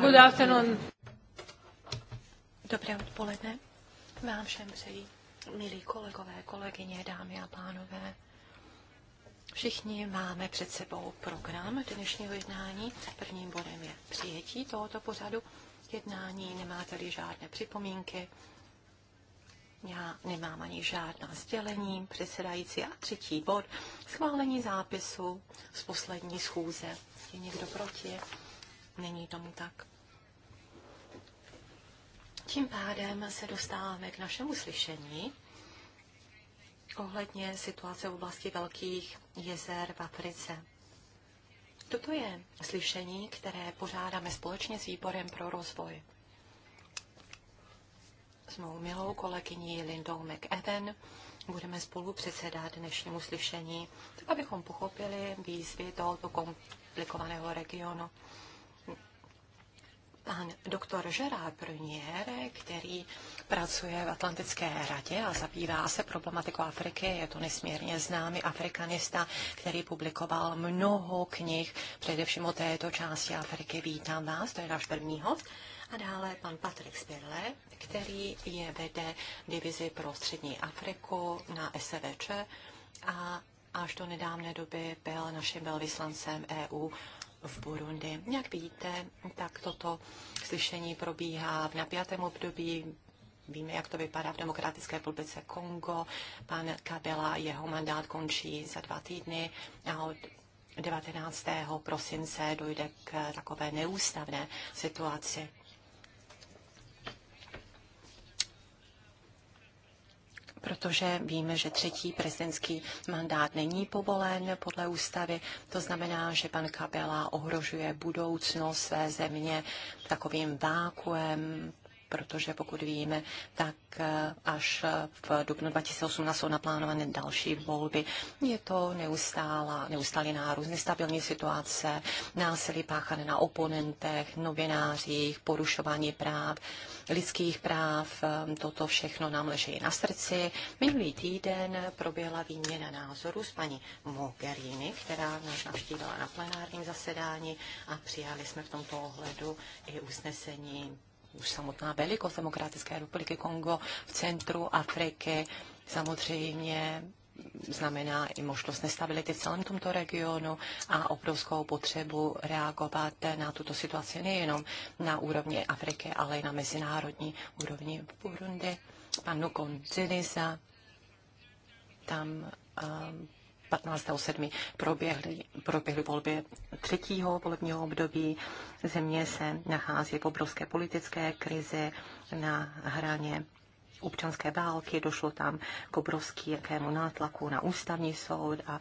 Good afternoon. Dobré odpoledne. Vám všem přeji, milí kolegové, kolegyně, dámy a pánové. Všichni máme před sebou program dnešního jednání. Prvním bodem je přijetí tohoto pořadu jednání. nemá tady žádné připomínky, já nemám ani žádná sdělení, předsedající a třetí bod, schválení zápisu z poslední schůze. Je někdo proti? Není tomu tak. Tím pádem se dostáváme k našemu slyšení ohledně situace v oblasti velkých jezer v Africe. Toto je slyšení, které pořádáme společně s Výborem pro rozvoj s mou milou kolegyní Lindou McEwen. Budeme spolu předsedat dnešnímu slyšení, tak abychom pochopili výzvy tohoto komplikovaného regionu. Pan doktor Gerard Brunier, který pracuje v Atlantické radě a zabývá se problematikou Afriky, je to nesmírně známý afrikanista, který publikoval mnoho knih, především o této části Afriky. Vítám vás, to je náš první host. A dále pan Patrik Spirle, který je vede divizi pro střední Afriku na SVČ a až do nedávné doby byl naším velvyslancem EU v Burundi. Jak víte, tak toto slyšení probíhá v napjatém období. Víme, jak to vypadá v Demokratické republice Kongo. Pan Kabela, jeho mandát končí za dva týdny a od 19. prosince dojde k takové neústavné situaci. protože víme, že třetí prezidentský mandát není povolen podle ústavy. To znamená, že pan Kabela ohrožuje budoucnost své země takovým vákuem, protože pokud víme, tak eh, až v dubnu 2018 jsou naplánované další volby. Je to neustála, neustálý nárůst nestabilní situace, násilí páchané na oponentech, novinářích, porušování práv, lidských práv. Eh, toto všechno nám leží na srdci. Minulý týden proběhla výměna názoru s paní Mogherini, která nás navštívila na plenárním zasedání a přijali jsme v tomto ohledu i usnesení už samotná velikost Demokratické republiky Kongo v centru Afriky samozřejmě znamená i možnost nestability v celém tomto regionu a obrovskou potřebu reagovat na tuto situaci nejenom na úrovni Afriky, ale i na mezinárodní úrovni v Burundi. Panu Konziniza, tam um, 15.7. Proběhly, proběhly volby třetího volebního období. Země se nachází v obrovské politické krizi na hraně občanské války, došlo tam k obrovskému nátlaku na ústavní soud a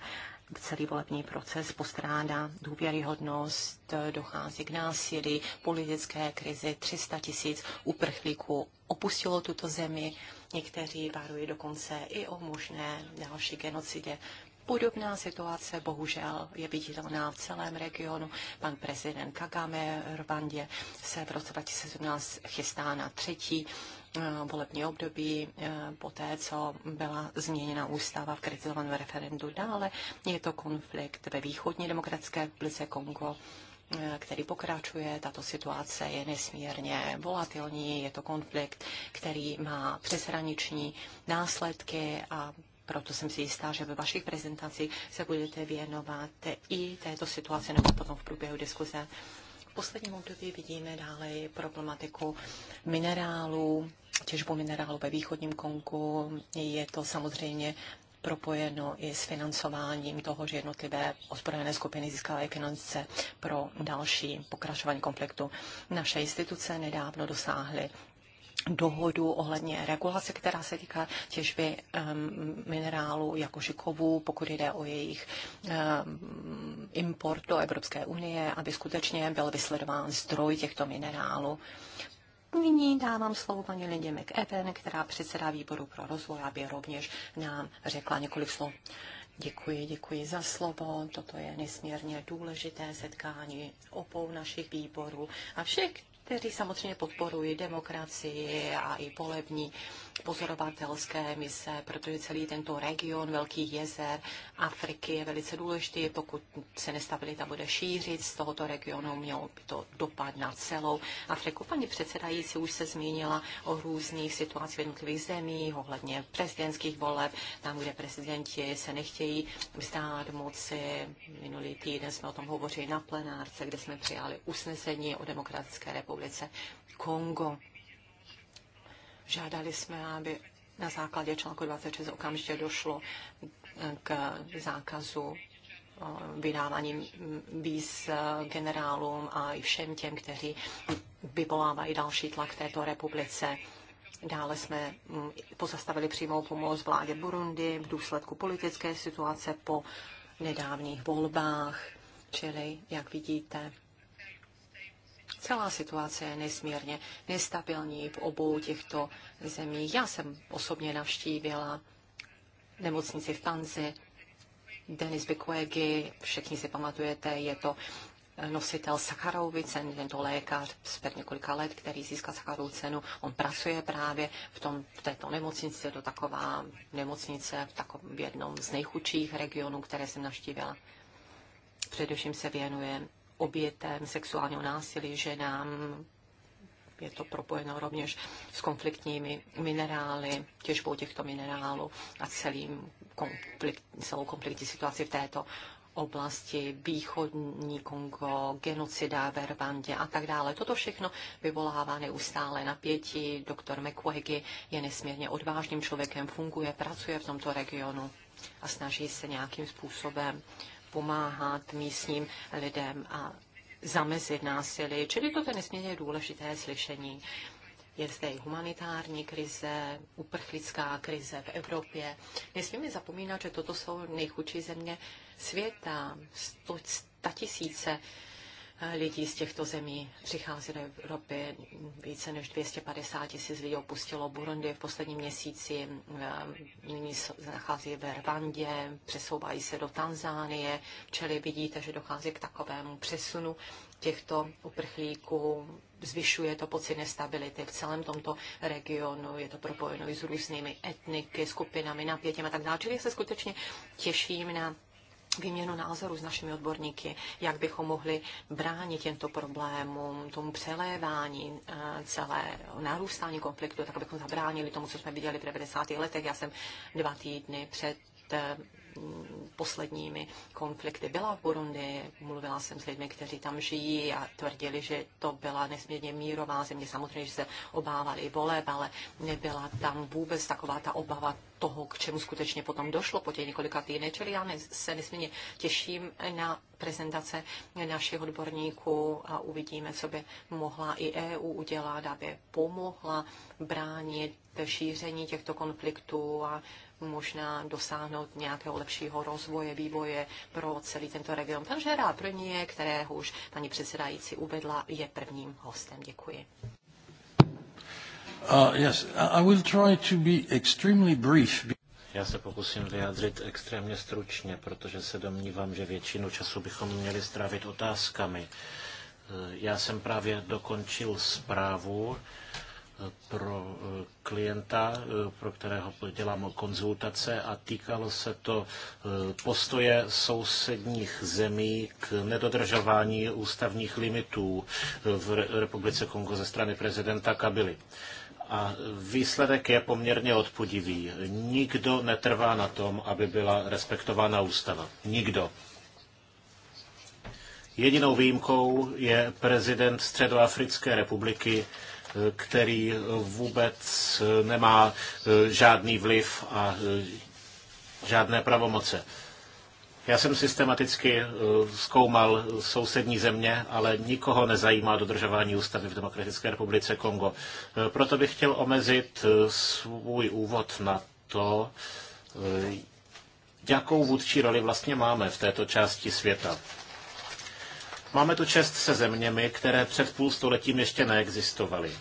celý volební proces postrádá důvěryhodnost, dochází k násilí, politické krizi, 300 tisíc uprchlíků opustilo tuto zemi, někteří varují dokonce i o možné další genocidě Podobná situace bohužel je viditelná v celém regionu. Pan prezident Kagame v Rwandě se v roce 2017 chystá na třetí eh, volební období, eh, poté co byla změněna ústava v kritizovaném referendu dále. Je to konflikt ve východní demokratické republice Kongo, eh, který pokračuje. Tato situace je nesmírně volatilní, je to konflikt, který má přeshraniční následky a proto jsem si jistá, že ve vašich prezentacích se budete věnovat i této situaci nebo potom v průběhu diskuze. V posledním období vidíme dále problematiku minerálů, těžbu minerálů ve východním Kongu. Je to samozřejmě propojeno i s financováním toho, že jednotlivé ozbrojené skupiny získávají finance pro další pokračování konfliktu. Naše instituce nedávno dosáhly dohodu ohledně regulace, která se týká těžby um, minerálů jako kovů, pokud jde o jejich um, import do Evropské unie, aby skutečně byl vysledován zdroj těchto minerálů. Nyní dávám slovo paní Lindě McEwen, která předsedá výboru pro rozvoj, aby rovněž nám řekla několik slov. Děkuji, děkuji za slovo. Toto je nesmírně důležité setkání opou našich výborů a všech kteří samozřejmě podporují demokracii a i volební pozorovatelské mise, protože celý tento region Velkých jezer Afriky je velice důležitý. Pokud se nestabilita bude šířit z tohoto regionu, mělo by to dopad na celou Afriku. Paní předsedající už se zmínila o různých situacích v jednotlivých zemích, ohledně prezidentských voleb, tam, kde prezidenti se nechtějí vzdát moci. Minulý týden jsme o tom hovořili na plenárce, kde jsme přijali usnesení o Demokratické republice Kongo. Žádali jsme, aby na základě článku 26 okamžitě došlo k zákazu eh, vydávání víz eh, generálům a i všem těm, kteří vyvolávají další tlak této republice. Dále jsme mm, pozastavili přímou pomoc vládě Burundi v důsledku politické situace po nedávných volbách. Čili, jak vidíte, Celá situace je nesmírně nestabilní v obou těchto zemích. Já jsem osobně navštívila nemocnici v Tanzi, Denis Bikwegi, všichni si pamatujete, je to eh, nositel Sakharovy ceny, tento lékař před několika let, který získal Sakharovu cenu, on pracuje právě v, tom, v této nemocnici, do taková nemocnice v takovém jednom z nejchudších regionů, které jsem navštívila. Především se věnuje obětem sexuálního násilí, ženám. Je to propojeno rovněž s konfliktními minerály, těžbou těchto minerálů a celým konflikt, celou konfliktní situaci v této oblasti, východní Kongo, genocida ve Rwandě a tak dále. Toto všechno vyvolává neustále napětí. Doktor McWaggy je nesmírně odvážným člověkem, funguje, pracuje v tomto regionu a snaží se nějakým způsobem uh, pomáhat místním lidem a zamezit násilí. Čili to je nesmírně důležité slyšení. Je zde i humanitární krize, uprchlická krize v Evropě. Nesmíme zapomínat, že toto jsou nejchudší země světa. Sto, tisíce lidí z těchto zemí přichází do Evropy. Více než 250 tisíc lidí opustilo Burundi v posledním měsíci. Eh, nyní se nachází ve Rwandě, přesouvají se do Tanzánie, čili vidíte, že dochází k takovému přesunu těchto uprchlíků. Zvyšuje to pocit nestability v celém tomto regionu, je to propojeno i s různými etniky, skupinami, napětěm a tak dále. Čili se skutečně těším na výměnu názorů s našimi odborníky, jak bychom mohli bránit těmto problémům, tomu přelévání eh, celé narůstání konfliktu, tak abychom zabránili tomu, co jsme viděli v 90. letech. Já jsem dva týdny před eh, posledními konflikty byla v Burundi. Mluvila jsem s lidmi, kteří tam žijí a tvrdili, že to byla nesmírně mírová země. Samozřejmě, že se obávali voleb, ale nebyla tam vůbec taková ta obava toho, k čemu skutečně potom došlo po těch několika týdnech. Čili já se nesmírně těším na prezentace našich odborníků a uvidíme, co by mohla i EU udělat, aby pomohla bránit šíření těchto konfliktů a možná dosáhnout nějakého lepšího rozvoje, vývoje pro celý tento region. Pan Žerá Prnie, kterého už paní předsedající uvedla, je prvním hostem. Děkuji. Uh, yes, I will try to be extremely brief. Já se pokusím vyjádřit extrémně stručně, protože se domnívám, že většinu času bychom měli strávit otázkami. Uh, já jsem právě dokončil zprávu pro eh, klienta, eh, pro kterého dělám konzultace a týkalo se to eh, postoje sousedních zemí k nedodržování ústavních limitů v Republice Kongo ze strany prezidenta Kabily. A výsledek je poměrně odpudivý. Nikdo netrvá na tom, aby byla respektována ústava. Nikdo. Jedinou výjimkou je prezident Středoafrické republiky, který vůbec nemá eh, žádný vliv a eh, žádné pravomoce. Já jsem systematicky eh, zkoumal sousední země, ale nikoho nezajímá dodržování ústavy v Demokratické republice Kongo. Proto bych chtěl omezit svůj úvod na to, jakou vůdčí roli vlastně máme v této části světa. Máme tu čest se zeměmi, které před půl stoletím ještě neexistovaly.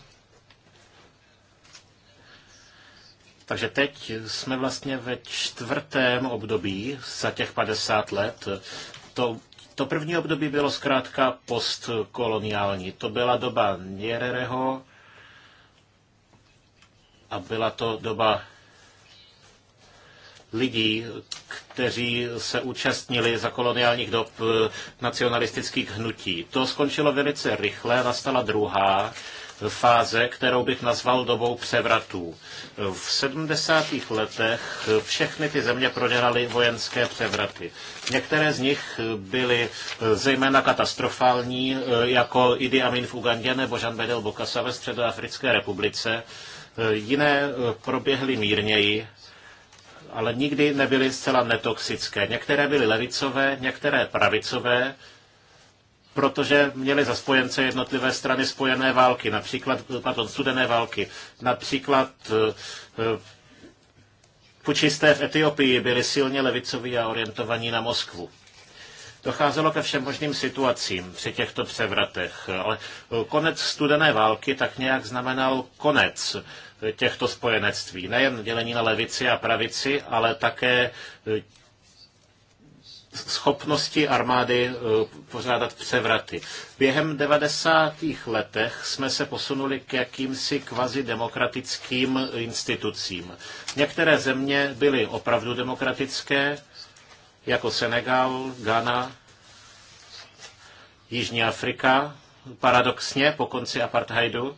Takže teď jsme vlastně ve čtvrtém období za těch 50 let. To, to první období bylo zkrátka postkoloniální. To byla doba Nierereho a byla to doba lidí, kteří se účastnili za koloniálních dob eh, nacionalistických hnutí. To skončilo velice rychle, nastala druhá fáze, kterou bych nazval dobou převratů. V 70. letech všechny ty země prodělaly vojenské převraty. Některé z nich byly eh, zejména katastrofální, eh, jako Idi Amin v Ugandě nebo Jean Bedel Bokasa ve Středoafrické republice. Jiné proběhly mírněji, ale nikdy nebyly zcela netoxické. Některé byly levicové, některé pravicové, protože měly za spojence jednotlivé strany spojené války, například, pardon, studené války, například eh, eh, Pučisté v Etiopii byli silně levicoví a orientovaní na Moskvu. Docházelo ke všem možným situacím při těchto převratech, ale konec studené války tak nějak znamenal konec těchto spojenectví. Nejen dělení na levici a pravici, ale také eh, schopnosti armády eh, pořádat převraty. Během 90. letech jsme se posunuli k jakýmsi kvazi demokratickým institucím. Některé země byly opravdu demokratické, jako Senegal, Ghana, Jižní Afrika, paradoxně po konci apartheidu,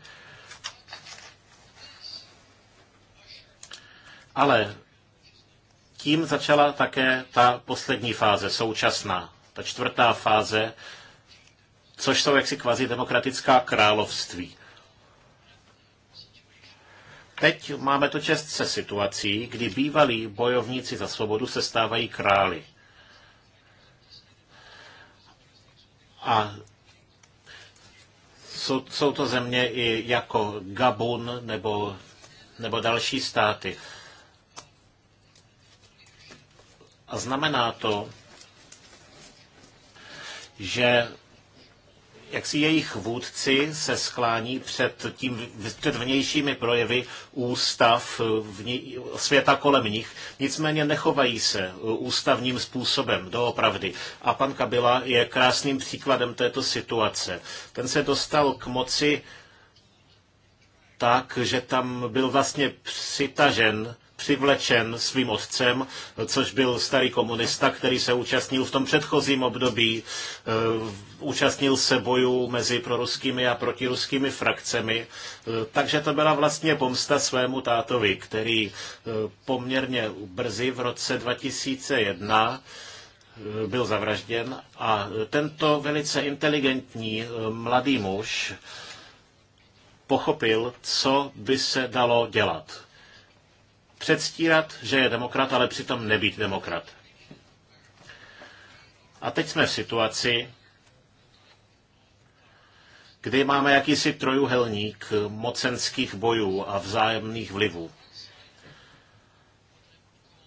Ale tím začala také ta poslední fáze, současná, ta čtvrtá fáze, což jsou jaksi kvazi demokratická království. Teď máme to čest se situací, kdy bývalí bojovníci za svobodu se stávají králi. A jsou, jsou to země i jako Gabun nebo, nebo další státy. A znamená to, že jak si jejich vůdci se sklání před, tím, před vnějšími projevy ústav vně, světa kolem nich, nicméně nechovají se e, ústavním způsobem doopravdy. A pan Kabila je krásným příkladem této situace. Ten se dostal k moci tak, že tam byl vlastně přitažen přivlečen svým otcem, což byl starý komunista, který se účastnil v tom předchozím období, e, účastnil se bojů mezi proruskými a protiruskými frakcemi. E, takže to byla vlastně pomsta svému tátovi, který e, poměrně brzy v roce 2001 byl zavražděn a tento velice inteligentní mladý muž pochopil, co by se dalo dělat Předstírat, že je demokrat, ale přitom nebýt demokrat. A teď jsme v situaci, kdy máme jakýsi trojuhelník mocenských bojů a vzájemných vlivů.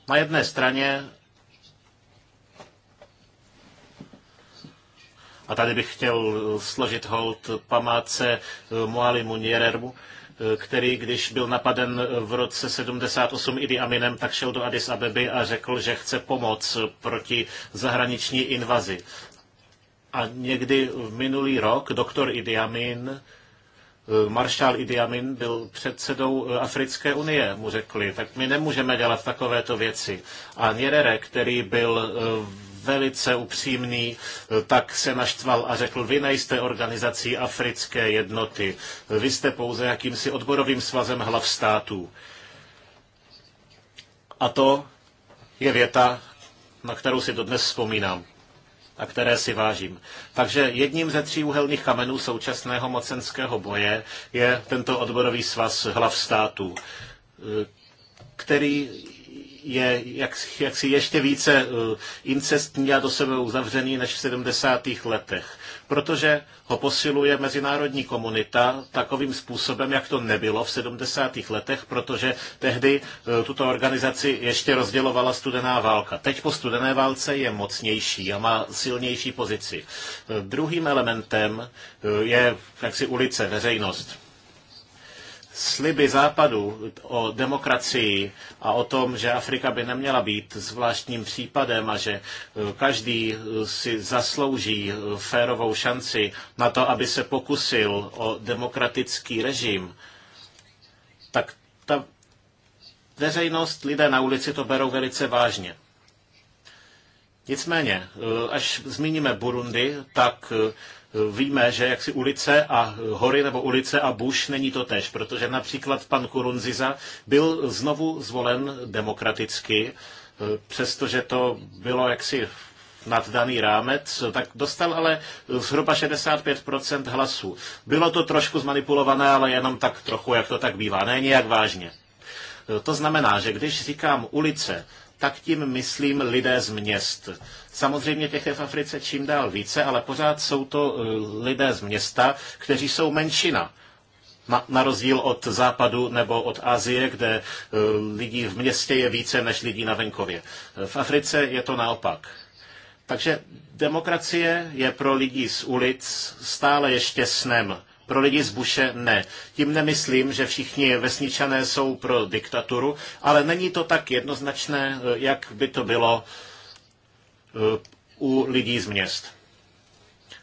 Na jedné straně, a tady bych chtěl složit hold památce Moali muniererbu který, když byl napaden v roce 78 Idi Aminem, tak šel do Addis Abeby a řekl, že chce pomoc proti zahraniční invazi. A někdy v minulý rok doktor Idi Amin eh, maršál Idi Amin byl předsedou eh, Africké unie, mu řekli, tak my nemůžeme dělat takovéto věci. A Nyerere, který byl eh, velice upřímný, eh, tak se naštval a řekl, vy nejste organizací africké jednoty, vy jste pouze jakýmsi odborovým svazem hlav států. A to je věta, na kterou si dodnes vzpomínám a které si vážím. Takže jedním ze tří úhelných kamenů současného mocenského boje je tento odborový svaz hlav států, eh, který je jak, jaksi ještě více eh, incestní a do sebe uzavřený než v 70. letech, protože ho posiluje mezinárodní komunita takovým způsobem, jak to nebylo v 70. letech, protože tehdy eh, tuto organizaci ještě rozdělovala studená válka. Teď po studené válce je mocnější a má silnější pozici. Eh, druhým elementem je jaksi ulice, veřejnost sliby západu o demokracii a o tom, že Afrika by neměla být zvláštním případem a že eh, každý eh, si zaslouží eh, férovou šanci na to, aby se pokusil o demokratický režim, tak ta veřejnost, lidé na ulici to berou velice vážně. Nicméně, až zmíníme Burundi, tak víme, že jaksi ulice a hory nebo ulice a Bush není to tež, protože například pan Kurunziza byl znovu zvolen demokraticky, přestože to bylo jaksi nad daný rámec, tak dostal ale zhruba 65% hlasů. Bylo to trošku zmanipulované, ale jenom tak trochu, jak to tak bývá, ne nějak vážně. To znamená, že když říkám ulice, tak tím myslím lidé z měst. Samozřejmě těch je v Africe čím dál více, ale pořád jsou to eh, lidé z města, kteří jsou menšina. Na, na rozdíl od západu nebo od Asie, kde eh, lidí v městě je více než lidí na venkově. Eh, v Africe je to naopak. Takže demokracie je pro lidi z ulic stále ještě snem pro lidi z Buše ne. Tím nemyslím, že všichni vesničané jsou pro diktaturu, ale není to tak jednoznačné, eh, jak by to bylo eh, u lidí z měst.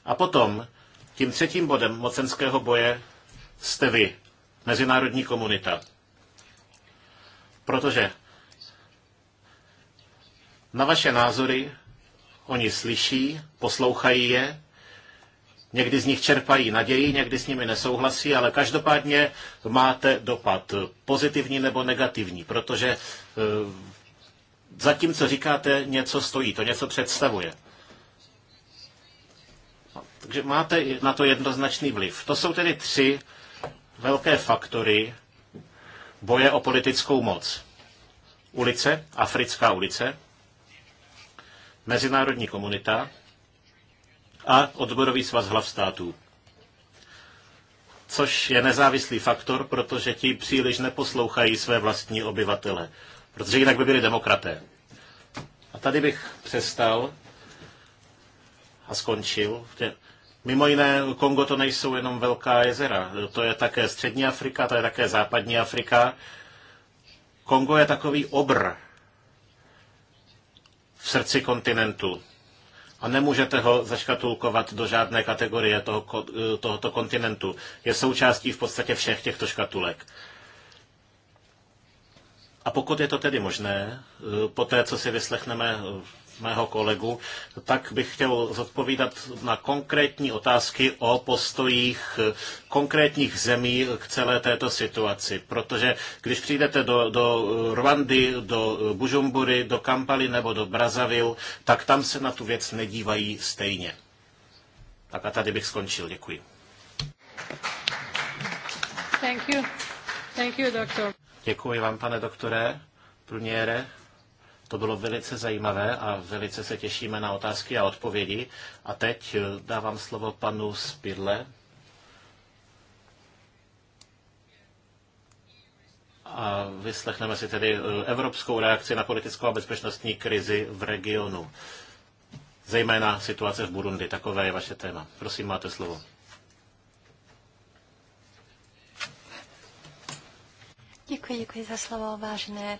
A potom tím třetím bodem mocenského boje jste vy, mezinárodní komunita. Protože na vaše názory oni slyší, poslouchají je Někdy z nich čerpají naději, někdy s nimi nesouhlasí, ale každopádně máte dopad, pozitivní nebo negativní, protože e, zatím, co říkáte, něco stojí, to něco představuje. No, takže máte na to jednoznačný vliv. To jsou tedy tři velké faktory boje o politickou moc. Ulice, africká ulice, mezinárodní komunita a odborový svaz hlav států což je nezávislý faktor, protože ti příliš neposlouchají své vlastní obyvatele, protože jinak by byli demokraté. A tady bych přestal a skončil. Mimo jiné, Kongo to nejsou jenom velká jezera, to je také střední Afrika, to je také západní Afrika. Kongo je takový obr v srdci kontinentu a nemůžete ho zaškatulkovat do žádné kategorie toho, tohoto kontinentu. Je součástí v podstatě všech těchto škatulek. A pokud je to tedy možné, eh, po té, co si vyslechneme eh, mého kolegu, tak bych chtěl zodpovídat na konkrétní otázky o postojích konkrétních zemí k celé této situaci. Protože když přijdete do, do Rwandy, do Bužumbury, do Kampaly nebo do Brazavil, tak tam se na tu věc nedívají stejně. Tak a tady bych skončil. Děkuji. Thank you. Thank you, doctor. Děkuji vám, pane doktore, premiére. To bylo velice zajímavé a velice se těšíme na otázky a odpovědi. A teď eh, dávám slovo panu Spidle. A vyslechneme si tedy eh, evropskou reakci na politickou a bezpečnostní krizi v regionu. Zejména situace v Burundi. Takové je vaše téma. Prosím, máte slovo. Děkuji, děkuji za slovo, vážné?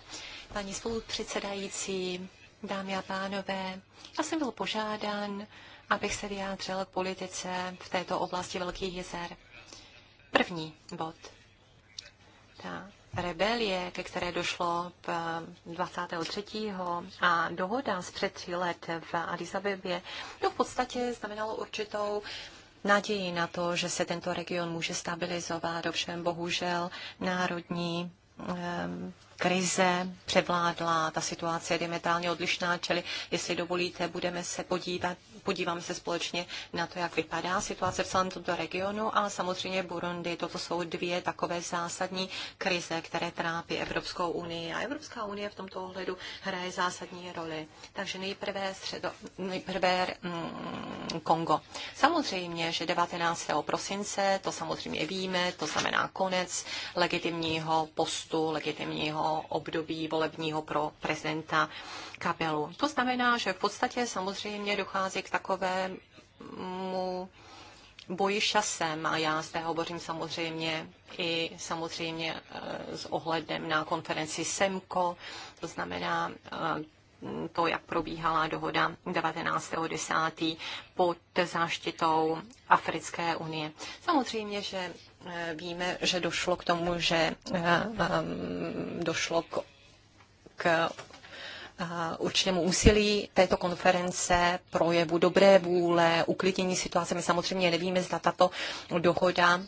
paní spolupředsedající, dámy a pánové. Já jsem byl požádán, abych se vyjádřil k politice v této oblasti Velkých jezer. První bod. Ta rebelie, ke které došlo 23. Eh, a dohoda z před tří let v Addis Abebě, to v podstatě znamenalo určitou naději na to, že se tento region může stabilizovat. Ovšem bohužel národní eh, krize převládla, ta situace je diametrálně odlišná, čili jestli dovolíte, budeme se podívat podíváme se společně na to, jak vypadá situace v celém tomto regionu a samozřejmě Burundi. Toto jsou dvě takové zásadní krize, které trápí Evropskou unii a Evropská unie v tomto ohledu hraje zásadní roli. Takže nejprve, středo, nejprve mm, Kongo. Samozřejmě, že 19. prosince, to samozřejmě víme, to znamená konec legitimního postu, legitimního období volebního pro prezidenta Kapelu. To znamená, že v podstatě samozřejmě dochází k takovému boji s časem a já zde hovořím samozřejmě i samozřejmě eh, s ohledem na konferenci SEMKO, to znamená eh, to, jak probíhala dohoda 19.10. pod záštitou Africké unie. Samozřejmě, že eh, víme, že došlo k tomu, že došlo k k určitému úsilí této konference, projevu dobré vůle, uklidnění situace. My samozřejmě nevíme, zda tato dohoda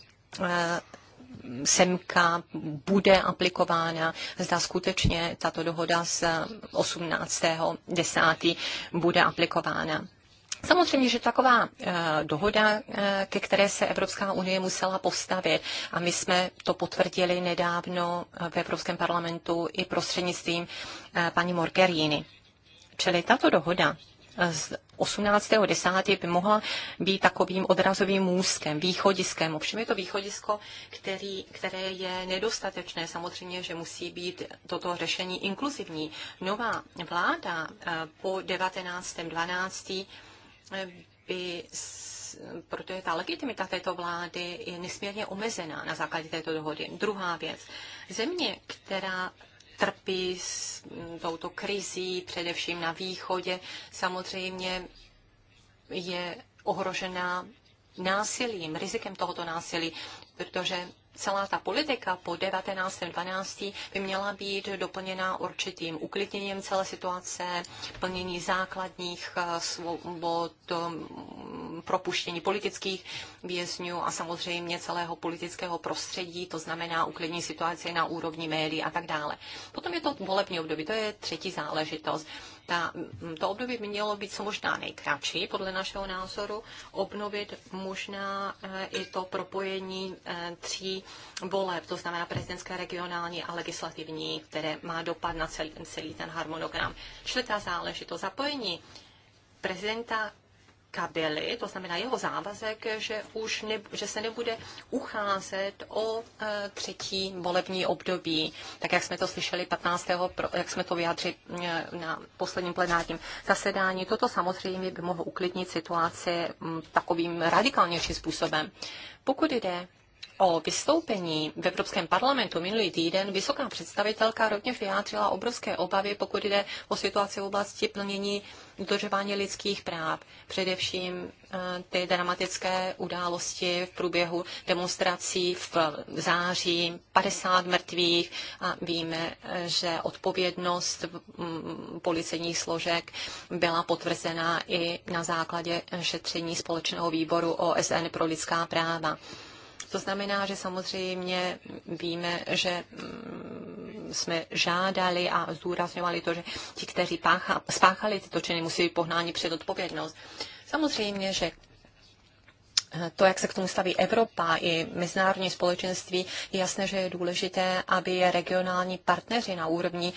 semka bude aplikována, zda skutečně tato dohoda z 18.10. bude aplikována. Samozřejmě, že taková eh, dohoda, eh, ke které se Evropská unie musela postavit, a my jsme to potvrdili nedávno eh, v Evropském parlamentu i prostřednictvím paní Morgerini. Čili tato dohoda z 18.10. by mohla být takovým odrazovým můzkem, východiskem. Ovšem je to východisko, který, které je nedostatečné. Samozřejmě, že musí být toto řešení inkluzivní. Nová vláda po 19.12 by, protože ta legitimita této vlády je nesmírně omezená na základě této dohody. Druhá věc. Země, která trpí s touto krizí, především na východě, samozřejmě je ohrožená násilím, rizikem tohoto násilí, protože celá ta politika po 19.12. by měla být doplněna určitým uklidněním celé situace, plnění základních eh, svobod, mm, propuštění politických vězňů a samozřejmě celého politického prostředí, to znamená uklidnění situace na úrovni médií a tak dále. Potom je to volební období, to je třetí záležitost ta, mm, to období by mělo být co možná nejkratší, podle našeho názoru, obnovit možná eh, i to propojení eh, tří voleb, to znamená prezidentské, regionální a legislativní, které má dopad na celý, celý ten harmonogram. ta záležitost, zapojení prezidenta Kabely, to znamená jeho závazek, že už ne, že se nebude ucházet o e, třetí volební období, tak jak jsme to slyšeli 15. Pro, jak jsme to vyjádřili e, na posledním plenárním zasedání. Toto samozřejmě by mohlo uklidnit situaci m, takovým radikálnějším způsobem. Pokud jde o vystoupení v Evropském parlamentu minulý týden vysoká představitelka rovněž vyjádřila obrovské obavy, pokud jde o situaci v oblasti plnění dodržování lidských práv, především eh, ty dramatické události v průběhu demonstrací v září, 50 mrtvých a víme, eh, že odpovědnost mm, policejních složek byla potvrzena i na základě šetření společného výboru OSN pro lidská práva. To znamená, že samozřejmě víme, že mm, jsme žádali a zdůrazňovali to, že ti, kteří pácha, spáchali tyto činy, musí být pohnáni před odpovědnost. Samozřejmě, že eh, to, jak se k tomu staví Evropa i mezinárodní společenství, je jasné, že je důležité, aby regionální partneři na úrovni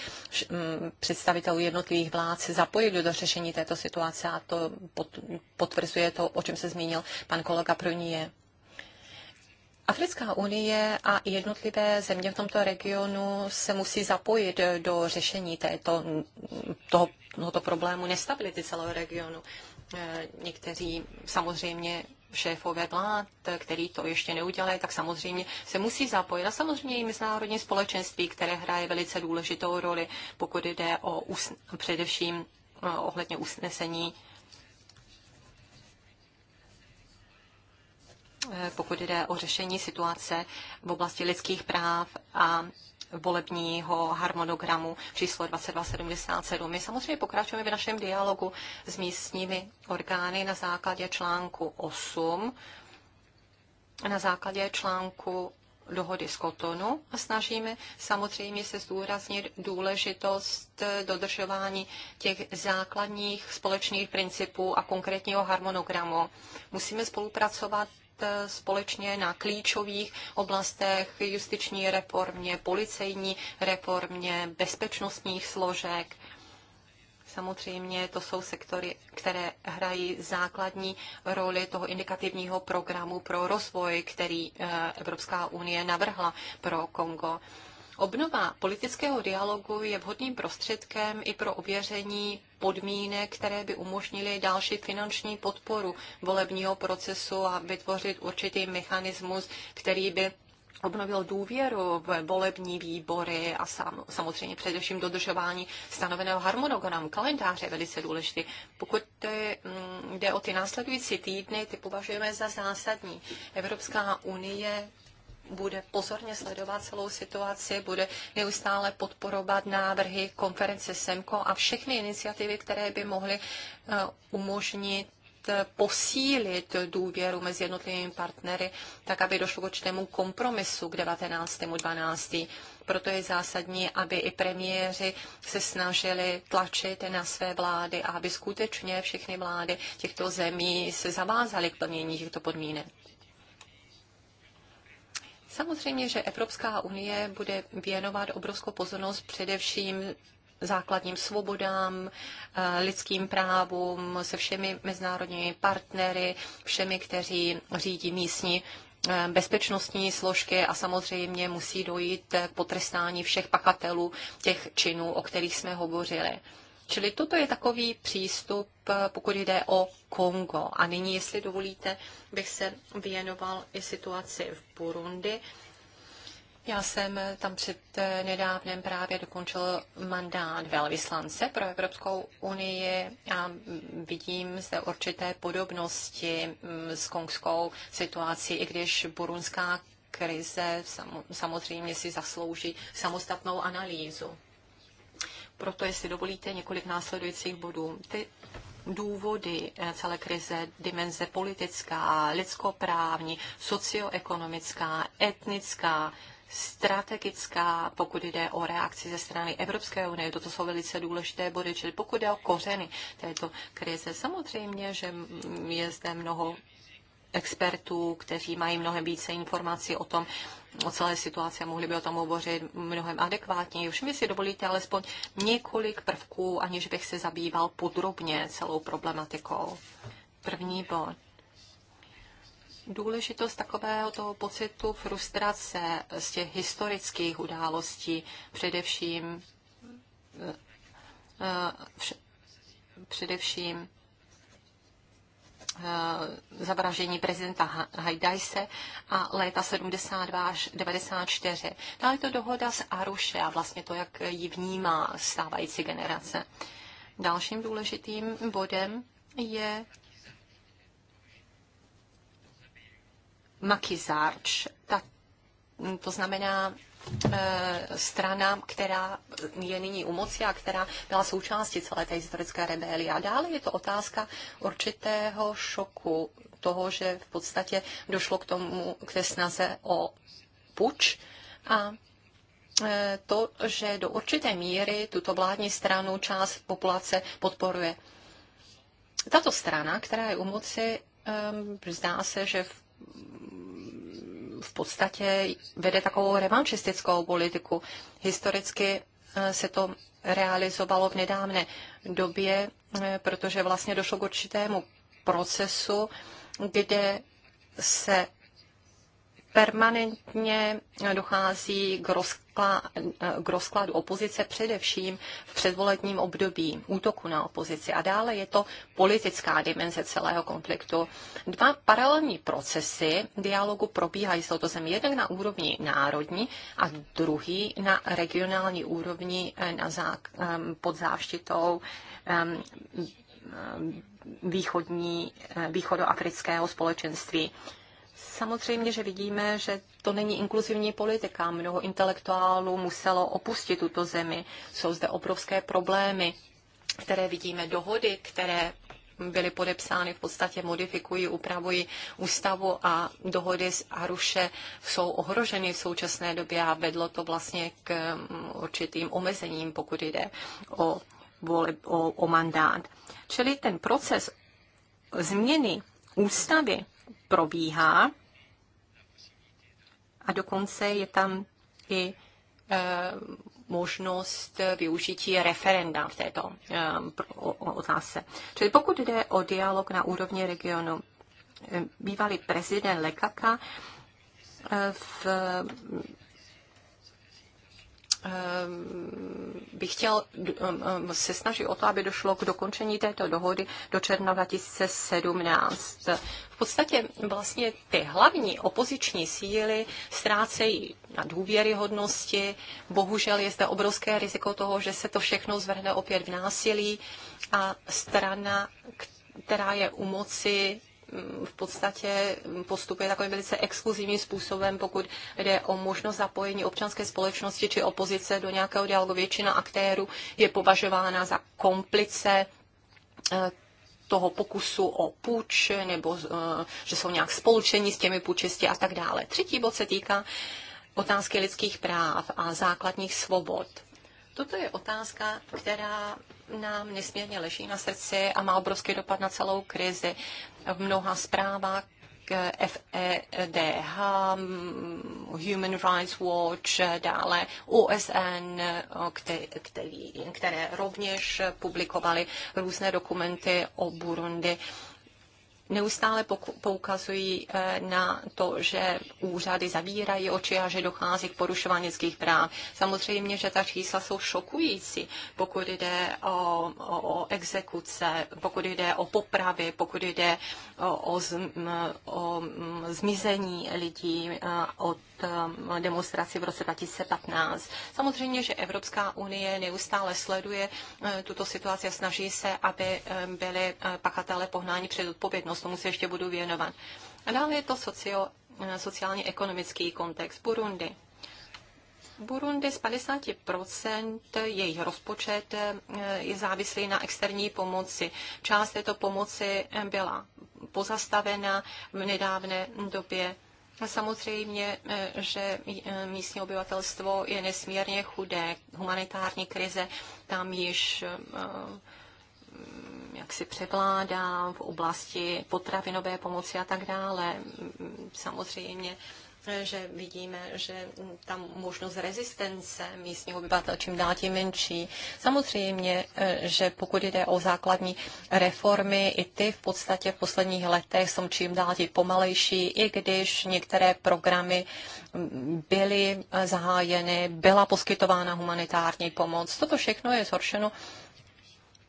mm, představitelů jednotlivých vlád se zapojili do řešení této situace a to potvrzuje to, o čem se zmínil pan kolega Prunie. Africká unie a jednotlivé země v tomto regionu se musí zapojit do řešení této, toho, tohoto problému nestability celého regionu. Eh, někteří samozřejmě šéfové vlád, který to ještě neudělají, tak samozřejmě se musí zapojit. A samozřejmě i mezinárodní společenství, které hraje velice důležitou roli, pokud jde o usn- především eh, ohledně usnesení Eh, pokud jde o řešení situace v oblasti lidských práv a volebního harmonogramu číslo 2277. My samozřejmě pokračujeme v našem dialogu s místními orgány na základě článku 8, na základě článku dohody z Kotonu a snažíme samozřejmě se zdůraznit důležitost dodržování těch základních společných principů a konkrétního harmonogramu. Musíme spolupracovat Eh, společně na klíčových oblastech justiční reformě, policejní reformě, bezpečnostních složek. Samozřejmě to jsou sektory, které hrají základní roli toho indikativního programu pro rozvoj, který eh, Evropská unie navrhla pro Kongo. Obnova politického dialogu je vhodným prostředkem i pro ověření podmínek, které by umožnily další finanční podporu volebního procesu a vytvořit určitý mechanismus, který by obnovil důvěru v volební výbory a sam, samozřejmě především dodržování stanoveného harmonogramu, kalendáře je velice důležitý. Pokud mm, jde o ty následující týdny, ty považujeme za zásadní. Evropská unie bude pozorně sledovat celou situaci, bude neustále podporovat návrhy konference SEMKO a všechny iniciativy, které by mohly eh, umožnit eh, posílit důvěru mezi jednotlivými partnery, tak aby došlo k určitému kompromisu k 12. Proto je zásadní, aby i premiéři se snažili tlačit na své vlády a aby skutečně všechny vlády těchto zemí se zavázaly k plnění těchto podmínek. Samozřejmě, že Evropská unie bude věnovat obrovskou pozornost především základním svobodám, eh, lidským právům, se všemi mezinárodními partnery, všemi, kteří řídí místní eh, bezpečnostní složky a samozřejmě musí dojít k potrestání všech pakatelů těch činů, o kterých jsme hovořili. Čili toto je takový přístup, eh, pokud jde o Kongo. A nyní, jestli dovolíte, bych se věnoval i situaci v Burundi. Já jsem tam před eh, nedávnem právě dokončil mandát velvyslance pro Evropskou unii a vidím zde určité podobnosti mm, s kongskou situací, i když burunská krize samozřejmě si zaslouží samostatnou analýzu. Proto, jestli dovolíte, několik následujících bodů. Ty důvody eh, celé krize, dimenze politická, lidskoprávní, socioekonomická, etnická, strategická, pokud jde o reakci ze strany Evropské unie. Toto jsou velice důležité body, čili pokud jde o kořeny této krize. Samozřejmě, že je zde mnoho expertů, kteří mají mnohem více informací o tom, o celé situaci a mohli by o tom hovořit mnohem adekvátněji. Už mi si dovolíte alespoň několik prvků, aniž bych se zabýval podrobně celou problematikou. První bod důležitost takového toho pocitu frustrace z těch historických událostí, především, eh, eh, především Eh, zavraždění prezidenta Hajdajse a léta 72 až 94. Dále to dohoda s Aruše a vlastně to, jak ji vnímá stávající generace. Dalším důležitým bodem je Makizarč. Ta, to znamená Eh, strana, která je nyní u moci a která byla součástí celé té historické rebelie. A dále je to otázka určitého šoku toho, že v podstatě došlo k tomu, k té snaze o puč a eh, to, že do určité míry tuto vládní stranu část populace podporuje. Tato strana, která je u moci, eh, zdá se, že v v podstatě vede takovou revanšistickou politiku. Historicky eh, se to realizovalo v nedávné době, eh, protože vlastně došlo k určitému procesu, kde se permanentně dochází k roz došla eh, k rozkladu opozice především v předvolebním období útoku na opozici. A dále je to politická dimenze celého konfliktu. Dva paralelní procesy dialogu probíhají s touto zemí. Jeden na úrovni národní a druhý na regionální úrovni eh, na zá, eh, pod záštitou východní, východoafrického společenství. Samozřejmě, že vidíme, že to není inkluzivní politika. Mnoho intelektuálů muselo opustit tuto zemi. Jsou zde obrovské problémy, které vidíme, dohody, které byly podepsány, v podstatě modifikují, upravují ústavu a dohody z Aruše jsou ohroženy v současné době a vedlo to vlastně k mm, určitým omezením, pokud jde o, vole, o, o mandát. Čili ten proces změny ústavy probíhá a dokonce je tam i e, možnost využití referenda v této e, otázce. Čili pokud jde o dialog na úrovni regionu, e, bývalý prezident Lekaka v Ehm, bych chtěl ehm, ehm, se snažit o to, aby došlo k dokončení této dohody do června 2017. V podstatě vlastně ty hlavní opoziční síly ztrácejí na důvěryhodnosti. Bohužel je zde obrovské riziko toho, že se to všechno zvrhne opět v násilí a strana, která je u moci, v podstatě postupuje takovým velice exkluzivním způsobem, pokud jde o možnost zapojení občanské společnosti či opozice do nějakého dialogu. Většina aktérů je považována za komplice eh, toho pokusu o půjč, nebo eh, že jsou nějak spolučení s těmi půjčisti a tak dále. Třetí bod se týká otázky lidských práv a základních svobod. Toto je otázka, která nám nesmírně leží na srdci a má obrovský dopad na celou krizi. V mnoha zprávách FEDH, Human Rights Watch, dále OSN, které rovněž publikovali různé dokumenty o Burundi neustále poukazují eh, na to, že úřady zavírají oči a že dochází k porušování lidských práv. Samozřejmě, že ta čísla jsou šokující, pokud jde o, o, o exekuce, pokud jde o popravy, pokud jde o, o, o mm, zmizení lidí eh, od eh, demonstraci v roce 2015. Samozřejmě, že Evropská unie neustále sleduje tuto situaci a snaží se, aby byly pachatele pohnání před odpovědnost budoucnost, tomu se ještě budu věnovat. A dále je to socio, eh, sociálně-ekonomický kontext Burundi. Burundi z 50% jejich rozpočet eh, je závislý na externí pomoci. Část této pomoci eh, byla pozastavena v nedávné době. Samozřejmě, že místní obyvatelstvo je nesmírně chudé. Humanitární krize tam již jak si převládá v oblasti potravinové pomoci a tak dále. Samozřejmě že vidíme, že tam možnost rezistence místních obyvatel čím dál tím menší. Samozřejmě, že pokud jde o základní reformy, i ty v podstatě v posledních letech jsou čím dál tím pomalejší, i když některé programy byly zahájeny, byla poskytována humanitární pomoc. Toto všechno je zhoršeno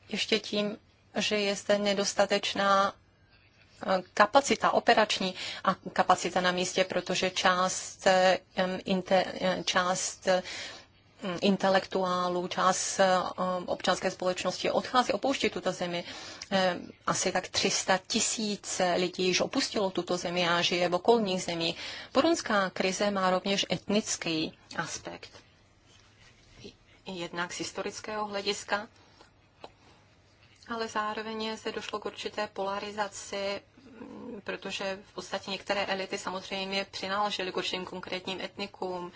ještě tím, že je zde nedostatečná eh, kapacita operační a kapacita na místě, protože část, eh, část mm, intelektuálů, část eh, občanské společnosti odchází, opouští tuto zemi. Asi tak 300 tisíc lidí již opustilo tuto zemi a žije v okolních zemích. Porunská krize má rovněž etnický aspekt. Jednak z historického hlediska, ale zároveň se došlo k určité polarizaci protože v podstatě některé elity samozřejmě přináležely k určitým konkrétním etnikům.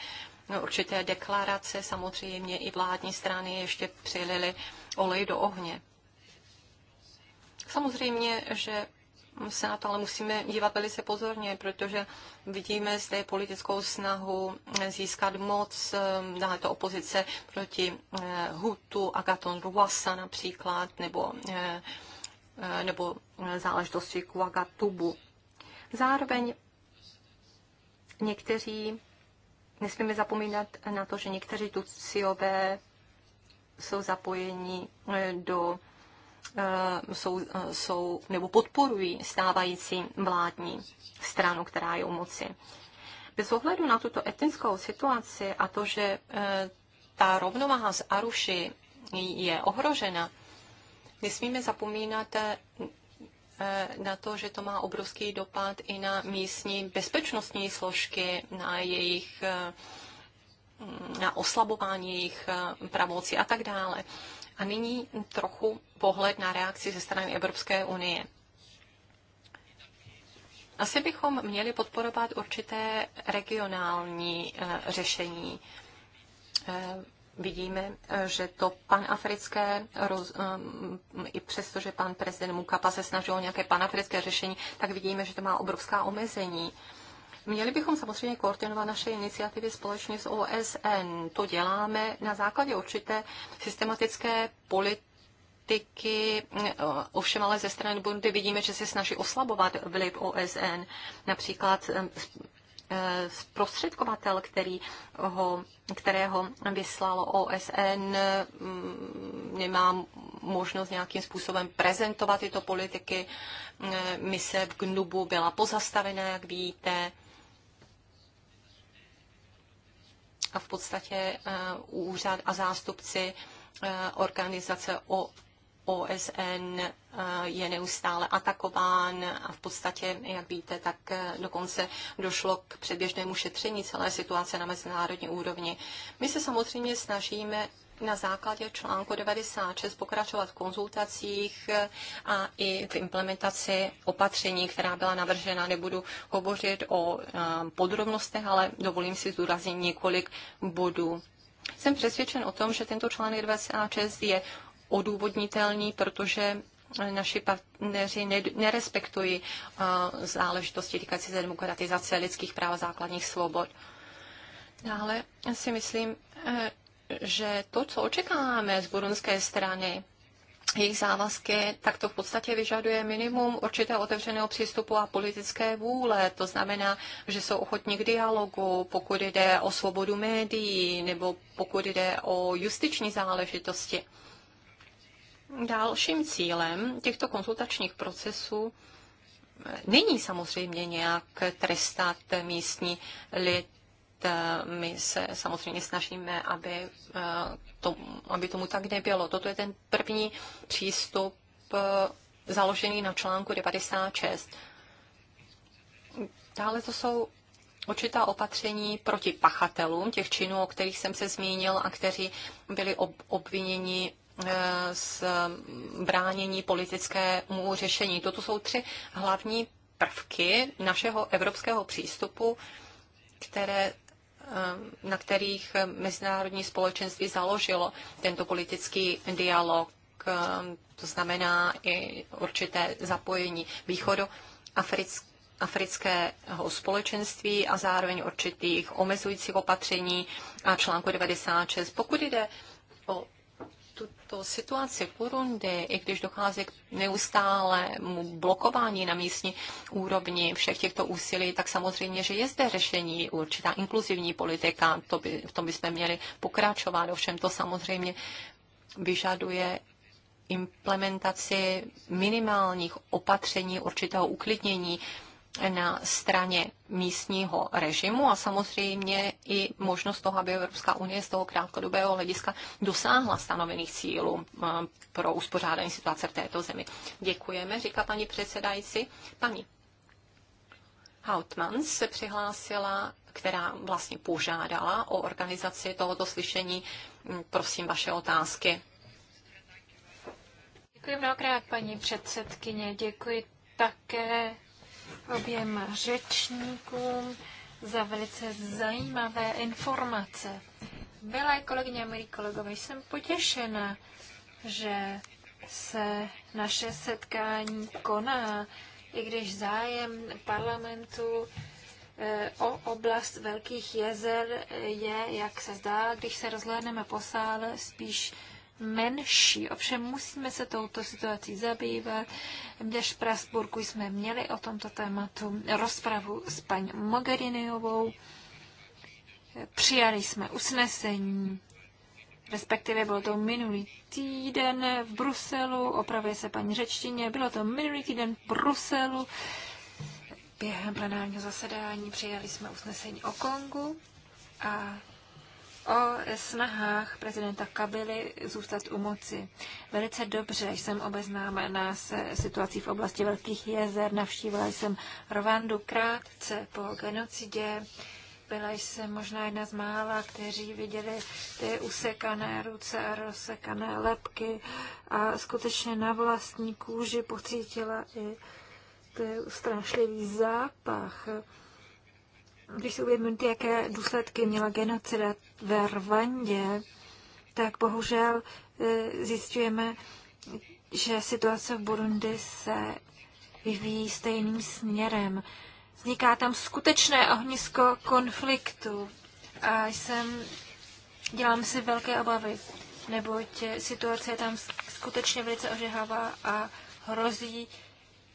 No, určité deklarace samozřejmě i vládní strany ještě přilily olej do ohně. Samozřejmě, že se na to ale musíme dívat velice pozorně, protože vidíme zde politickou snahu získat moc, eh, dále to opozice proti eh, Hutu, Agaton Ruasa například, nebo, eh, nebo záležitosti Kuagatubu. Zároveň někteří, nesmíme zapomínat na to, že někteří Tuciové jsou zapojeni do Eh, jsou, eh, jsou nebo podporují stávající vládní stranu, která je u moci. Bez ohledu na tuto etnickou situaci a to, že eh, ta rovnováha z Aruši je ohrožena, nesmíme zapomínat na to, že to má obrovský dopad i na místní bezpečnostní složky, na jejich na oslabování jejich pravoci a tak dále. A nyní trochu pohled na reakci ze strany Evropské unie. Asi bychom měli podporovat určité regionální eh, řešení. Eh, vidíme, eh, že to panafrické, i přesto, že pan prezident Mukapa se snažil o nějaké panafrické řešení, tak vidíme, že to má obrovská omezení. Měli bychom samozřejmě koordinovat naše iniciativy společně s OSN. To děláme na základě určité systematické politiky politiky, eh, ovšem ale ze strany Bundy vidíme, že se snaží oslabovat vliv OSN. Například eh, eh, zprostředkovatel, který ho, kterého vyslalo OSN, mm, nemá možnost nějakým způsobem prezentovat tyto politiky. Mise v Gnubu byla pozastavená, jak víte. a v podstatě eh, úřad a zástupci eh, organizace o OSN eh, je neustále atakován a v podstatě, jak víte, tak dokonce došlo k předběžnému šetření celé situace na mezinárodní úrovni. My se samozřejmě snažíme na základě článku 96 pokračovat v konzultacích eh, a i v implementaci opatření, která byla navržena. Nebudu hovořit o eh, podrobnostech, ale dovolím si zdůraznit několik bodů. Jsem přesvědčen o tom, že tento článek 96 je odůvodnitelný, protože naši partneři nerespektují eh, záležitosti týkající se demokratizace lidských práv a základních svobod. Dále si myslím, že to, co očekáváme z burundské strany, jejich závazky, tak to v podstatě vyžaduje minimum určitého otevřeného přístupu a politické vůle. To znamená, že jsou ochotní k dialogu, pokud jde o svobodu médií nebo pokud jde o justiční záležitosti. Dalším cílem těchto konzultačních procesů není samozřejmě nějak trestat místní lid Eh, my se samozřejmě snažíme, aby, eh, to, aby tomu tak nebylo. Toto je ten první přístup eh, založený na článku 96. Dále to jsou určitá opatření proti pachatelům těch činů, o kterých jsem se zmínil a kteří byli obviněni z mm, bránění politickému řešení. Toto jsou tři hlavní prvky našeho evropského přístupu, které Eh, na kterých mezinárodní společenství založilo tento politický dialog, eh, to znamená i určité zapojení východu afrického afrického společenství a zároveň určitých omezujících opatření a článku 96. Pokud jde o tuto situaci v Burundi, i když dochází k neustálému blokování na místní úrovni všech těchto úsilí, tak samozřejmě, že je zde řešení určitá inkluzivní politika, to by, v tom bychom měli pokračovat, ovšem to samozřejmě vyžaduje implementaci minimálních opatření určitého uklidnění na straně místního režimu a samozřejmě i možnost toho, aby Evropská unie z toho krátkodobého hlediska dosáhla stanovených cílů pro uspořádání situace v této zemi. Děkujeme, říká paní předsedající. Paní Hautmans se přihlásila, která vlastně požádala o organizaci tohoto slyšení. Prosím, vaše otázky. Děkuji mnohokrát, paní předsedkyně. Děkuji také oběma řečníkům za velice zajímavé informace. Milé kolegyně a milí kolegové, jsem potěšena, že se naše setkání koná, i když zájem parlamentu eh, o oblast Velkých jezer je, jak se zdá, když se rozhlédneme po sále, spíš menší. Ovšem musíme se touto situací zabývat. v Prasburku jsme měli o tomto tématu rozpravu s paní Mogheriniovou. Přijali jsme usnesení, respektive bylo to minulý týden v Bruselu, opravuje se paní řečtině, bylo to minulý týden v Bruselu. Během plenárního zasedání přijali jsme usnesení o Kongu a o snahách prezidenta Kabily zůstat u moci. Velice dobře jsem obeznámena se situací v oblasti Velkých jezer. Navštívila jsem Rwandu krátce po genocidě. Byla jsem možná jedna z mála, kteří viděli ty usekané ruce a rozsekané lepky a skutečně na vlastní kůži pocítila i ten strašlivý zápach když si uvědomíte, jaké důsledky měla genocida ve Rwandě, tak bohužel e, zjistujeme, že situace v Burundi se vyvíjí stejným směrem. Vzniká tam skutečné ohnisko konfliktu a jsem, dělám si velké obavy, neboť situace je tam skutečně velice ožehavá a hrozí,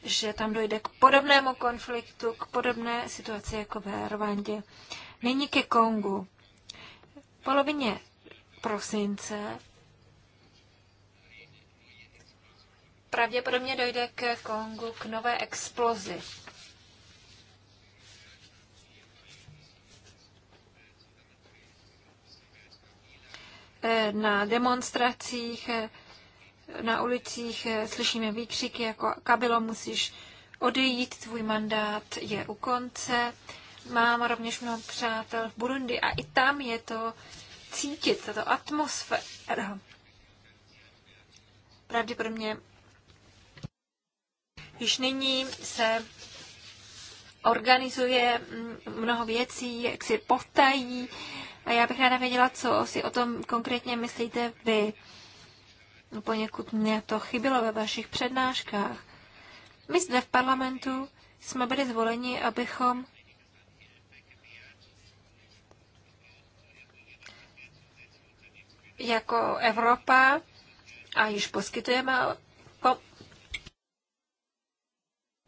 že tam dojde k podobnému konfliktu, k podobné situaci jako ve Rwandě. Nyní ke Kongu. V polovině prosince pravděpodobně dojde k Kongu k nové explozi. Eh, na demonstracích eh, na ulicích eh, slyšíme výkřiky jako Kabilo, musíš odejít, tvůj mandát je u konce. Mám rovněž mnoho přátel v Burundi a i tam je to cítit, tato atmosféra. Pravděpodobně již nyní se organizuje mm, mnoho věcí, jak si potají a já bych ráda věděla, co si o tom konkrétně myslíte vy. No, poněkud mě to chybilo ve vašich přednáškách. My zde v parlamentu jsme byli zvoleni, abychom jako Evropa a již poskytujeme po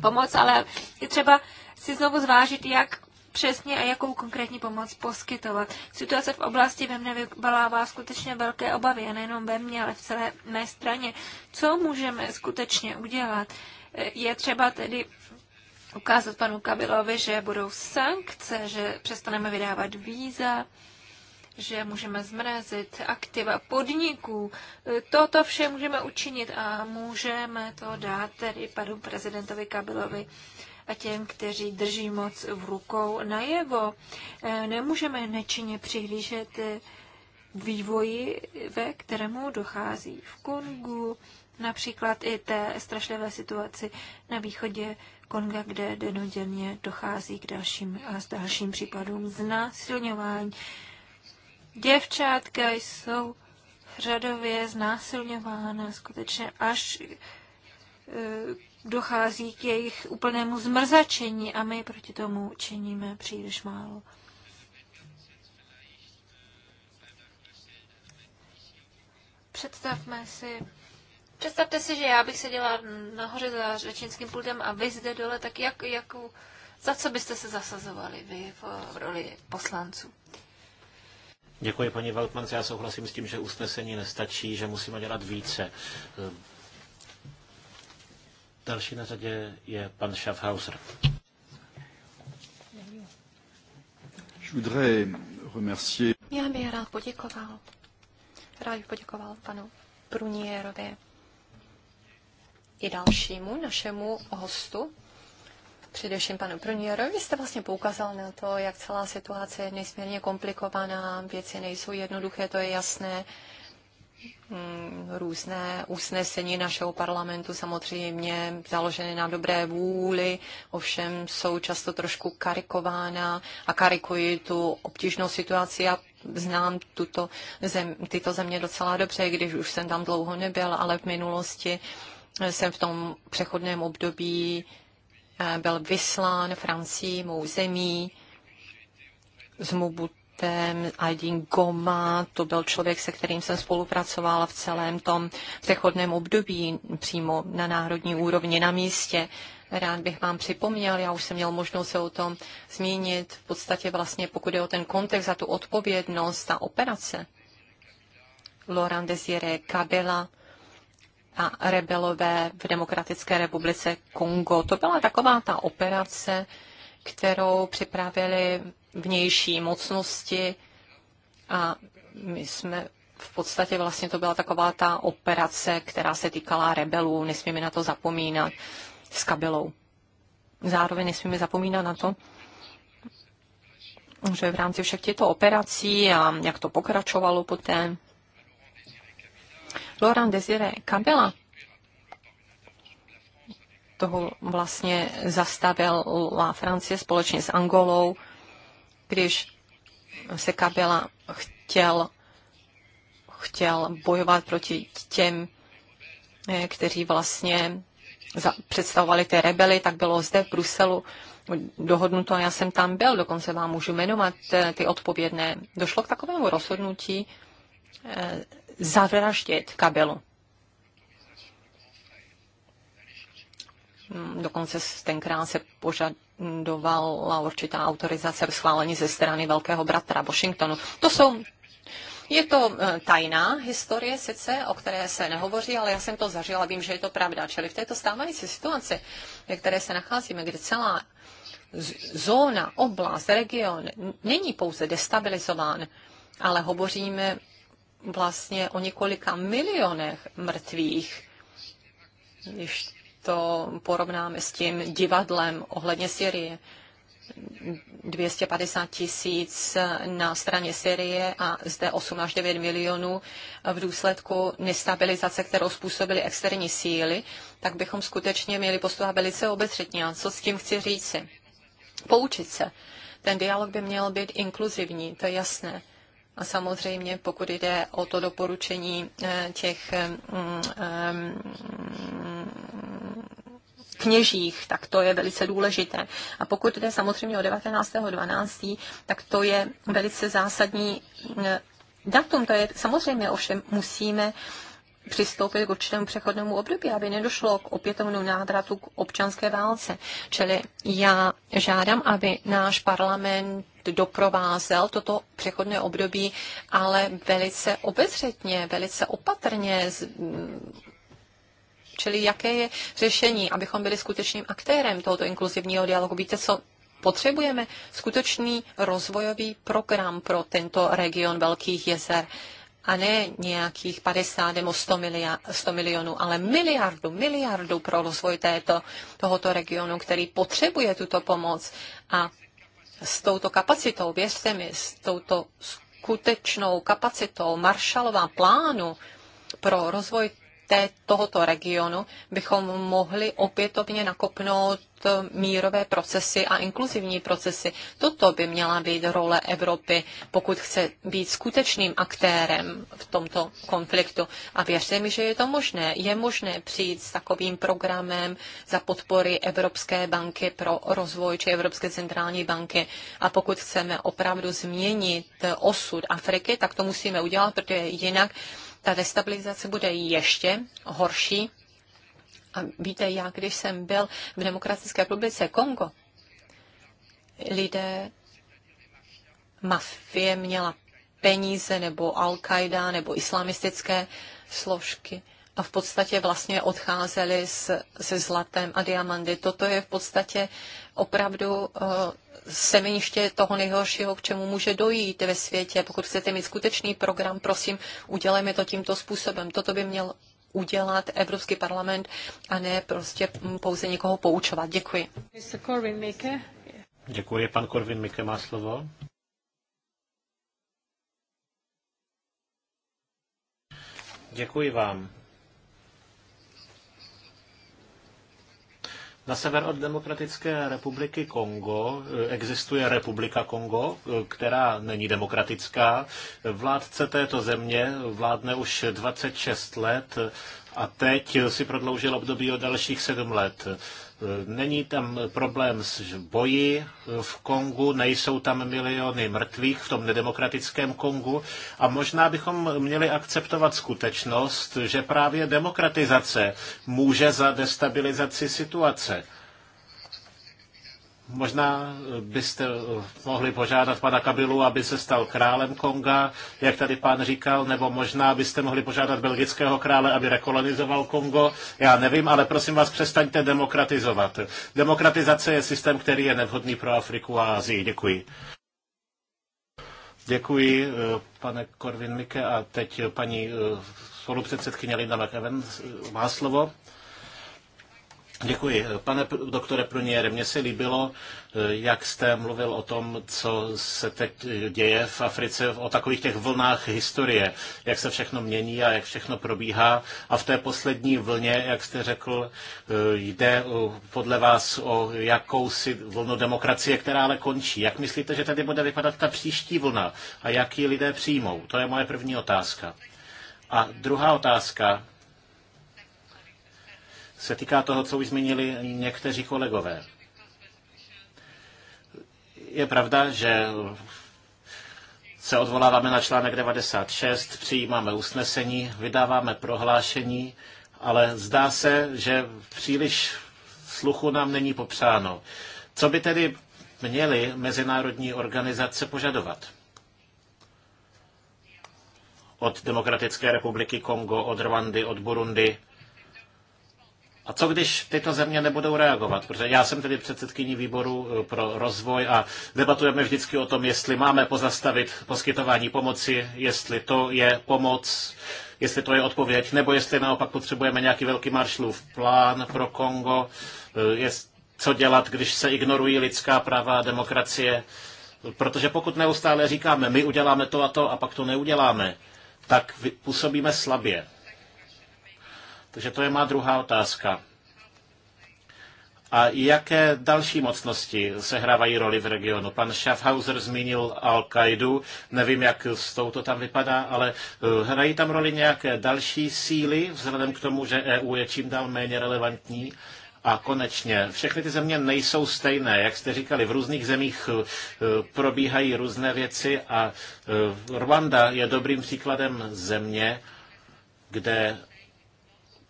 pomoc, ale je třeba si znovu zvážit, jak přesně a jakou konkrétní pomoc poskytovat. Situace v oblasti ve mne vyvolává skutečně velké obavy, a nejenom ve mně, ale v celé mé straně. Co můžeme skutečně udělat? Je třeba tedy ukázat panu Kabilovi, že budou sankce, že přestaneme vydávat víza, že můžeme zmrazit aktiva podniků. Toto vše můžeme učinit a můžeme to dát tedy panu prezidentovi Kabilovi a těm, kteří drží moc v rukou najevo. E, nemůžeme nečinně přihlížet e, vývoji, ve kterému dochází v Kongu, například i té strašlivé situaci na východě Konga, kde denodenně dochází k dalším a s dalším případům znásilňování. Děvčátka jsou řadově znásilňována skutečně až e, dochází k jejich úplnému zmrzačení a my proti tomu činíme příliš málo. Představme si, představte si, že já bych seděla nahoře za řečnickým pultem a vy zde dole, tak jak, jakou, za co byste se zasazovali vy v roli poslanců? Děkuji, paní Veltmans. Já souhlasím s tím, že usnesení nestačí, že musíme dělat více. Další na řadě je pan Schaffhauser. Já bych rád poděkoval. Rád bych poděkoval panu Prunierovi i dalšímu našemu hostu, především panu Brunierovi. Vy jste vlastně poukázal na to, jak celá situace je nesmírně komplikovaná, věci nejsou jednoduché, to je jasné. Hmm, různé usnesení našeho parlamentu, samozřejmě založené na dobré vůli, ovšem jsou často trošku karikována a karikují tu obtížnou situaci a znám tuto zem, tyto země docela dobře, když už jsem tam dlouho nebyl, ale v minulosti jsem v tom přechodném období eh, byl vyslán Francii, mou zemí, z Mobutu Aydin Goma, to byl člověk, se kterým jsem spolupracovala v celém tom přechodném období přímo na národní úrovni, na místě. Rád bych vám připomněl, já už jsem měl možnost se o tom zmínit, v podstatě vlastně pokud je o ten kontext a tu odpovědnost, ta operace. Laurent Desiré Kabila, a rebelové v Demokratické republice Kongo. To byla taková ta operace, kterou připravili vnější mocnosti a my jsme v podstatě vlastně to byla taková ta operace, která se týkala rebelů, nesmíme na to zapomínat s kabelou. Zároveň nesmíme zapomínat na to, že v rámci všech těchto operací a jak to pokračovalo poté, Laurent Desire Kabela toho vlastně zastavila Francie společně s Angolou, když se Kabila chtěl, chtěl bojovat proti těm, eh, kteří vlastně představovali ty rebely, tak bylo zde v Bruselu dohodnuto a já jsem tam byl, dokonce vám můžu jmenovat eh, ty odpovědné. Došlo k takovému rozhodnutí eh, zavraždit Kabelu. Mm, dokonce tenkrát se požadovala určitá autorizace schválení ze strany Velkého bratra Washingtonu. To jsou je to e, tajná historie sice, o které se nehovoří, ale já jsem to zažila, vím, že je to pravda. Čili v této stávající situaci, ve které se nacházíme, kde celá zóna, oblast, region není pouze destabilizován, ale hovoříme vlastně o několika milionech mrtvých, když to porovnáme s tím divadlem ohledně Syrie, 250 tisíc na straně Syrie a zde 8 až 9 milionů v důsledku nestabilizace, kterou způsobily externí síly, tak bychom skutečně měli postupovat velice obezřetně. A co s tím chci říci? Poučit se. Ten dialog by měl být inkluzivní, to je jasné. A samozřejmě, pokud jde o to doporučení eh, těch um, um, kněžích, tak to je velice důležité. A pokud jde samozřejmě o 19.12., tak to je velice zásadní eh, datum. To je samozřejmě ovšem musíme přistoupit k určitému přechodnému období, aby nedošlo k opětovnému nádratu k občanské válce. Čili já žádám, aby náš parlament doprovázel toto přechodné období, ale velice obezřetně, velice opatrně, Čili jaké je řešení, abychom byli skutečným aktérem tohoto inkluzivního dialogu? Víte co? Potřebujeme skutečný rozvojový program pro tento region Velkých jezer a ne nějakých 50 nebo 100, miliard, 100 milionů, ale miliardu, miliardu pro rozvoj této, tohoto regionu, který potřebuje tuto pomoc. A s touto kapacitou, věřte mi, s touto skutečnou kapacitou Marshallova plánu pro rozvoj té, tohoto regionu bychom mohli opětovně nakopnout eh, mírové procesy a inkluzivní procesy. Toto by měla být role Evropy, pokud chce být skutečným aktérem v tomto konfliktu. A věřte mi, že je to možné. Je možné přijít s takovým programem za podpory Evropské banky pro rozvoj či Evropské centrální banky. A pokud chceme opravdu změnit osud Afriky, tak to musíme udělat, protože jinak ta destabilizace bude ještě horší. A víte, já když jsem byl v Demokratické republice Kongo, lidé, mafie měla peníze nebo Al-Qaida nebo islamistické složky a v podstatě vlastně odcházeli s, se zlatem a diamanty. Toto je v podstatě opravdu eh, semeniště toho nejhoršího, k čemu může dojít ve světě. Pokud chcete mít skutečný program, prosím, udělejme to tímto způsobem. Toto by měl udělat Evropský parlament a ne prostě hm, pouze někoho poučovat. Děkuji. Děkuji. Pan Korvin Mike má slovo. Děkuji vám. Na sever od Demokratické republiky Kongo eh, existuje Republika Kongo, eh, která není demokratická. Vládce této země vládne už 26 let eh, a teď si prodloužil období o dalších 7 let. Není tam problém s boji v Kongu, nejsou tam miliony mrtvých v tom nedemokratickém Kongu a možná bychom měli akceptovat skutečnost, že právě demokratizace může za destabilizaci situace. Možná eh, byste eh, mohli požádat pana Kabilu, aby se stal králem Konga, jak tady pán říkal, nebo možná byste mohli požádat belgického krále, aby rekolonizoval Kongo. Já nevím, ale prosím vás, přestaňte demokratizovat. Demokratizace je systém, který je nevhodný pro Afriku a Azii. Děkuji. Děkuji, eh, pane Korvin Mike, a teď paní spolupředsedkyně Linda McEwen má slovo. Děkuji. Pane doktore Pruniere, mně se líbilo, eh, jak jste mluvil o tom, co se teď děje v Africe, o takových těch vlnách historie, jak se všechno mění a jak všechno probíhá. A v té poslední vlně, jak jste řekl, eh, jde podle vás o jakousi vlnu demokracie, která ale končí. Jak myslíte, že tady bude vypadat ta příští vlna a jak ji lidé přijmou? To je moje první otázka. A druhá otázka se týká toho, co už zmínili někteří kolegové. Je pravda, že se odvoláváme na článek 96, přijímáme usnesení, vydáváme prohlášení, ale zdá se, že příliš sluchu nám není popřáno. Co by tedy měly mezinárodní organizace požadovat? Od Demokratické republiky Kongo, od Rwandy, od Burundi, a co když tyto země nebudou reagovat? Protože já jsem tedy předsedkyní výboru eh, pro rozvoj a debatujeme vždycky o tom, jestli máme pozastavit poskytování pomoci, jestli to je pomoc, jestli to je odpověď, nebo jestli naopak potřebujeme nějaký velký maršlův plán pro Kongo, eh, jest, co dělat, když se ignorují lidská práva a demokracie. Protože pokud neustále říkáme, my uděláme to a to a pak to neuděláme, tak působíme slabě. Takže to je má druhá otázka. A jaké další mocnosti sehrávají roli v regionu? Pan Schaffhauser zmínil Al-Kaidu, nevím, jak s touto tam vypadá, ale eh, hrají tam roli nějaké další síly, vzhledem k tomu, že EU je čím dál méně relevantní? A konečně, všechny ty země nejsou stejné. Jak jste říkali, v různých zemích eh, probíhají různé věci a eh, Rwanda je dobrým příkladem země, kde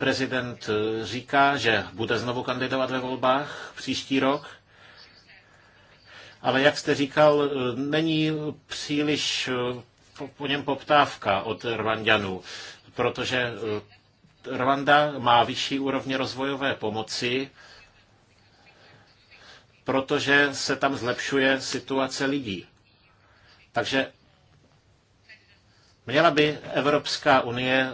prezident eh, říká, že bude znovu kandidovat ve volbách příští rok, ale jak jste říkal, eh, není příliš eh, po něm poptávka od Rwandanů, protože Rwanda má vyšší úrovně rozvojové pomoci, protože se tam zlepšuje situace lidí. Takže měla by Evropská unie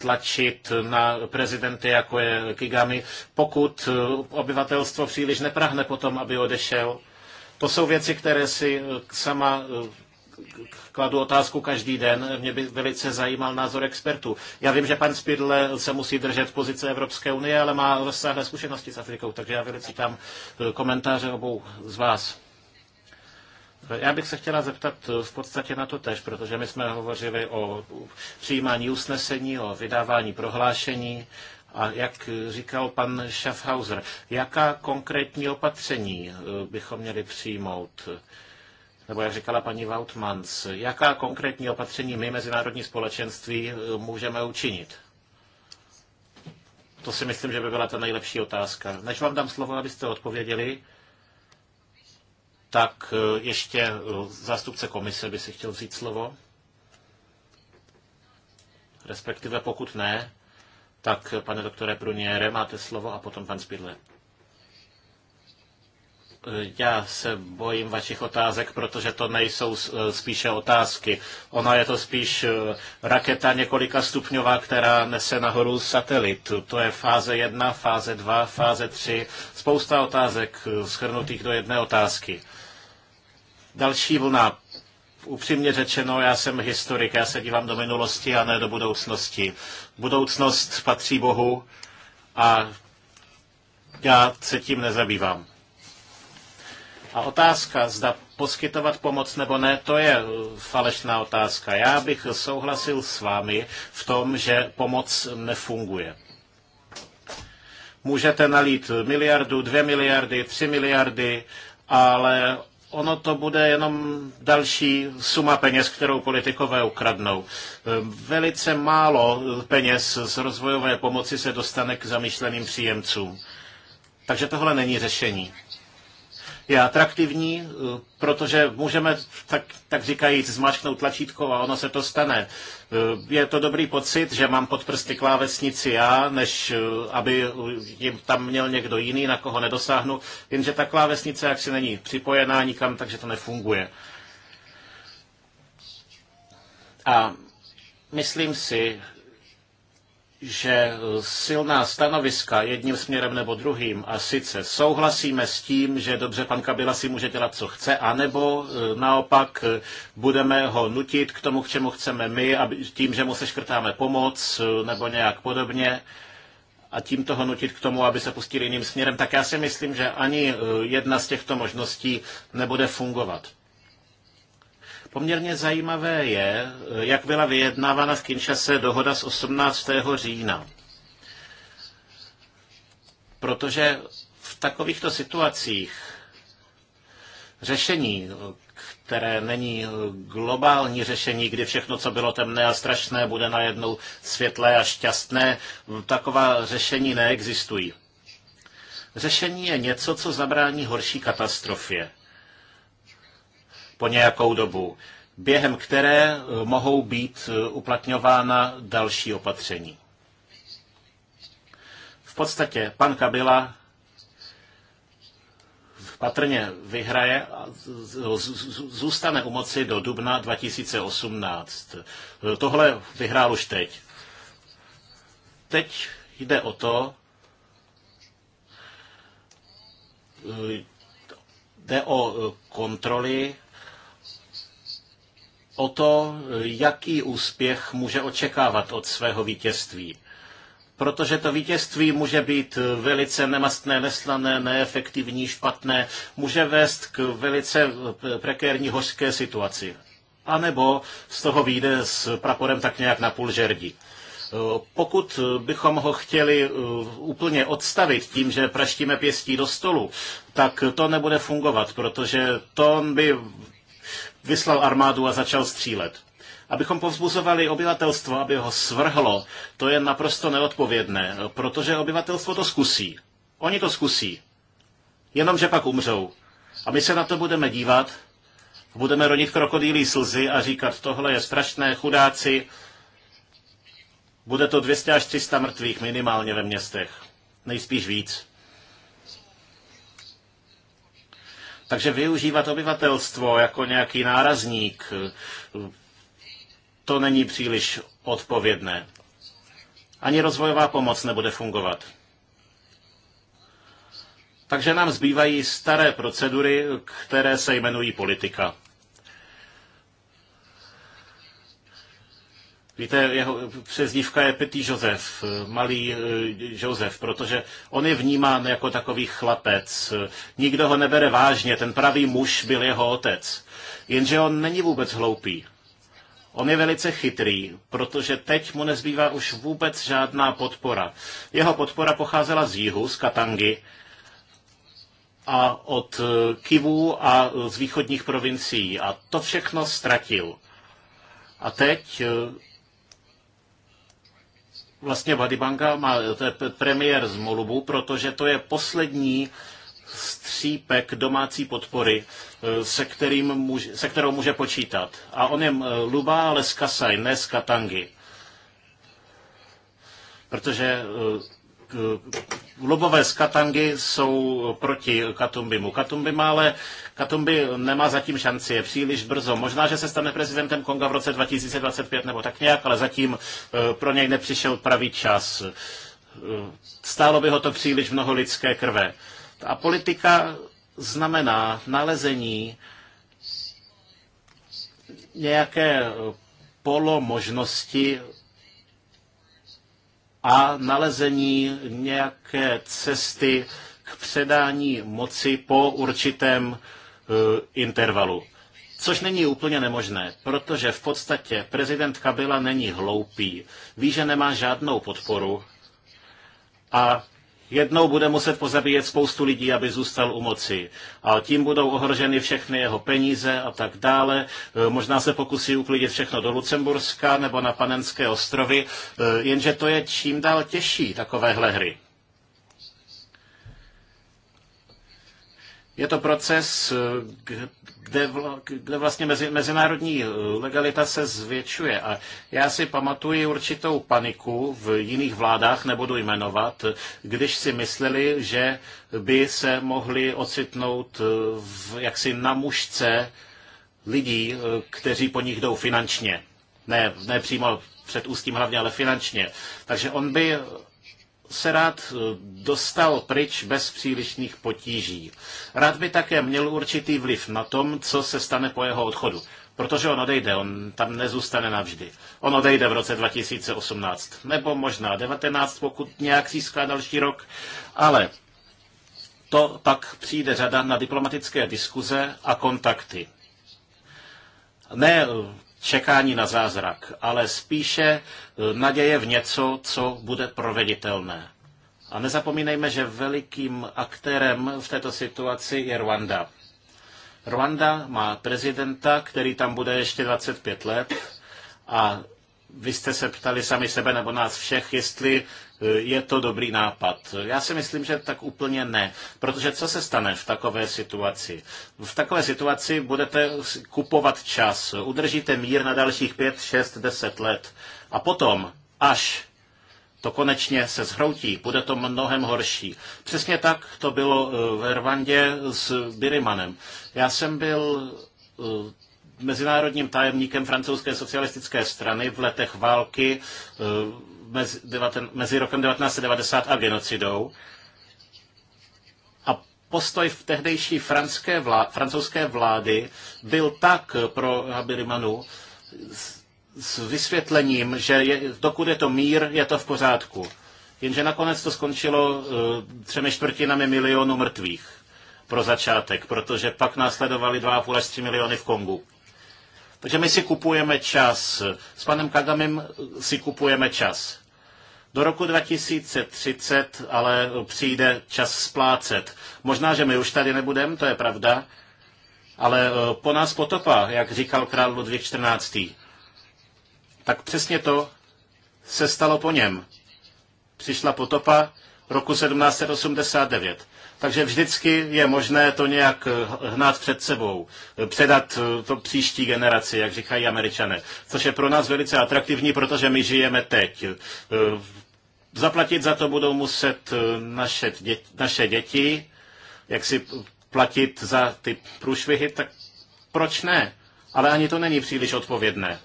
tlačit na prezidenty, jako je Kigami, pokud eh, obyvatelstvo příliš neprahne potom, aby odešel. To jsou věci, které si eh, sama eh, kladu otázku každý den. Mě by velice zajímal názor expertů. Já vím, že pan Spidle se musí držet pozice Evropské unie, ale má rozsáhlé zkušenosti s Afrikou, takže já velice tam komentáře obou z vás. Já bych se chtěla zeptat eh, v podstatě na to tež, protože my jsme hovořili o přijímání usnesení, o vydávání prohlášení a jak říkal pan Schaffhauser, jaká konkrétní opatření eh, bychom měli přijmout? nebo jak říkala paní Vautmans, jaká konkrétní opatření my, mezinárodní společenství, eh, můžeme učinit? To si myslím, že by byla ta nejlepší otázka. Než vám dám slovo, abyste odpověděli, tak eh, ještě eh, zástupce komise by si chtěl vzít slovo. Respektive pokud ne, tak eh, pane doktore Pruniere, máte slovo a potom pan Spidle. Já se bojím vašich otázek, protože to nejsou spíše otázky. Ona je to spíš raketa několika stupňová, která nese nahoru satelit. To je fáze 1, fáze 2, fáze 3. Spousta otázek schrnutých do jedné otázky. Další vlna upřímně řečeno, já jsem historik, já se dívám do minulosti a ne do budoucnosti. Budoucnost patří Bohu a já se tím nezabývám. A otázka, zda poskytovat pomoc nebo ne, to je uh, falešná otázka. Já bych souhlasil s vámi v tom, že pomoc nefunguje. Můžete nalít miliardu, dvě miliardy, tři miliardy, ale ono to bude jenom další suma peněz, kterou politikové ukradnou. Velice málo peněz z rozvojové pomoci se dostane k zamýšleným příjemcům. Takže tohle není řešení je atraktivní, eh, protože můžeme tak, tak říkajíc zmačknout tlačítko a ono se to stane. Eh, je to dobrý pocit, že mám pod prsty klávesnici já, než eh, aby jim tam měl někdo jiný, na koho nedosáhnu, jenže ta klávesnice jaksi není připojená nikam, takže to nefunguje. A myslím si, že silná stanoviska jedním směrem nebo druhým, a sice souhlasíme s tím, že dobře, pan Kabila si může dělat, co chce, anebo e, naopak e, budeme ho nutit k tomu, k čemu chceme my, aby, tím, že mu škrtáme pomoc e, nebo nějak podobně, a tím toho nutit k tomu, aby se pustil jiným směrem, tak já si myslím, že ani jedna z těchto možností nebude fungovat. Poměrně zajímavé je, jak byla vyjednávána v Kinshase dohoda z 18. října. Protože v takovýchto situacích řešení, které není globální řešení, kdy všechno, co bylo temné a strašné, bude najednou světlé a šťastné, taková řešení neexistují. Řešení je něco, co zabrání horší katastrofě po nějakou dobu, během které eh, mohou být eh, uplatňována další opatření. V podstatě pan Kabila patrně vyhraje a zůstane u moci do dubna 2018. Eh, tohle vyhrál už teď. Teď jde o to, jde o kontroly o to, jaký úspěch může očekávat od svého vítězství. Protože to vítězství může být velice nemastné, neslané, neefektivní, špatné, může vést k velice prekérní hořské situaci. A nebo z toho vyjde s praporem tak nějak na půl žerdi. Pokud bychom ho chtěli eh, úplně odstavit tím, že praštíme pěstí do stolu, tak to nebude fungovat, protože to by vyslal armádu a začal střílet. Abychom povzbuzovali obyvatelstvo, aby ho svrhlo, to je naprosto neodpovědné, protože obyvatelstvo to zkusí. Oni to zkusí. Jenomže pak umřou. A my se na to budeme dívat, budeme ronit krokodýlí slzy a říkat, tohle je strašné, chudáci, bude to 200 až 300 mrtvých minimálně ve městech. Nejspíš víc. Takže využívat obyvatelstvo jako nějaký nárazník, to není příliš odpovědné. Ani rozvojová pomoc nebude fungovat. Takže nám zbývají staré procedury, které se jmenují politika. Víte, jeho přezdívka je Petit Josef, malý eh, Josef, protože on je vnímán jako takový chlapec. Nikdo ho nebere vážně, ten pravý muž byl jeho otec. Jenže on není vůbec hloupý. On je velice chytrý, protože teď mu nezbývá už vůbec žádná podpora. Jeho podpora pocházela z jihu, z Katangy, a od eh, Kivu a z východních provincií. A to všechno ztratil. A teď eh, vlastně Vadibanga má, to je premiér z Molubu, protože to je poslední střípek domácí podpory, eh, se, kterým může, se kterou může počítat. A on je eh, Luba, ale z Kasaj, ne z Katangy. Protože eh, lobové z Katangy jsou proti Katumbimu. Katumbi má ale Katumbi nemá zatím šanci, je příliš brzo. Možná, že se stane prezidentem Konga v roce 2025 nebo tak nějak, ale zatím eh, pro něj nepřišel pravý čas. Eh, stálo by ho to příliš mnoho lidské krve. A politika znamená nalezení nějaké eh, možnosti a nalezení nějaké cesty k předání moci po určitém e, intervalu. Což není úplně nemožné, protože v podstatě prezident Kabila není hloupý, ví, že nemá žádnou podporu a Jednou bude muset pozabíjet spoustu lidí, aby zůstal u moci. A tím budou ohroženy všechny jeho peníze a tak dále. E, možná se pokusí uklidit všechno do Lucemburska nebo na Panenské ostrovy, e, jenže to je čím dál těžší takovéhle hry. Je to proces, kde, vl, kde vlastně mezi, mezinárodní legalita se zvětšuje. A já si pamatuji určitou paniku v jiných vládách, nebudu jmenovat, když si mysleli, že by se mohli ocitnout v, jaksi na mužce lidí, kteří po nich jdou finančně. Ne, ne přímo před ústím hlavně, ale finančně. Takže on by se rád eh, dostal pryč bez přílišných potíží. Rád by také měl určitý vliv na tom, co se stane po jeho odchodu. Protože on odejde, on tam nezůstane navždy. On odejde v roce 2018, nebo možná 19, pokud nějak získá další rok, ale to pak přijde řada na diplomatické diskuze a kontakty. Ne eh, čekání na zázrak, ale spíše e, naděje v něco, co bude proveditelné. A nezapomínejme, že velikým aktérem v této situaci je Rwanda. Rwanda má prezidenta, který tam bude ještě 25 let a vy jste se ptali sami sebe nebo nás všech, jestli je to dobrý nápad. Já si myslím, že tak úplně ne. Protože co se stane v takové situaci? V takové situaci budete kupovat čas, udržíte mír na dalších 5, 6, 10 let a potom, až to konečně se zhroutí, bude to mnohem horší. Přesně tak to bylo eh, v Rwandě s Birimanem. Já jsem byl eh, mezinárodním tajemníkem francouzské socialistické strany v letech války eh, mezi, mezi rokem 1990 a genocidou. A postoj v tehdejší franské vlá, francouzské vlády byl tak pro Habilimanu s, s vysvětlením, že je, dokud je to mír, je to v pořádku. Jenže nakonec to skončilo uh, třemi čtvrtinami milionu mrtvých pro začátek, protože pak následovali 2,5 až 3 miliony v Kongu. Takže my si kupujeme čas. S panem Kagamem si kupujeme čas. Do roku 2030 ale přijde čas splácet. Možná, že my už tady nebudeme, to je pravda, ale e, po nás potopa, jak říkal král Ludvík XIV. Tak přesně to se stalo po něm. Přišla potopa, roku 1789. Takže vždycky je možné to nějak hnát před sebou, předat to příští generaci, jak říkají američané, což je pro nás velice atraktivní, protože my žijeme teď. Zaplatit za to budou muset naše, děti, naše děti, jak si platit za ty průšvihy, tak proč ne? Ale ani to není příliš odpovědné.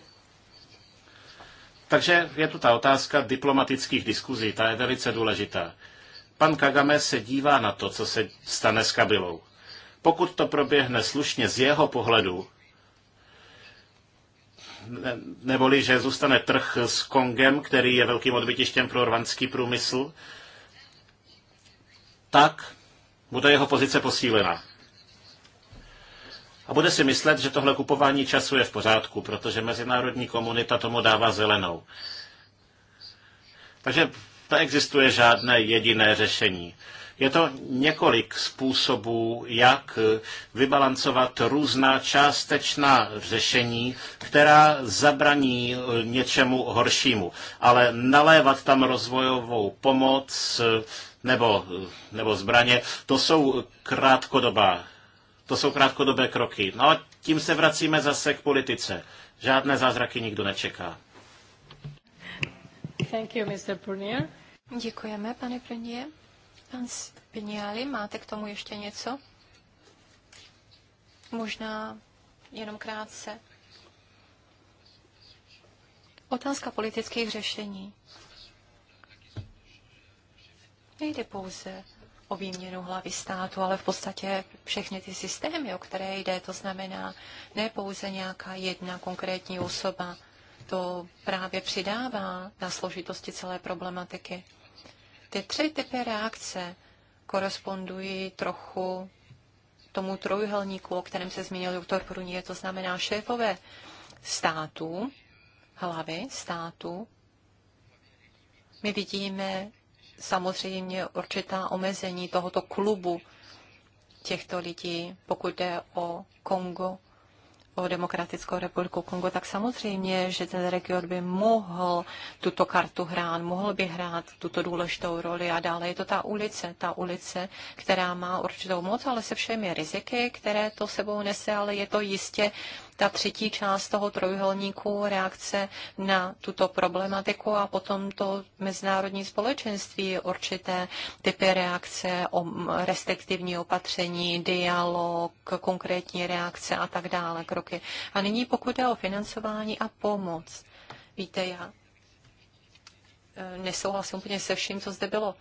Takže je tu ta otázka diplomatických diskuzí, ta je velice důležitá. Pan Kagame se dívá na to, co se stane s Kabilou. Pokud to proběhne slušně z jeho pohledu, neboli že zůstane trh s Kongem, který je velkým odbytištěm pro rvanský průmysl, tak bude jeho pozice posílena. A bude si myslet, že tohle kupování času je v pořádku, protože mezinárodní komunita tomu dává zelenou. Takže Neexistuje žádné jediné řešení. Je to několik způsobů, jak vybalancovat různá částečná řešení, která zabraní něčemu horšímu. Ale nalévat tam rozvojovou pomoc nebo, nebo zbraně, to jsou krátkodobá. To jsou krátkodobé kroky. No a tím se vracíme zase k politice. Žádné zázraky nikdo nečeká. Thank you, Mr. Purnier. Děkujeme, pane Purnier. Pan Spiniali, máte k tomu ještě něco? Možná jenom krátce. Otázka politických řešení. Nejde pouze o výměnu hlavy státu, ale v podstatě všechny ty systémy, o které jde, to znamená ne pouze nějaká jedna konkrétní osoba, to právě přidává na složitosti celé problematiky. Ty tři typy reakce korespondují trochu tomu trojuhelníku, o kterém se zmínil doktor Prunier, to znamená šéfové států, hlavy států. My vidíme samozřejmě určitá omezení tohoto klubu těchto lidí, pokud jde o Kongo o Demokratickou republiku Kongo, tak samozřejmě, že ten region by mohl tuto kartu hrát, mohl by hrát tuto důležitou roli a dále je to ta ulice, ta ulice, která má určitou moc, ale se všemi riziky, které to sebou nese, ale je to jistě ta třetí část toho trojuhelníku reakce na tuto problematiku a potom to mezinárodní společenství, určité typy reakce, restriktivní opatření, dialog, konkrétní reakce a tak dále, kroky. A nyní pokud jde o financování a pomoc. Víte, já e, nesouhlasím úplně se vším, co zde bylo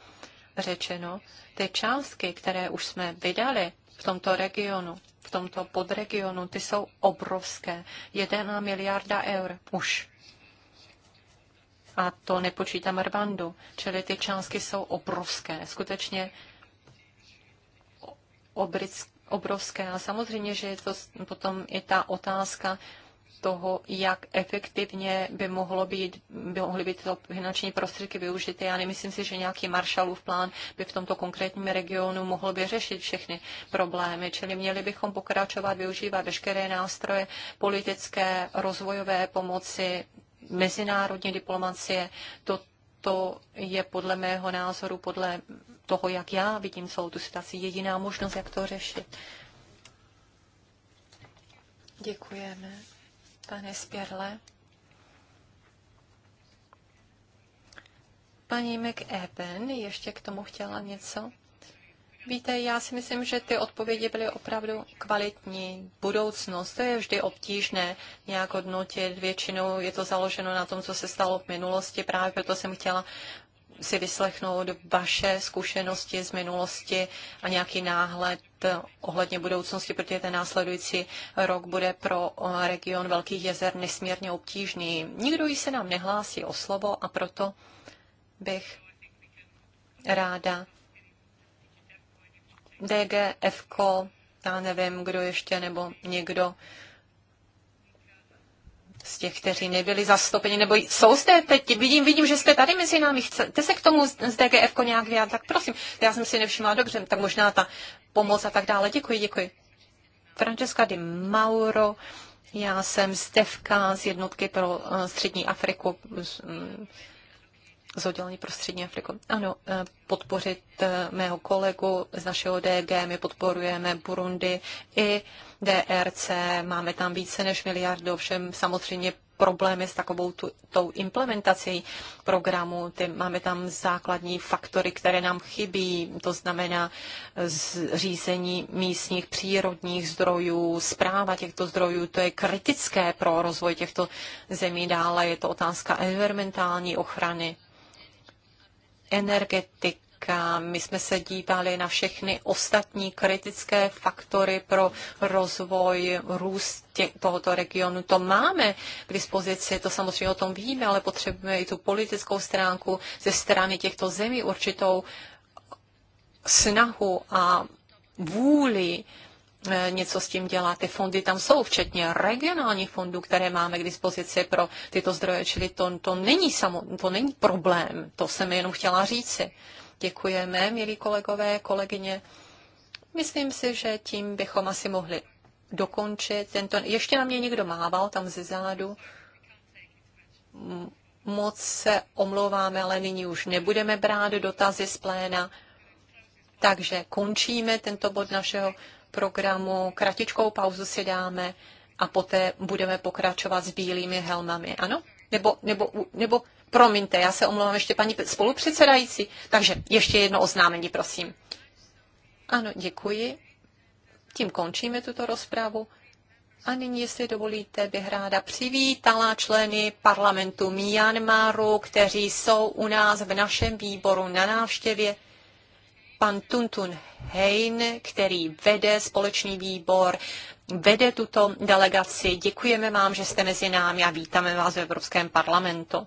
řečeno. Ty částky, které už jsme vydali v tomto regionu, v tomto podregionu, ty jsou obrovské. 1 miliarda eur už. A to nepočítám Rwandu, čili ty částky jsou obrovské, skutečně obrovské. A samozřejmě, že je to potom i ta otázka toho, jak efektivně by, mohlo být, by mohly být to finanční prostředky využity. Já nemyslím si, že nějaký Marshallův plán by v tomto konkrétním regionu mohl vyřešit všechny problémy. Čili měli bychom pokračovat, využívat veškeré nástroje politické, rozvojové pomoci, mezinárodní diplomacie. To, to je podle mého názoru, podle toho, jak já vidím celou tu situaci, jediná možnost, jak to řešit. Děkujeme pane Spěrle. Paní McEwen ještě k tomu chtěla něco? Víte, já si myslím, že ty odpovědi byly opravdu kvalitní. Budoucnost, to je vždy obtížné nějak hodnotit. Většinou je to založeno na tom, co se stalo v minulosti. Právě proto jsem chtěla si vyslechnout vaše zkušenosti z minulosti a nějaký náhled ohledně budoucnosti, protože ten následující rok bude pro eh, region Velkých jezer nesmírně obtížný. Nikdo ji se nám nehlásí o slovo a proto bych ráda DGFK, já nevím, kdo ještě, nebo někdo z těch, kteří nebyli zastoupeni, nebo jsou zde teď, vidím, vidím, že jste tady mezi námi, chcete se k tomu z DGF nějak vyjádřit, tak prosím, já jsem si nevšimla, dobře, tak možná ta pomoc a tak dále, děkuji, děkuji. Francesca Di Mauro, já jsem Stefka z jednotky pro eh, střední Afriku, mm, z oddělení pro střední Afriku. Ano, eh, podpořit eh, mého kolegu z našeho DG, my podporujeme Burundi i DRC, máme tam více než miliardu, ovšem samozřejmě problémy s takovou tu, tou implementací programu. Ty, máme tam základní faktory, které nám chybí, to znamená zřízení místních přírodních zdrojů, zpráva těchto zdrojů, to je kritické pro rozvoj těchto zemí. Dále je to otázka environmentální ochrany energetika. My jsme se dívali na všechny ostatní kritické faktory pro rozvoj, růst tě, tohoto regionu. To máme k dispozici, to samozřejmě o tom víme, ale potřebujeme i tu politickou stránku ze strany těchto zemí určitou snahu a vůli E, něco s tím dělat. Ty fondy tam jsou, včetně regionálních fondů, které máme k dispozici pro tyto zdroje, čili to, to, není, samo, to není problém, to jsem jenom chtěla říci. Děkujeme, milí kolegové, kolegyně. Myslím si, že tím bychom asi mohli dokončit tento... Ještě na mě někdo mával tam ze zádu. Moc se omlouváme, ale nyní už nebudeme brát dotazy z pléna. Takže končíme tento bod našeho programu, kratičkou pauzu si dáme a poté budeme pokračovat s bílými helmami, ano? Nebo, nebo, nebo promiňte, já se omlouvám ještě paní spolupředsedající, takže ještě jedno oznámení, prosím. Ano, děkuji. Tím končíme tuto rozpravu. A nyní, jestli dovolíte, bych ráda přivítala členy parlamentu Myanmaru, kteří jsou u nás v našem výboru na návštěvě pan Tuntun Hein, který vede společný výbor, vede tuto delegaci. Děkujeme vám, že jste mezi námi a vítáme vás v Evropském parlamentu.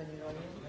Paní Valina.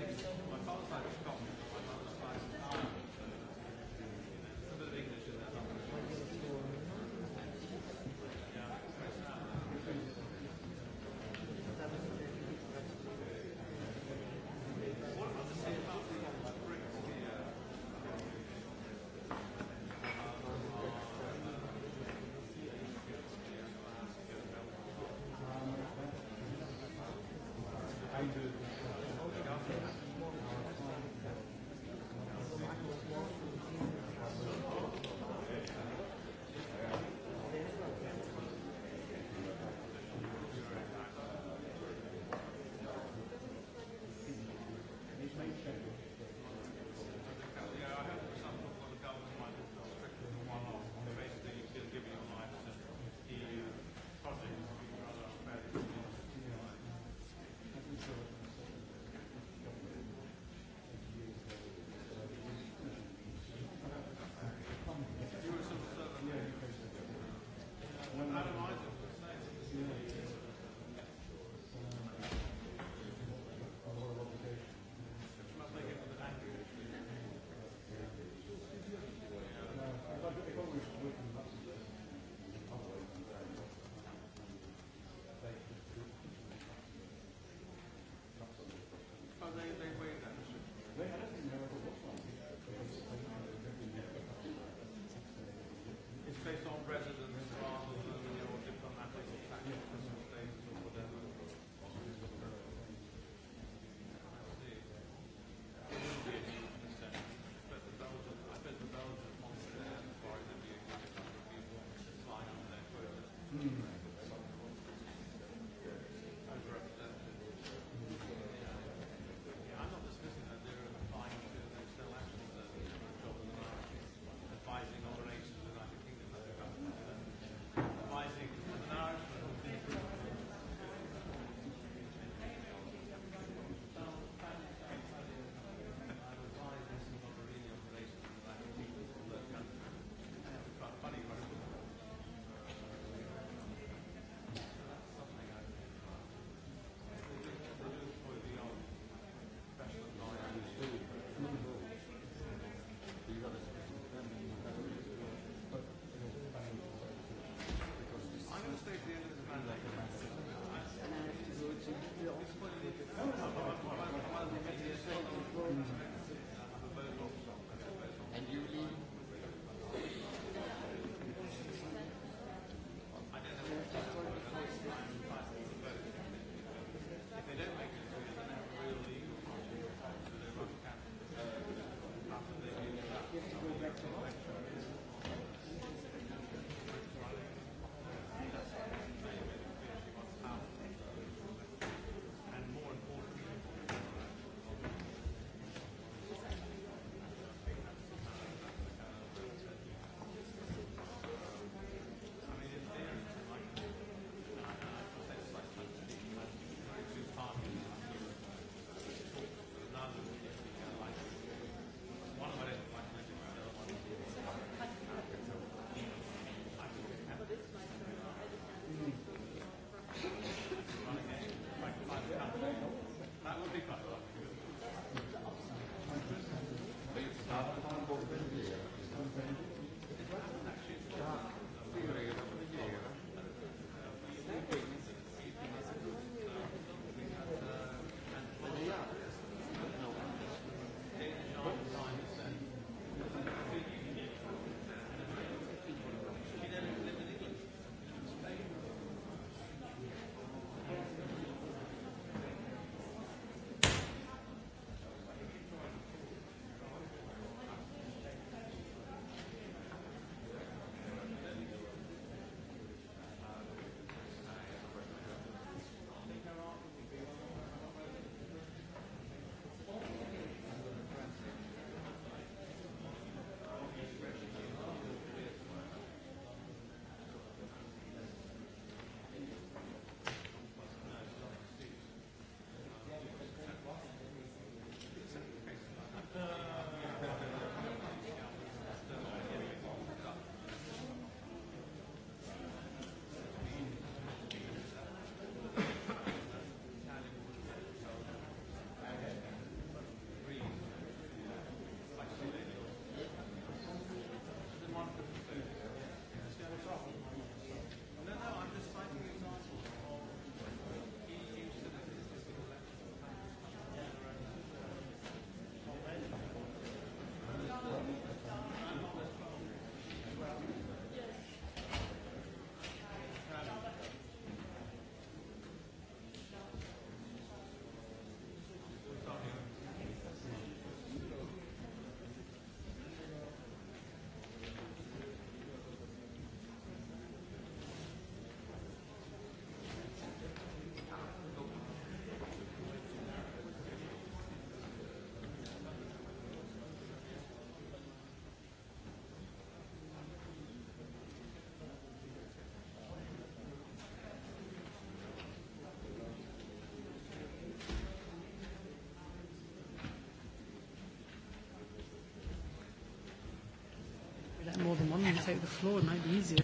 more than one, you take the floor, it might be easier.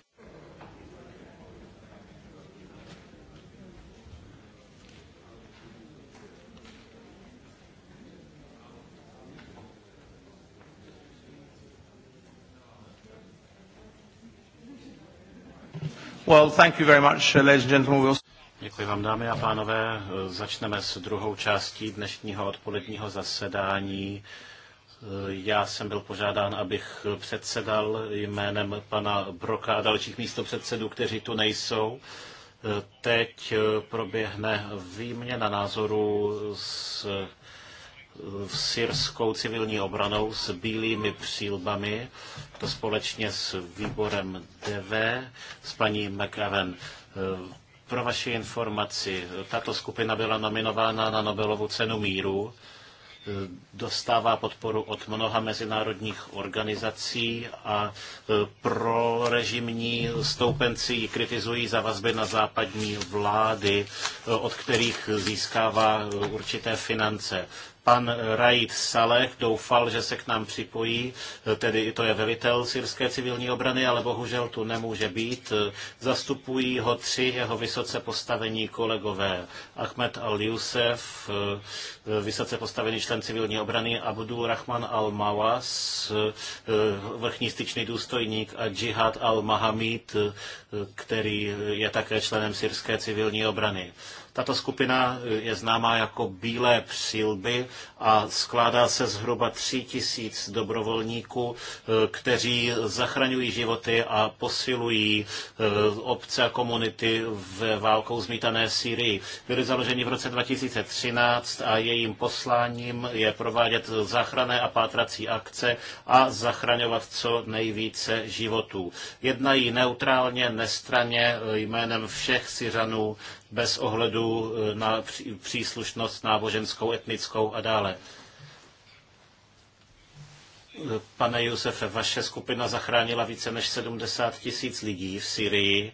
Well, thank you very much, uh, ladies and gentlemen. Děkuji vám, dámy a pánové. Uh, začneme s druhou částí dnešního odpoledního zasedání. Já jsem byl požádán, abych předsedal jménem pana Broka a dalších místopředsedů, kteří tu nejsou. Teď proběhne výměna názorů s syrskou civilní obranou s bílými přílbami, to společně s výborem DV, s paní McAvan. Pro vaši informaci, tato skupina byla nominována na Nobelovu cenu míru E, dostává podporu od mnoha mezinárodních organizací a e, pro režimní stoupenci ji kritizují za vazby na západní vlády, e, od kterých získává určité finance. Pan Raid Saleh doufal, že se k nám připojí, tedy to je velitel syrské civilní obrany, ale bohužel tu nemůže být. Zastupují ho tři jeho vysoce postavení kolegové. Ahmed Al-Yusef, vysoce postavený člen civilní obrany, Abdul Rahman Al-Mawas, vrchní styčný důstojník a Jihad Al-Mahamid, který je také členem syrské civilní obrany. Tato skupina eh, je známá jako Bílé přilby a skládá se zhruba 3 tisíc dobrovolníků, eh, kteří zachraňují životy a posilují eh, obce a komunity v válkou zmítané Syrii. Byly založeni v roce 2013 a jejím posláním je provádět záchranné a pátrací akce a zachraňovat co nejvíce životů. Jednají neutrálně, nestraně jménem všech Syřanů bez ohledu ohledu eh, na příslušnost náboženskou, etnickou a dále. Eh, pane Josefe, vaše skupina zachránila více než 70 tisíc lidí v Syrii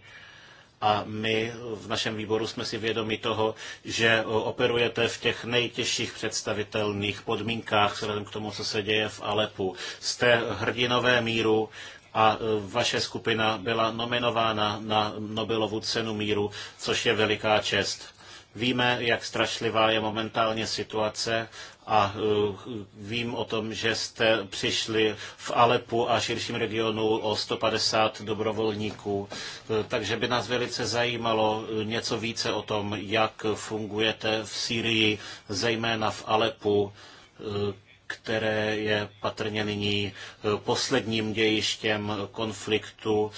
a my v našem výboru jsme si vědomi toho, že eh, operujete v těch nejtěžších představitelných podmínkách vzhledem k tomu, co se děje v Alepu. Jste hrdinové míru a vaše skupina byla nominována na Nobelovu cenu míru, což je veliká čest. Víme, jak strašlivá je momentálně situace a uh, vím o tom, že jste přišli v Alepu a širším regionu o 150 dobrovolníků, uh, takže by nás velice zajímalo uh, něco více o tom, jak fungujete v Sýrii, zejména v Alepu, které je patrně nyní posledním dějištěm konfliktu.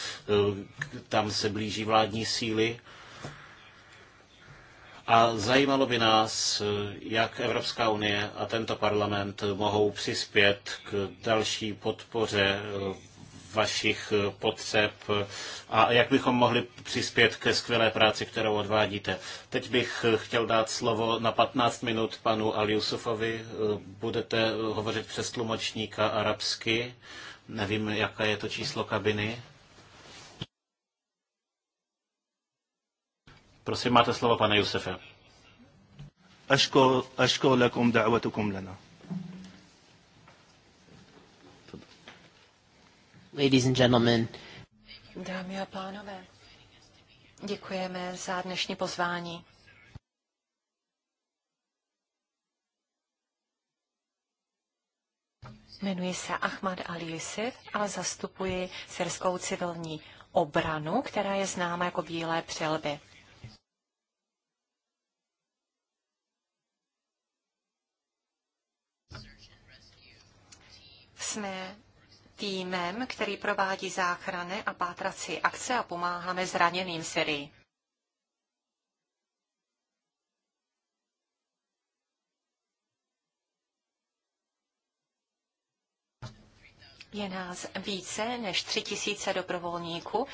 Tam se blíží vládní síly a zajímalo by nás, jak Evropská unie a tento parlament mohou přispět k další podpoře vašich potřeb a jak bychom mohli přispět ke skvělé práci, kterou odvádíte. Teď bych chtěl dát slovo na 15 minut panu Aliusufovi. Budete hovořit přes tlumočníka arabsky. Nevím, jaké je to číslo kabiny. Prosím, máte slovo, pane Josefe. Aško, aško lakum da'watukum lana. Ladies and gentlemen. Dámy a pánové, děkujeme za dnešní pozvání. Jmenuji se Ahmad Ali Yusuf a zastupuji syrskou civilní obranu, která je známa jako Bílé přelby. jsme týmem, který provádí záchrany a pátrací akce a pomáháme zraněným Syrii. Je nás více než 3000 dobrovolníků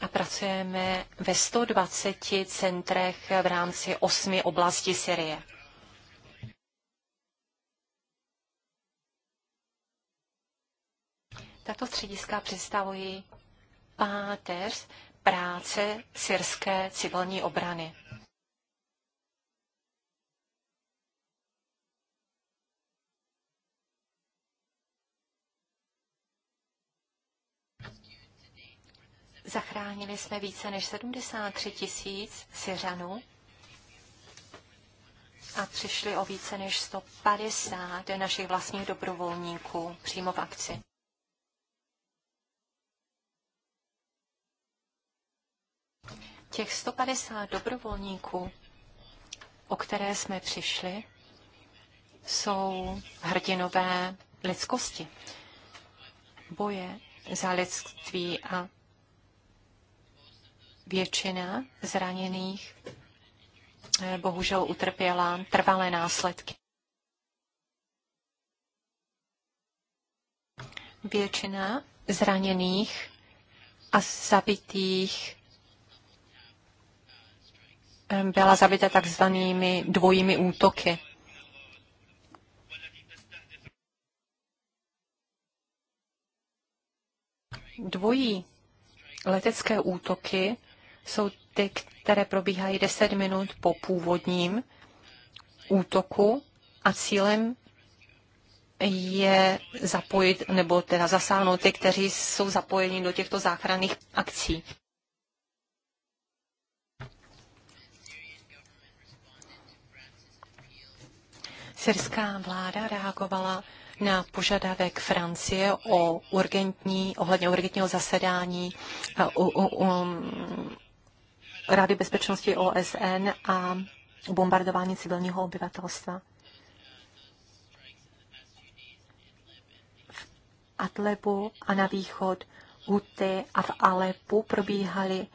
a pracujeme ve 120 centrech v rámci osmi oblasti Syrie. Tato střediska představují páteř práce syrské civilní obrany. Zachránili jsme více než 73 tisíc Syřanů a přišli o více než 150 našich vlastních dobrovolníků přímo v akci. Těch 150 dobrovolníků, o které jsme přišli, jsou hrdinové lidskosti. Boje za lidství a většina zraněných eh, bohužel utrpěla trvalé následky. Většina zraněných a zabitých byla zabita takzvanými dvojími útoky. Dvojí letecké útoky jsou ty, které probíhají 10 minut po původním útoku a cílem je zapojit nebo teda zasáhnout ty, kteří jsou zapojeni do těchto záchranných akcí. Syrská vláda reagovala na požadavek Francie o urgentní, ohledně urgentního zasedání eh, u, u, u, Rady bezpečnosti OSN a bombardování civilního obyvatelstva. V Atlebu a na východ Huty a v Alepu probíhaly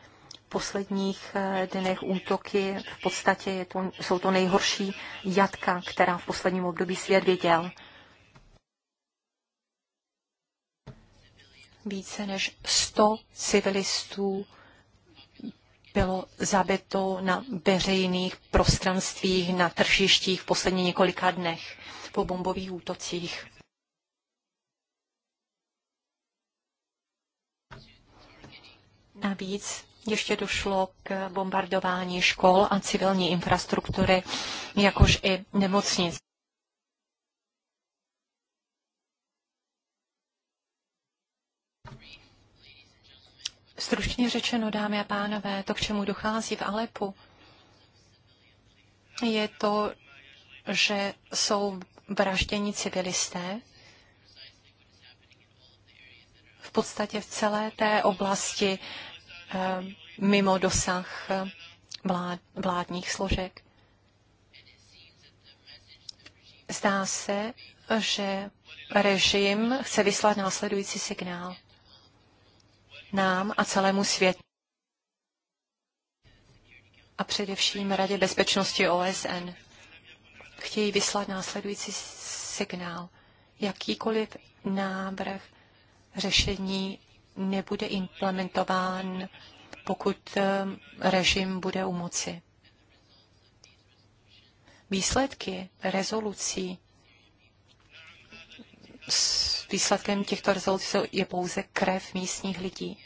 posledních eh, dnech útoky. V podstatě je to, jsou to nejhorší jatka, která v posledním období svět viděl. Více než 100 civilistů bylo zabito na veřejných prostranstvích, na tržištích v posledních několika dnech po bombových útocích. Navíc ještě došlo k bombardování škol a civilní infrastruktury, jakož i nemocnic. Stručně řečeno, dámy a pánové, to, k čemu dochází v Alepu, je to, že jsou vražděni civilisté, v podstatě v celé té oblasti Eh, mimo dosah eh, vlád, vládních složek. Zdá se, že režim chce vyslat následující signál nám a celému světu a především Radě bezpečnosti OSN. Chtějí vyslat následující signál. Jakýkoliv návrh řešení nebude implementován, pokud eh, režim bude u moci. Výsledky rezolucí s výsledkem těchto rezolucí je pouze krev místních lidí.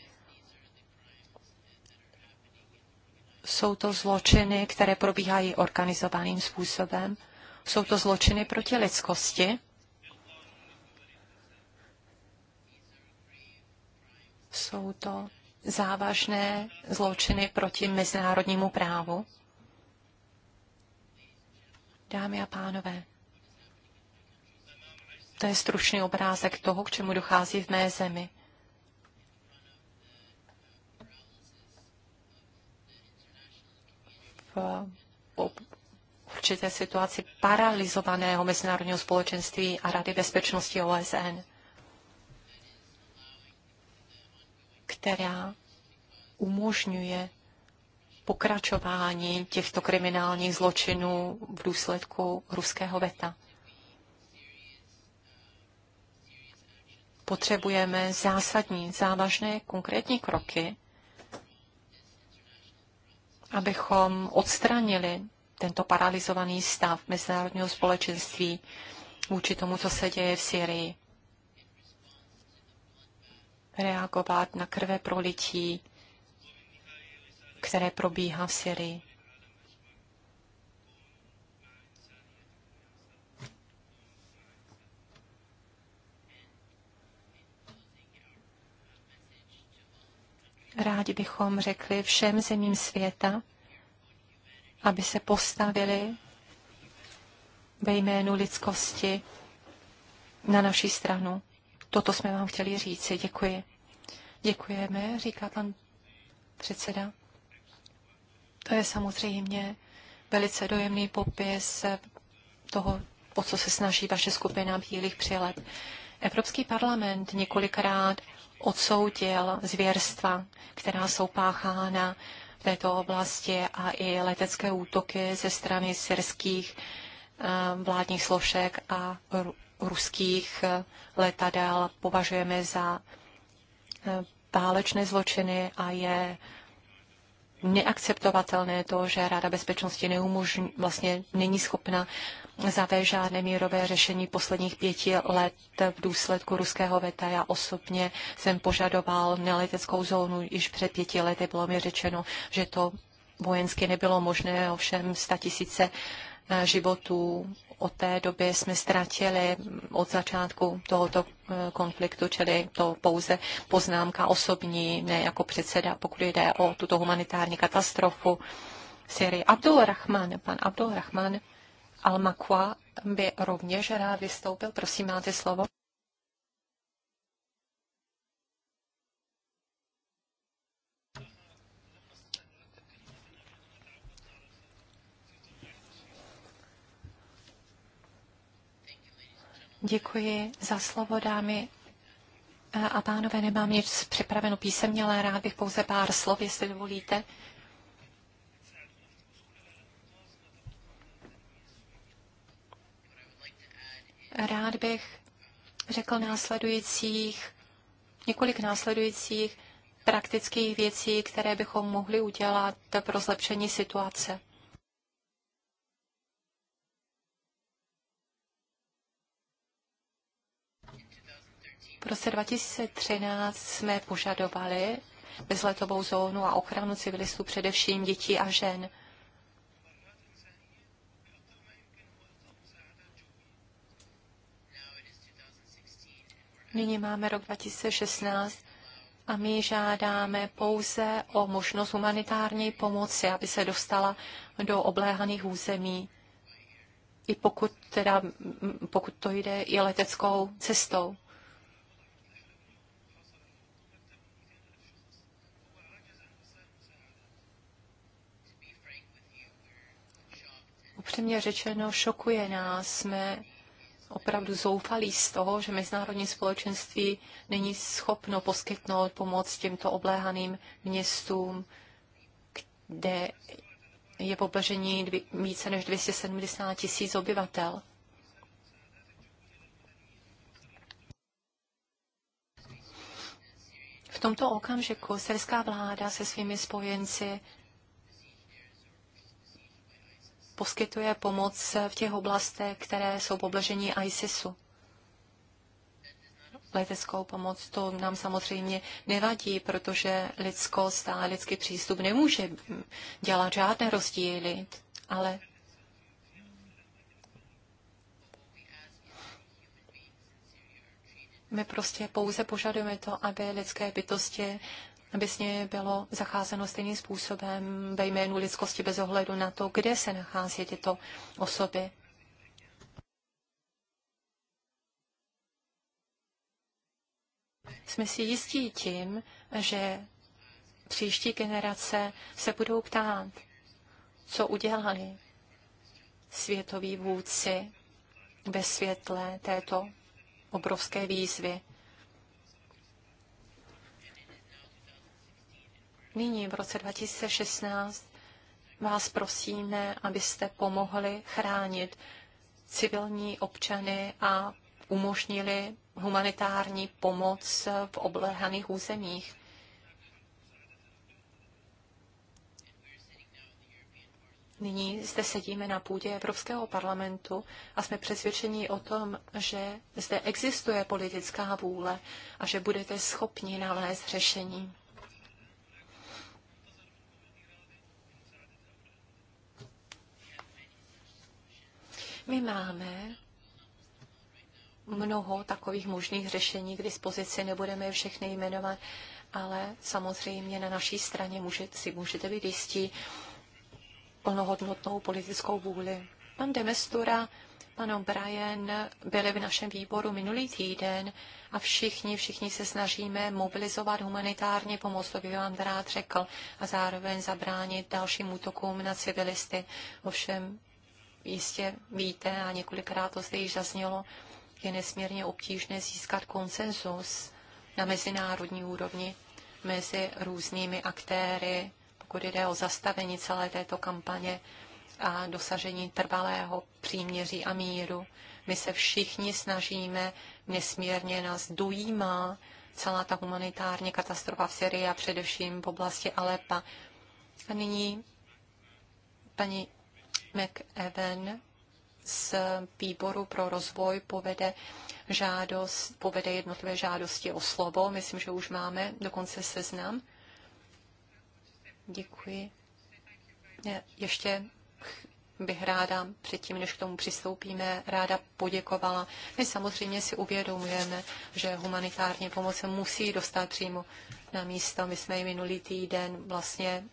Jsou to zločiny, které probíhají organizovaným způsobem. Jsou to zločiny proti lidskosti Jsou to závažné zločiny proti mezinárodnímu právu? Dámy a pánové, to je stručný obrázek toho, k čemu dochází v mé zemi. V určité situaci paralizovaného mezinárodního společenství a Rady bezpečnosti OSN. která umožňuje pokračování těchto kriminálních zločinů v důsledku ruského veta. Potřebujeme zásadní, závažné, konkrétní kroky, abychom odstranili tento paralizovaný stav mezinárodního společenství vůči tomu, co se děje v Syrii reagovat na krve prolití, které probíhá v Syrii. Rádi bychom řekli všem zemím světa, aby se postavili ve jménu lidskosti na naši stranu. Toto jsme vám chtěli říci. Děkuji. Děkujeme, říká pan předseda. To je samozřejmě velice dojemný popis toho, o co se snaží vaše skupina Bílých přileb. Evropský parlament několikrát odsoudil zvěrstva, která jsou páchána v této oblasti a i letecké útoky ze strany syrských eh, vládních složek a ruských eh, letadel považujeme za eh, válečné zločiny a je neakceptovatelné to, že Rada bezpečnosti neumožní, vlastně není schopna zavést žádné mírové řešení posledních pěti let v důsledku ruského veta. Já osobně jsem požadoval neleteckou zónu již před pěti lety. Bylo mi řečeno, že to vojensky nebylo možné, ovšem tisíce eh, životů od té doby jsme ztratili od začátku tohoto eh, konfliktu, čili to pouze poznámka osobní, ne jako předseda, pokud jde o tuto humanitární katastrofu v Syrii. Abdul Rahman, pan Abdul Rahman Al-Makwa by rovněž rád vystoupil. Prosím, máte slovo. Děkuji za slovo, dámy a pánové. Nemám nic připraveno písemně, ale rád bych pouze pár slov, jestli dovolíte. Rád bych řekl následujících, několik následujících praktických věcí, které bychom mohli udělat pro zlepšení situace. roce 2013 jsme požadovali bezletovou zónu a ochranu civilistů, především dětí a žen. Nyní máme rok 2016 a my žádáme pouze o možnost humanitární pomoci, aby se dostala do obléhaných území, i pokud, teda, pokud to jde i leteckou cestou. upřímně řečeno šokuje nás. Jsme opravdu zoufalí z toho, že mezinárodní společenství není schopno poskytnout pomoc těmto obléhaným městům, kde je pobležení více než 270 tisíc obyvatel. V tomto okamžiku syrská vláda se svými spojenci poskytuje pomoc v těch oblastech, které jsou pobležení ISISu. Leteckou pomoc to nám samozřejmě nevadí, protože lidskost a lidský přístup nemůže dělat žádné rozdíly, ale My prostě pouze požadujeme to, aby lidské bytosti aby s ní bylo zacházeno stejným způsobem ve jménu lidskosti bez ohledu na to, kde se nachází tyto osoby. Jsme si jistí tím, že příští generace se budou ptát, co udělali světoví vůdci ve světle této obrovské výzvy Nyní v roce 2016 vás prosíme, abyste pomohli chránit civilní občany a umožnili humanitární pomoc v oblehaných územích. Nyní zde sedíme na půdě Evropského parlamentu a jsme přesvědčeni o tom, že zde existuje politická vůle a že budete schopni nalézt řešení. My máme mnoho takových možných řešení k dispozici, nebudeme je všechny jmenovat, ale samozřejmě na naší straně můžete si můžete být jistí plnohodnotnou politickou vůli. Pan Demestura, pan O'Brien byli v našem výboru minulý týden a všichni, všichni se snažíme mobilizovat humanitárně pomoc, to by vám rád řekl, a zároveň zabránit dalším útokům na civilisty. Ovšem jistě víte a několikrát to zde již zaznělo, je nesmírně obtížné získat konsenzus na mezinárodní úrovni mezi různými aktéry, pokud jde o zastavení celé této kampaně a dosažení trvalého příměří a míru. My se všichni snažíme, nesmírně nás dojímá celá ta humanitární katastrofa v Syrii a především v oblasti Alepa. A nyní paní McEwen z výboru pro rozvoj povede žádost, povede jednotlivé žádosti o slovo. Myslím, že už máme dokonce seznam. Děkuji. Ještě bych ráda, předtím než k tomu přistoupíme, ráda poděkovala. My samozřejmě si uvědomujeme, že humanitární pomoc se musí dostat přímo na místo. My jsme i minulý týden vlastně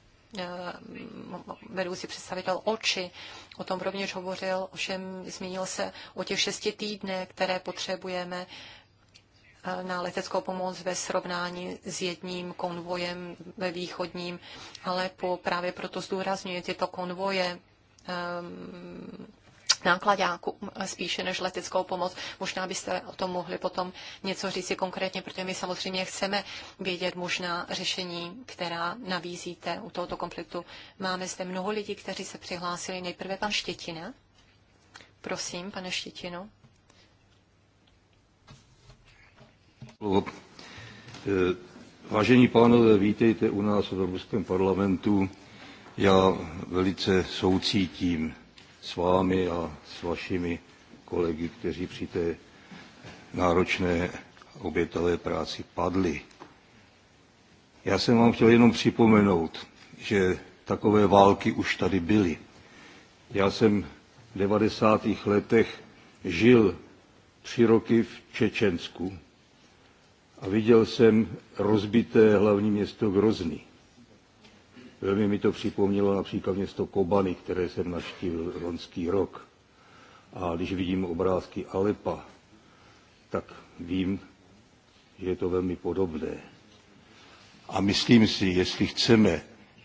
vedoucí eh, představitel oči o tom rovněž hovořil, ovšem zmínil se o těch šesti týdnech, které potřebujeme eh, na leteckou pomoc ve srovnání s jedním konvojem ve východním, ale po, právě proto zdůrazňuje tyto konvoje ehm, nákladňáku spíše než leteckou pomoc. Možná byste o tom mohli potom něco říct si konkrétně, protože my samozřejmě chceme vědět možná řešení, která navízíte u tohoto konfliktu. Máme zde mnoho lidí, kteří se přihlásili. Nejprve pan Štětina. Prosím, pane Štětino. E, vážení pánové, vítejte u nás v Evropském parlamentu. Já velice soucítím s vámi a s vašimi kolegy, kteří při té náročné obětavé práci padli. Já jsem vám chtěl jenom připomenout, že takové války už tady byly. Já jsem v 90. letech žil tři roky v Čečensku a viděl jsem rozbité hlavní město Grozny. Velmi mi to připomnělo například město Kobany, které jsem naštívil loňský rok. A když vidím obrázky Alepa, tak vím, že je to velmi podobné. A myslím si, jestli chceme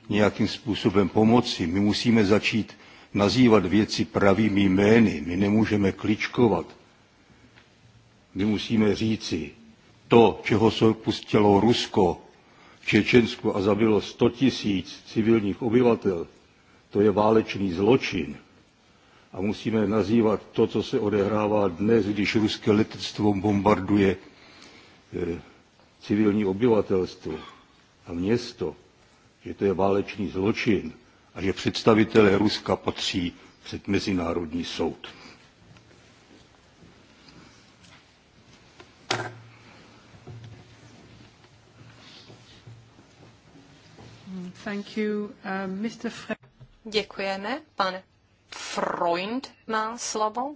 nějakým způsobem pomoci, my musíme začít nazývat věci pravými jmény. My nemůžeme kličkovat. My musíme říci, to, čeho se pustilo Rusko, Čečensku a zabilo 100 tisíc civilních obyvatel, to je válečný zločin. A musíme nazývat to, co se odehrává dnes, když ruské letectvo bombarduje eh, civilní obyvatelstvo a město, že to je válečný zločin a že představitelé Ruska patří před Mezinárodní soud. Thank you, uh, Mr. Fre- Děkujeme. pane. Freund má slovo.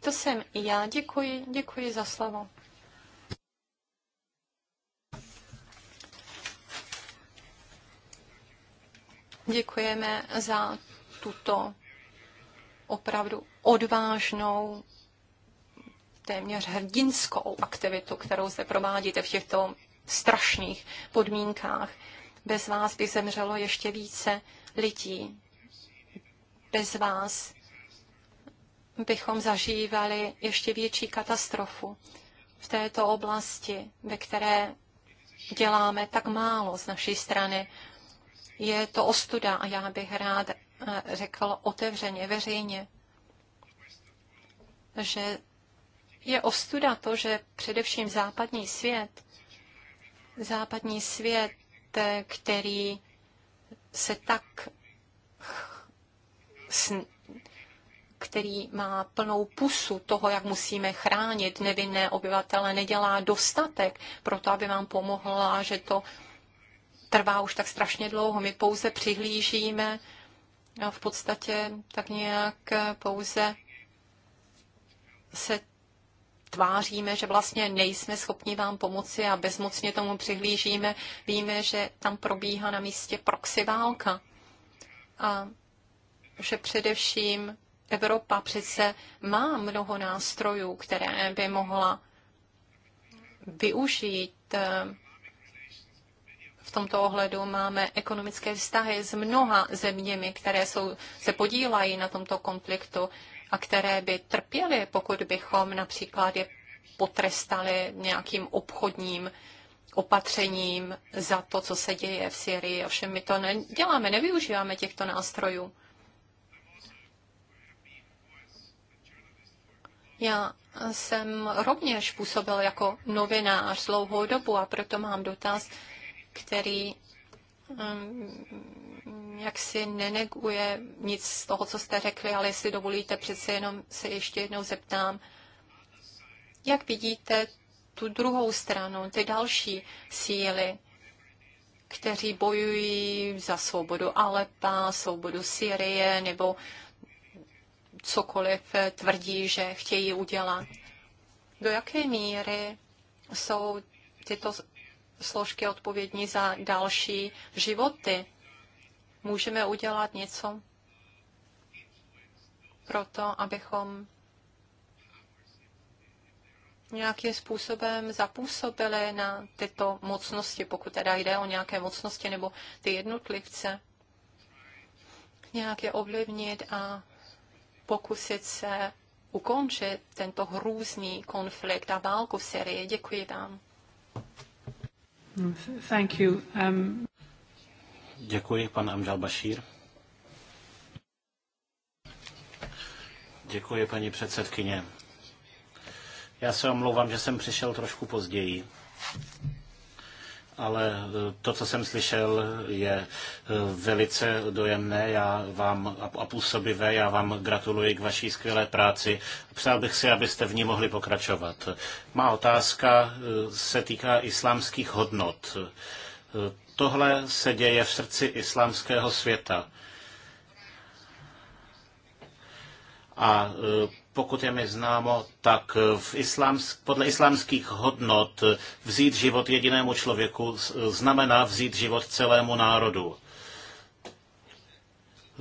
To jsem i já. Děkuji, děkuji za slovo. Děkujeme za tuto opravdu odvážnou, téměř hrdinskou aktivitu, kterou zde provádíte v těchto strašných podmínkách. Bez vás by zemřelo ještě více lidí. Bez vás bychom zažívali ještě větší katastrofu v této oblasti, ve které děláme tak málo z naší strany. Je to ostuda a já bych rád eh, řekl otevřeně, veřejně, že je ostuda to, že především západní svět západní svět, eh, který se tak který má plnou pusu toho, jak musíme chránit nevinné obyvatele, nedělá dostatek pro to, aby vám pomohla, že to trvá už tak strašně dlouho. My pouze přihlížíme a v podstatě tak nějak eh, pouze se tváříme, že vlastně nejsme schopni vám pomoci a bezmocně tomu přihlížíme. Víme, že tam probíhá na místě proxy válka a že především Evropa přece má mnoho nástrojů, které by mohla využít. Eh, v tomto ohledu máme ekonomické vztahy s mnoha zeměmi, které jsou, se podílají na tomto konfliktu a které by trpěly, pokud bychom například je potrestali nějakým obchodním opatřením za to, co se děje v Syrii. Ovšem my to neděláme, nevyužíváme těchto nástrojů. Já jsem rovněž působil jako novinář dlouhou dobu a proto mám dotaz, který jak si neneguje nic z toho, co jste řekli, ale jestli dovolíte, přece jenom se ještě jednou zeptám. Jak vidíte tu druhou stranu, ty další síly, kteří bojují za svobodu Alepa, svobodu Syrie nebo cokoliv tvrdí, že chtějí udělat. Do jaké míry jsou tyto složky odpovědní za další životy můžeme udělat něco pro to, abychom nějakým způsobem zapůsobili na tyto mocnosti, pokud teda jde o nějaké mocnosti nebo ty jednotlivce, nějak je ovlivnit a pokusit se ukončit tento hrůzný konflikt a válku v Syrii. Děkuji vám. Thank you. Um... Děkuji, pan Amžal Bašír. Děkuji, paní předsedkyně. Já se omlouvám, že jsem přišel trošku později, ale eh, to, co jsem slyšel, je eh, velice dojemné já vám, a působivé. Já vám gratuluji k vaší skvělé práci. Přál bych si, abyste v ní mohli pokračovat. Má otázka eh, se týká islámských hodnot Tohle se děje v srdci islámského světa. A e, pokud je mi známo, tak v islámsk, podle islámských hodnot vzít život jedinému člověku e, znamená vzít život celému národu.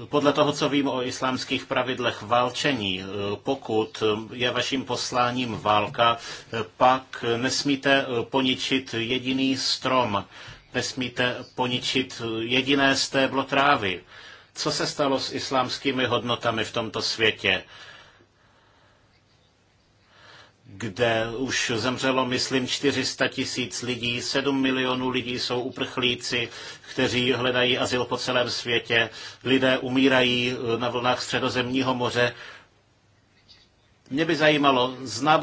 Podle toho, co vím o islámských pravidlech válčení, e, pokud je vaším posláním válka, pak nesmíte poničit jediný strom nesmíte poničit jediné stéblo trávy. Co se stalo s islámskými hodnotami v tomto světě? kde už zemřelo, myslím, 400 tisíc lidí, 7 milionů lidí jsou uprchlíci, kteří hledají azyl po celém světě, lidé umírají na vlnách středozemního moře mě by zajímalo,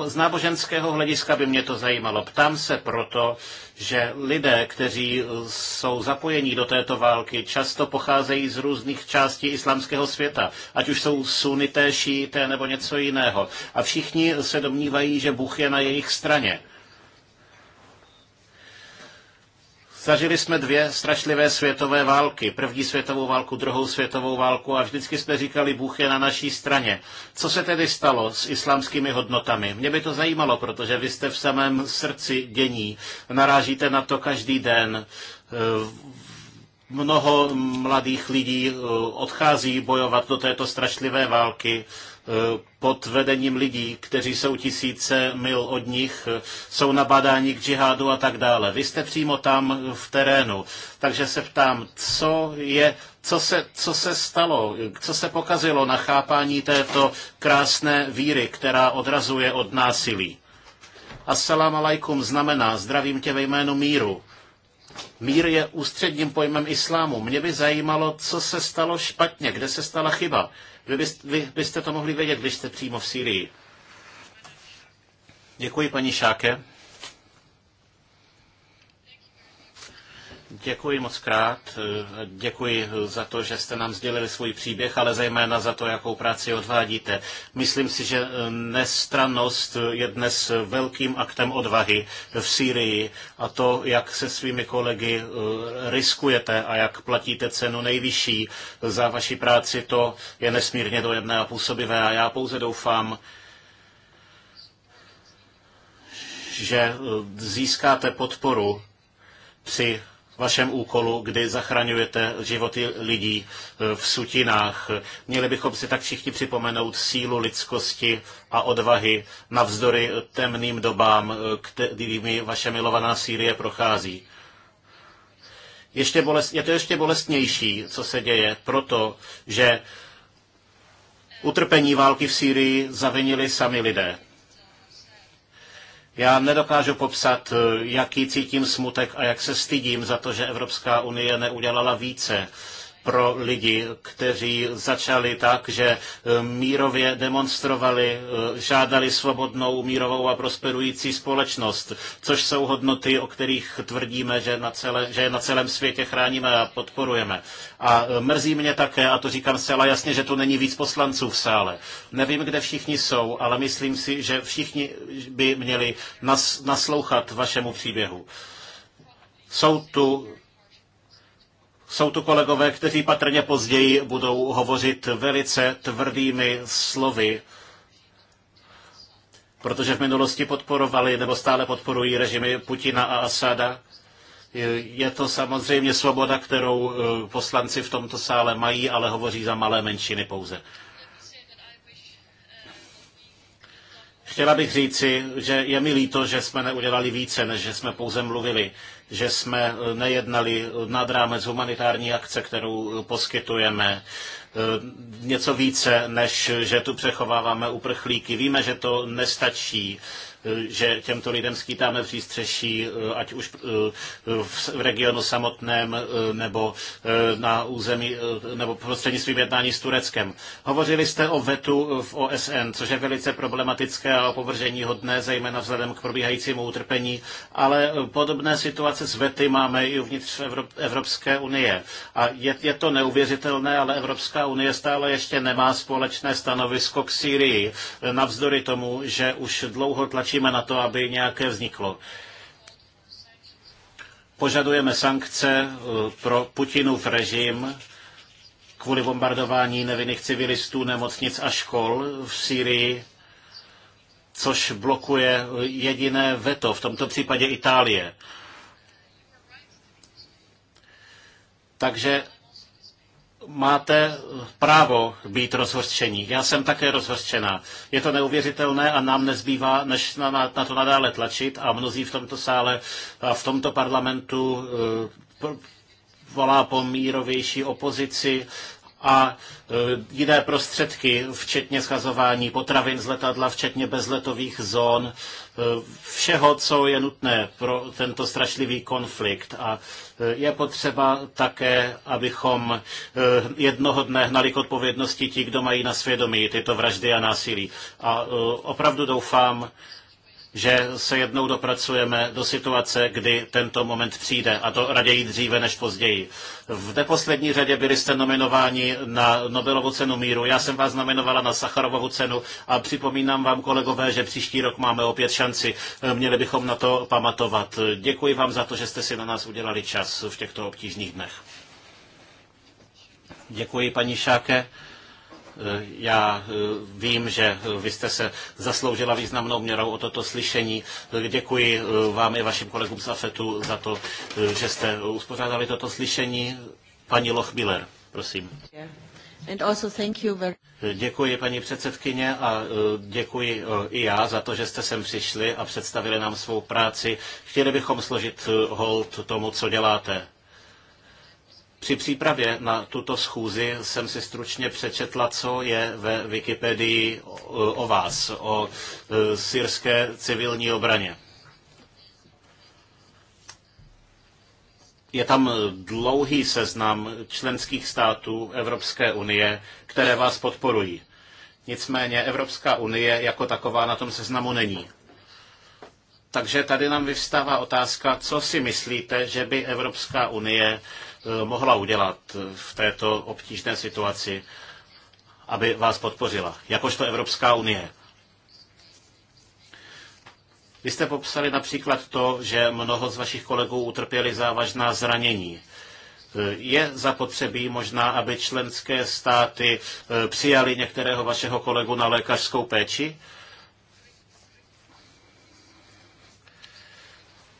z náboženského hlediska by mě to zajímalo. Ptám se proto, že lidé, kteří eh, jsou zapojení do této války, často pocházejí z různých částí islamského světa, ať už jsou sunité, šíité nebo něco jiného. A všichni se domnívají, že Bůh je na jejich straně. Zažili jsme dvě strašlivé světové války. První světovou válku, druhou světovou válku a vždycky jsme říkali, Bůh je na naší straně. Co se tedy stalo s islámskými hodnotami? Mě by to zajímalo, protože vy jste v samém srdci dění. Narážíte na to každý den mnoho mladých lidí eh, odchází bojovat do této strašlivé války Eh, pod vedením lidí, kteří jsou tisíce mil od nich, eh, jsou nabádáni k džihádu a tak dále. Vy jste přímo tam v terénu. Takže se ptám, co je, co se, co se stalo, co se pokazilo na chápání této krásné víry, která odrazuje od násilí. Assalamu alaikum znamená zdravím tě ve jménu míru. Mír je ústředním pojmem islámu. Mě by zajímalo, co se stalo špatně, kde se stala chyba. Vy byste, vy byste to mohli vědět, když jste přímo v Sýrii. Děkuji, paní Šáke. Děkuji moc krát. Děkuji za to, že jste nám sdělili svůj příběh, ale zejména za to, jakou práci odvádíte. Myslím si, že nestrannost je dnes velkým aktem odvahy v Sýrii a to, jak se svými kolegy eh, riskujete a jak platíte cenu nejvyšší za vaši práci, to je nesmírně dojemné a působivé a já pouze doufám, že eh, získáte podporu při vašem úkolu, kdy zachraňujete životy lidí eh, v sutinách. Měli bychom si tak všichni připomenout sílu lidskosti a odvahy navzdory temným dobám, eh, kterými vaše milovaná Sýrie prochází. Ještě bolest, je to ještě bolestnější, co se děje, protože utrpení války v Sýrii zavinili sami lidé. Já nedokážu popsat, eh, jaký cítím smutek a jak se stydím za to, že Evropská unie neudělala více pro lidi, kteří začali tak, že e, mírově demonstrovali, e, žádali svobodnou, mírovou a prosperující společnost, což jsou hodnoty, o kterých tvrdíme, že, na celé, že na celém světě chráníme a podporujeme. A e, mrzí mě také, a to říkám zcela jasně, že tu není víc poslanců v sále. Nevím, kde všichni jsou, ale myslím si, že všichni by měli nas, naslouchat vašemu příběhu. Jsou tu jsou tu kolegové, kteří patrně později budou hovořit velice tvrdými slovy, protože v minulosti podporovali nebo stále podporují režimy Putina a Asada. Je to samozřejmě svoboda, kterou eh, poslanci v tomto sále mají, ale hovoří za malé menšiny pouze. Chtěla bych říci, že je mi líto, že jsme neudělali více, než že jsme pouze mluvili, že jsme e, nejednali nad rámec humanitární akce, kterou e, poskytujeme e, něco více, než že tu přechováváme uprchlíky. Víme, že to nestačí. Eh, že těmto lidem skýtáme přístřeší, eh, ať už eh, v regionu samotném nebo na území, nebo prostřednictvím jednání s Tureckem. Hovořili jste o vetu v OSN, což je velice problematické a opovržení hodné, zejména vzhledem k probíhajícímu utrpení, ale podobné situace s vety máme i uvnitř Evropské unie. A je, je to neuvěřitelné, ale Evropská unie stále ještě nemá společné stanovisko k Sýrii, navzdory tomu, že už dlouho tlačí tlačíme na to, aby nějaké vzniklo. Požadujeme sankce eh, pro Putinův režim kvůli bombardování nevinných civilistů, nemocnic a škol v Sýrii, což blokuje jediné veto, v tomto případě Itálie. Takže máte právo být rozhořčení. Já jsem také rozhořčená. Je to neuvěřitelné a nám nezbývá, než na, na, na to nadále tlačit a mnozí v tomto sále a v tomto parlamentu uh, volá po mírovější opozici a eh, jiné prostředky, včetně schazování potravin z letadla, včetně bezletových zón všeho, co je nutné pro tento strašlivý konflikt. A e, je potřeba také, abychom e, jednoho dne hnali k odpovědnosti ti, kdo mají na svědomí tyto vraždy a násilí. A e, opravdu doufám, že se jednou dopracujeme do situace, kdy tento moment přijde, a to raději dříve než později. V neposlední řadě byli jste nominováni na Nobelovu cenu míru, já jsem vás nominovala na Sacharovovu cenu a připomínám vám, kolegové, že příští rok máme opět šanci. Měli bychom na to pamatovat. Děkuji vám za to, že jste si na nás udělali čas v těchto obtížných dnech. Děkuji, paní Šáke. Eh, já eh, vím, že eh, vy jste se zasloužila významnou měrou o toto slyšení. Děkuji vám i vašim kolegům z AFETu za to, že jste uspořádali toto slyšení. Paní Lochbiller, prosím. Very... Děkuji, paní předsedkyně, a děkuji i já za to, že jste sem přišli a představili nám svou práci. Chtěli bychom složit hold tomu, co děláte. Při přípravě na tuto schůzi jsem si stručně přečetla, co je ve Wikipedii o vás, o e, syrské civilní obraně. Je tam dlouhý seznam členských států Evropské unie, které vás podporují. Nicméně Evropská unie jako taková na tom seznamu není. Takže tady nám vyvstává otázka, co si myslíte, že by Evropská unie Eh, mohla udělat eh, v této obtížné situaci, aby vás podpořila, jakožto Evropská unie? Vy jste popsali například to, že mnoho z vašich kolegů utrpěli závažná zranění. Eh, je zapotřebí možná, aby členské státy přijali některého vašeho kolegu na lékařskou péči?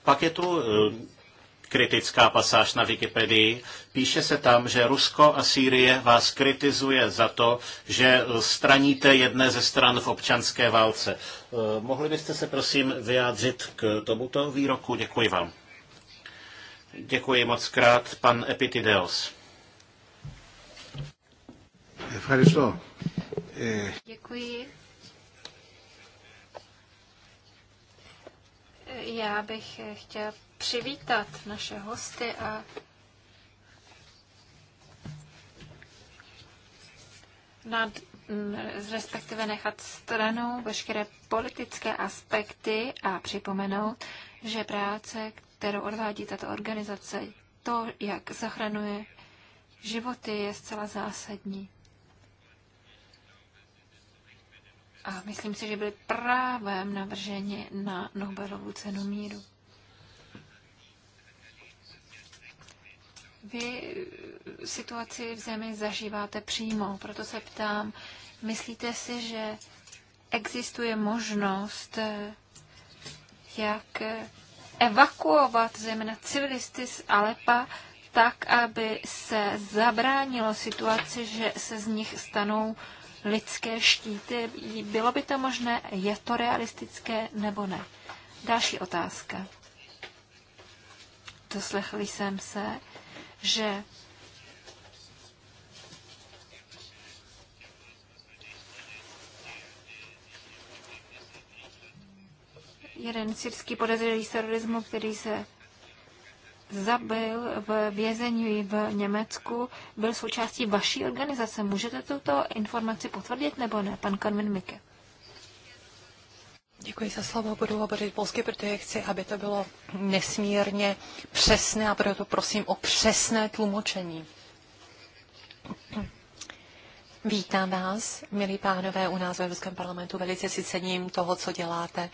Pak je tu kritická pasáž na Wikipedii. Píše se tam, že Rusko a Sýrie vás kritizuje za to, že eh, straníte jedné ze stran v občanské válce. Eh, mohli byste se prosím vyjádřit k tomuto výroku? Děkuji vám. Děkuji moc krát, pan Epitideos. Eh, Děkuji. Já bych chtěl přivítat naše hosty a nad, respektive nechat stranou veškeré politické aspekty a připomenout, že práce, kterou odvádí tato organizace, to, jak zachraňuje životy, je zcela zásadní. A myslím si, že byli právem navrženi na Nobelovu cenu míru. Vy situaci v zemi zažíváte přímo, proto se ptám, myslíte si, že existuje možnost, jak evakuovat zejména civilisty z Alepa, tak, aby se zabránilo situaci, že se z nich stanou lidské štíty. Bylo by to možné? Je to realistické nebo ne? Další otázka. Doslechli jsem se, že jeden syrský podezřelý z terorismu, který se zabil v vězení v Německu, byl součástí vaší organizace. Můžete tuto informaci potvrdit nebo ne, pan Karmin Mike? Děkuji za slovo, budu hovořit polsky, protože chci, aby to bylo nesmírně přesné a proto prosím o přesné tlumočení. Vítám vás, milí pánové, u nás v Evropském parlamentu. Velice si cením toho, co děláte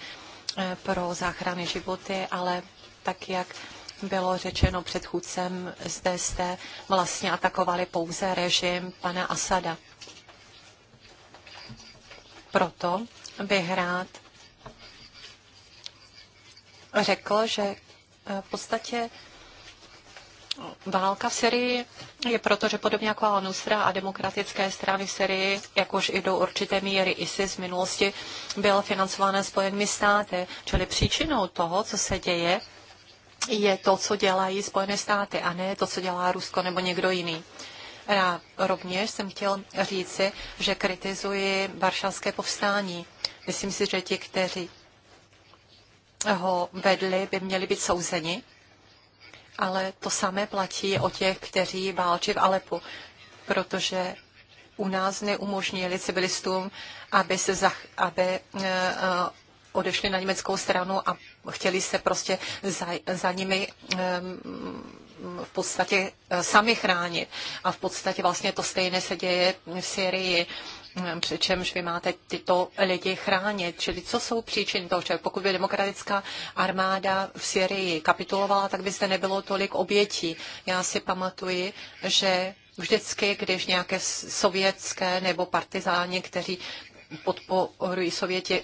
eh, pro záchrany životy, ale tak, jak bylo řečeno předchůdcem, zde jste vlastně atakovali pouze režim pana Asada. Proto bych rád řekl, že eh, v podstatě eh, válka v Syrii je proto, že podobně jako Al-Nusra a demokratické strany v Syrii, jakož i do určité míry ISIS v minulosti, byl financované spojenými státy. Čili příčinou toho, co se děje, je to, co dělají Spojené státy a ne to, co dělá Rusko nebo někdo jiný. Já rovněž jsem chtěl říci, že kritizuji varšavské povstání. Myslím si, že ti, kteří ho vedli, by měli být souzeni. Ale to samé platí o těch, kteří válčí v Alepu, protože u nás neumožnili civilistům, aby, se zach- aby eh, eh, odešli na německou stranu a chtěli se prostě za, za nimi ehm, v podstatě eh, sami chránit. A v podstatě vlastně to stejné se děje v Syrii. Mm, přičemž vy máte tyto lidi chránit. Čili co jsou příčiny toho, že pokud by demokratická armáda v Syrii kapitulovala, tak by zde nebylo tolik obětí. Já si pamatuji, že vždycky, když nějaké sovětské nebo partizáni, kteří podporují Sověti,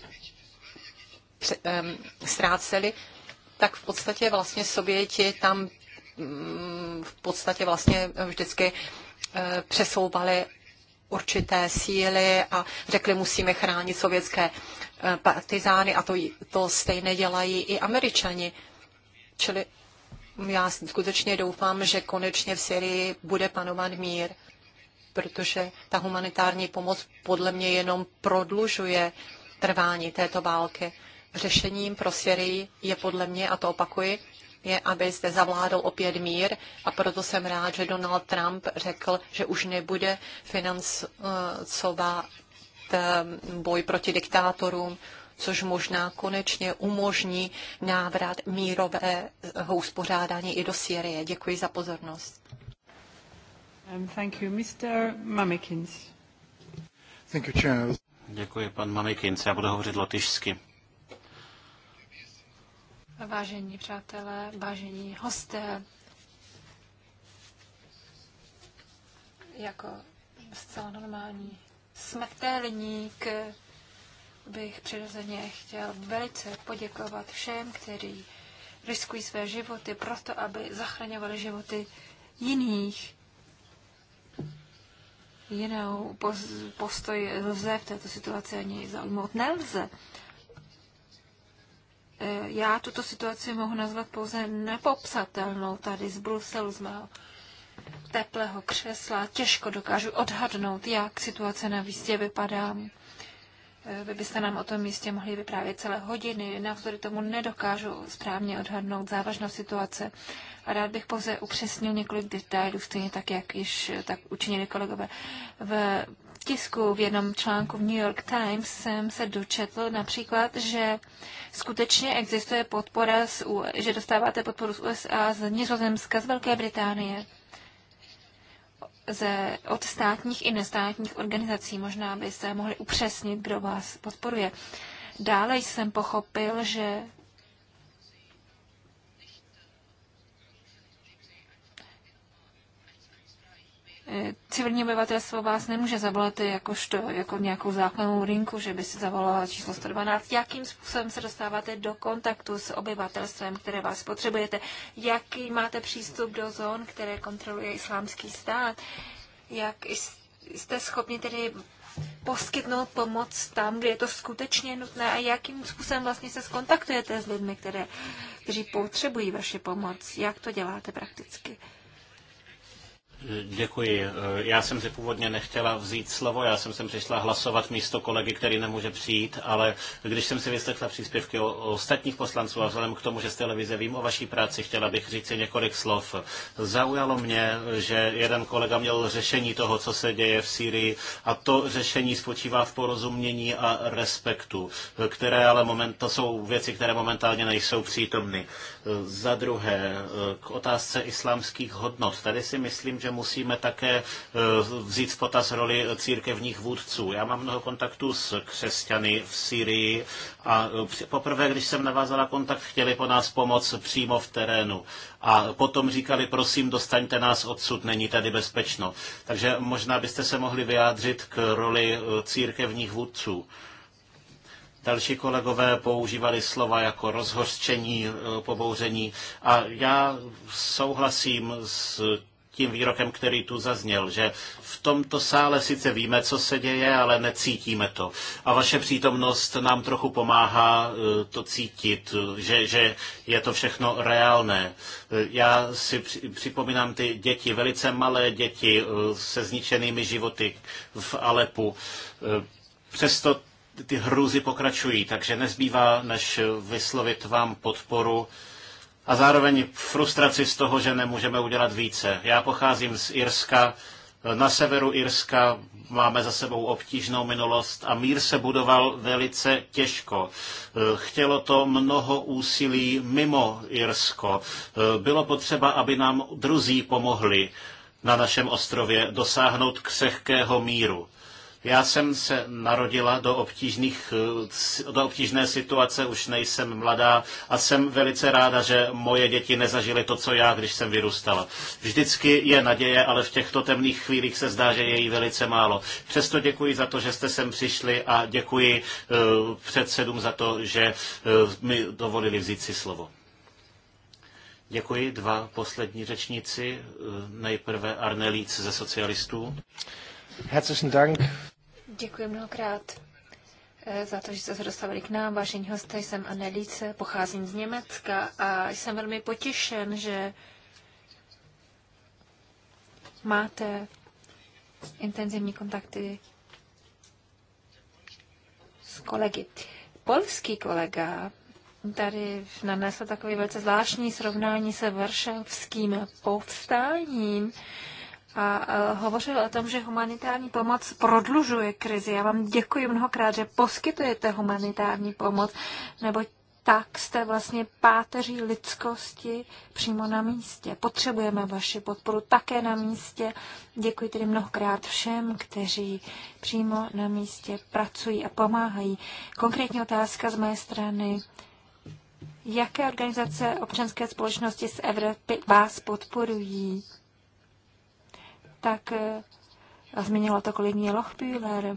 ztráceli, tak v podstatě vlastně Sověti tam mm, v podstatě vlastně vždycky eh, přesouvali určité síly a řekli, musíme chránit sovětské eh, partizány a to, to stejné dělají i američani. Čili já skutečně doufám, že konečně v Syrii bude panovat mír, protože ta humanitární pomoc podle mě jenom prodlužuje trvání této války. Řešením pro Syrii je podle mě, a to opakuji, je, aby zde zavládl opět mír a proto jsem rád, že Donald Trump řekl, že už nebude financovat eh, boj proti diktátorům, což možná konečně umožní návrat mírového uspořádání i do Syrie. Děkuji za pozornost. Um, thank you, Mr. Thank you, Děkuji, pan Mamikins. Já budu hovořit lotyšsky. Vážení přátelé, vážení hosté, jako zcela normální smrtelník bych přirozeně chtěl velice poděkovat všem, kteří riskují své životy proto, aby zachraňovali životy jiných. Jinou postoj lze v této situaci ani zaujmout nelze. Eh, já tuto situaci mohu nazvat pouze nepopsatelnou tady z Bruselu, z mého teplého křesla. Těžko dokážu odhadnout, jak situace na místě vypadá. Eh, vy byste nám o tom místě mohli vyprávět celé hodiny. Navzory tomu nedokážu správně odhadnout závažnost situace. A rád bych pouze upřesnil několik detailů, stejně tak, jak již tak učinili kolegové. V tisku, v jednom článku v New York Times jsem se dočetl například, že skutečně existuje podpora, z, že dostáváte podporu z USA, z Nizozemska, z Velké Británie, ze, od státních i nestátních organizací. Možná byste mohli upřesnit, kdo vás podporuje. Dále jsem pochopil, že Eh, civilní obyvatelstvo vás nemůže zavolat jakožto, jako nějakou základnou linku, že by si zavolala číslo 112. Jakým způsobem se dostáváte do kontaktu s obyvatelstvem, které vás potřebujete? Jaký máte přístup do zón, které kontroluje islámský stát? Jak jste schopni tedy poskytnout pomoc tam, kde je to skutečně nutné a jakým způsobem vlastně se skontaktujete s lidmi, které, kteří potřebují vaše pomoc? Jak to děláte prakticky? Děkuji. Já jsem si původně nechtěla vzít slovo, já jsem sem přišla hlasovat místo kolegy, který nemůže přijít, ale když jsem si vyslechla příspěvky o, ostatních poslanců a vzhledem k tomu, že z televize vím o vaší práci, chtěla bych říct několik slov. Zaujalo mě, že jeden kolega měl řešení toho, co se děje v Sýrii a to řešení spočívá v porozumění a respektu, které ale moment, to jsou věci, které momentálně nejsou přítomny. Za druhé, eh, k otázce islámských hodnot. Tady si myslím, že musíme také eh, vzít v potaz roli církevních vůdců. Já mám mnoho kontaktů s křesťany v Syrii a eh, poprvé, když jsem navázala kontakt, chtěli po nás pomoc přímo v terénu. A potom říkali, prosím, dostaňte nás odsud, není tady bezpečno. Takže možná byste se mohli vyjádřit k roli církevních vůdců. Další kolegové používali slova jako rozhořčení, eh, pobouření. A já souhlasím s tím výrokem, který tu zazněl, že v tomto sále sice víme, co se děje, ale necítíme to. A vaše přítomnost nám trochu pomáhá eh, to cítit, že, že je to všechno reálné. Eh, já si připomínám ty děti, velice malé děti se zničenými životy v Alepu. Přesto ty hrůzy pokračují, takže nezbývá, než vyslovit vám podporu a zároveň frustraci z toho, že nemůžeme udělat více. Já pocházím z Irska, na severu Irska máme za sebou obtížnou minulost a mír se budoval velice těžko. Chtělo to mnoho úsilí mimo Irsko. Bylo potřeba, aby nám druzí pomohli na našem ostrově dosáhnout křehkého míru. Já jsem se narodila do, obtížných, do obtížné situace, už nejsem mladá a jsem velice ráda, že moje děti nezažily to, co já, když jsem vyrůstala. Vždycky je naděje, ale v těchto temných chvílích se zdá, že je jí velice málo. Přesto děkuji za to, že jste sem přišli a děkuji eh, předsedům za to, že eh, mi dovolili vzít si slovo. Děkuji. Dva poslední řečníci. Eh, nejprve Arnelíc ze socialistů. Herzlichen Dank Děkuji mnohokrát eh, za to, že jste se dostavili k nám. Vážení hosté, jsem Anelice, pocházím z Německa a jsem velmi potěšen, že máte intenzivní kontakty s kolegy. Polský kolega tady nanesl takové velice zvláštní srovnání se varšavským povstáním, a e, hovořil o tom, že humanitární pomoc prodlužuje krizi. Já vám děkuji mnohokrát, že poskytujete humanitární pomoc, nebo tak jste vlastně páteří lidskosti přímo na místě. Potřebujeme vaši podporu také na místě. Děkuji tedy mnohokrát všem, kteří přímo na místě pracují a pomáhají. Konkrétní otázka z mé strany. Jaké organizace občanské společnosti z Evropy vás podporují? tak, eh, a zmínila to kolegyně Lochbühler,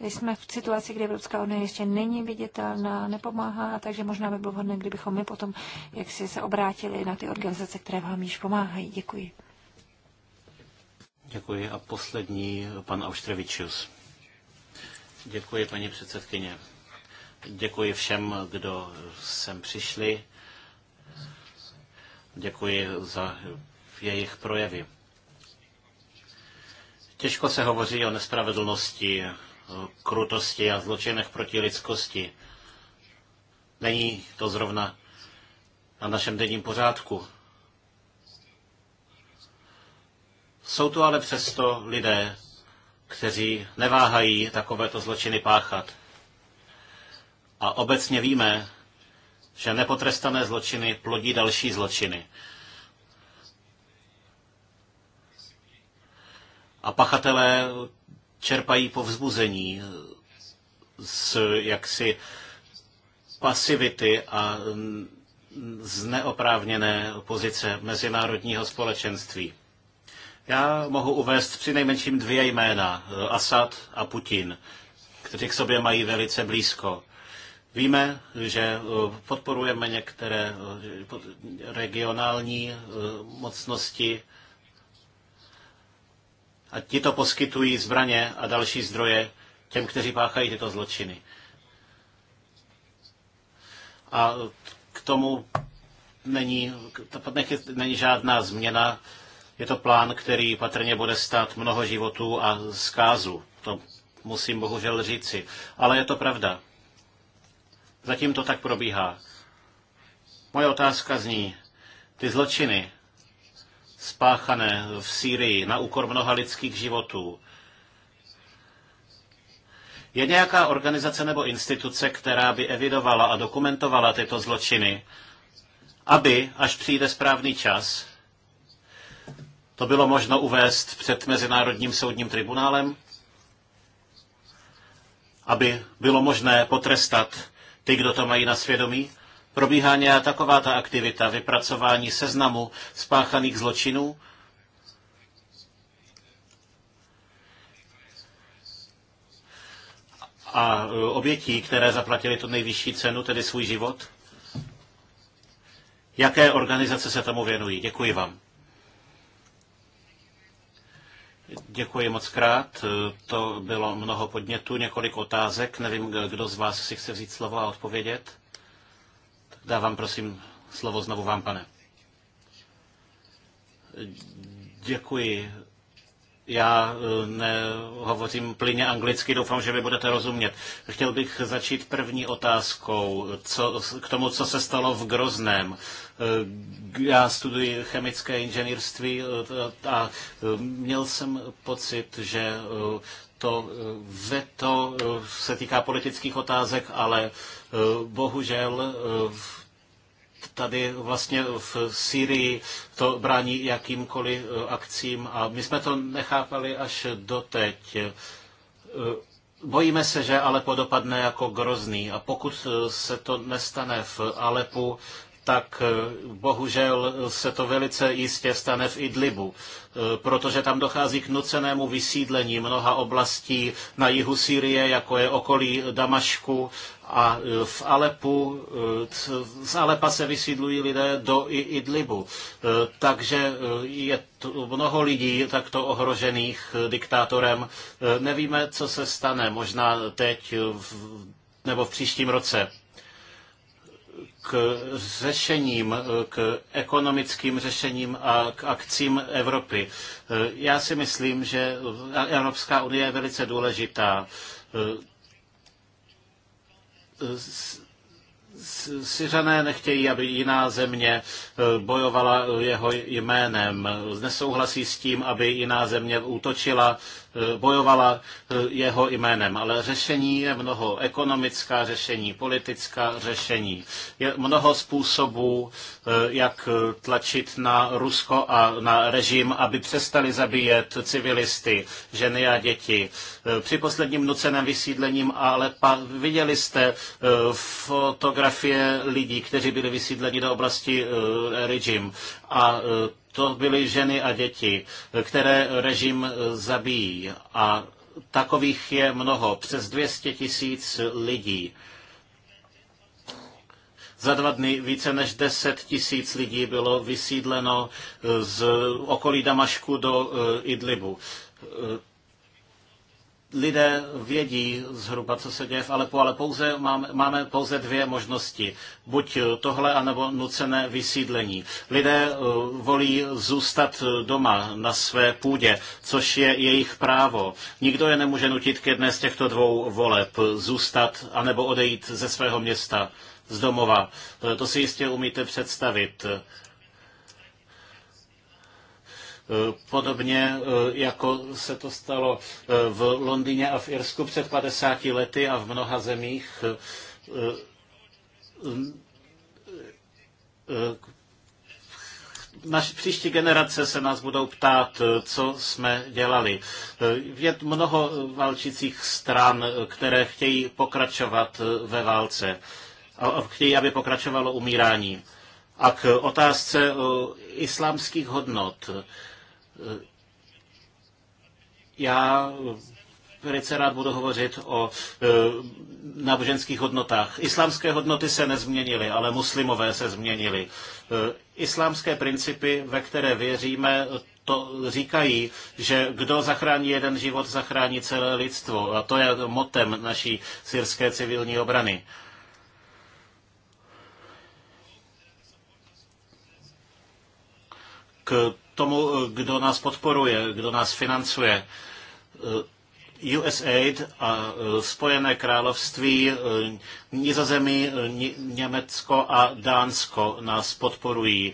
jsme v situaci, kdy Evropská unie ještě není viditelná, nepomáhá, takže možná by bylo vhodné, kdybychom my potom jak si se obrátili na ty organizace, které vám již pomáhají. Děkuji. Děkuji. A poslední, pan Auštrevičius. Děkuji, paní předsedkyně. Děkuji všem, kdo sem přišli. Děkuji za jejich projevy. Těžko se hovoří o nespravedlnosti, krutosti a zločinech proti lidskosti. Není to zrovna na našem denním pořádku. Jsou tu ale přesto lidé, kteří neváhají takovéto zločiny páchat. A obecně víme, že nepotrestané zločiny plodí další zločiny. A pachatelé čerpají povzbuzení z jaksi pasivity a z neoprávněné pozice mezinárodního společenství. Já mohu uvést při nejmenším dvě jména, Asad a Putin, kteří k sobě mají velice blízko. Víme, že podporujeme některé regionální mocnosti, a ti to poskytují zbraně a další zdroje těm, kteří páchají tyto zločiny. A k tomu není, není žádná změna. Je to plán, který patrně bude stát mnoho životů a zkázu. To musím bohužel říci. Ale je to pravda. Zatím to tak probíhá. Moje otázka zní, ty zločiny, spáchané v Sýrii na úkor mnoha lidských životů. Je nějaká organizace nebo instituce, která by evidovala a dokumentovala tyto zločiny, aby, až přijde správný čas, to bylo možno uvést před Mezinárodním soudním tribunálem, aby bylo možné potrestat ty, kdo to mají na svědomí? Probíhá nějaká taková ta aktivita, vypracování seznamu spáchaných zločinů? A e, obětí, které zaplatili tu nejvyšší cenu, tedy svůj život? Jaké organizace se tomu věnují? Děkuji vám. Děkuji moc krát. E, to bylo mnoho podnětů, několik otázek. Nevím, kdo z vás si chce vzít slovo a odpovědět. Dávám prosím slovo znovu vám, pane. Děkuji. Já eh, nehovořím plyně anglicky, doufám, že mi budete rozumět. Chtěl bych začít první otázkou co, k tomu, co se stalo v Grozném. Eh, já studuji chemické inženýrství eh, a měl jsem pocit, že to veto se týká politických otázek, ale bohužel v tady vlastně v Syrii to brání jakýmkoliv e, akcím a my jsme to nechápali až doteď. E, bojíme se, že Alepo dopadne jako grozný a pokud e, se to nestane v Alepu, tak eh, bohužel se to velice jistě stane v Idlibu, eh, protože tam dochází k nucenému vysídlení mnoha oblastí na jihu Sýrie, jako je okolí Damašku a eh, v Alepu, z Alepa se vysídlují lidé do Idlibu. Takže je mnoho lidí takto ohrožených diktátorem. Nevíme, co se stane, možná teď nebo v příštím roce k řešením, k ekonomickým řešením a k akcím Evropy. Já si myslím, že Evropská unie je velice důležitá Syřané nechtějí, aby jiná země bojovala jeho jménem, nesouhlasí s tím, aby jiná země útočila, bojovala jeho jménem. Ale řešení je mnoho. Ekonomická řešení, politická řešení. Je mnoho způsobů, jak tlačit na Rusko a na režim, aby přestali zabíjet civilisty, ženy a děti. Při posledním nuceném vysídlením ale viděli jste eh, fotografie lidí, kteří byli vysídleni do oblasti eh, režim. A e, to byly ženy a děti, které režim e, zabíjí. A takových je mnoho, přes 200 tisíc lidí. Za dva dny více než 10 tisíc lidí bylo vysídleno e, z okolí Damašku do Idlibu lidé vědí zhruba, co se děje v Alepu, ale pouze máme, máme pouze dvě možnosti. Buď tohle, anebo nucené vysídlení. Lidé eh, volí zůstat doma na své půdě, což je jejich právo. Nikdo je nemůže nutit k jedné z těchto dvou voleb. Zůstat anebo odejít ze svého města, z domova. Eh, to si jistě umíte představit. Eh, podobně eh, jako se to stalo eh, v Londýně a v Irsku před 50 lety a v mnoha zemích, naš, příští generace se nás budou ptát, co jsme dělali. Je mnoho válčících stran, které chtějí pokračovat ve válce a chtějí, aby pokračovalo umírání. A k otázce islámských hodnot. Já velice rád budu hovořit o e, náboženských hodnotách. Islámské hodnoty se nezměnily, ale muslimové se změnily. E, islámské principy, ve které věříme, to říkají, že kdo zachrání jeden život, zachrání celé lidstvo. A to je motem naší syrské civilní obrany. K tomu, eh, kdo nás podporuje, kdo nás financuje. Eh, USAID a eh, Spojené království, Nizozemí, Německo a Dánsko nás podporují.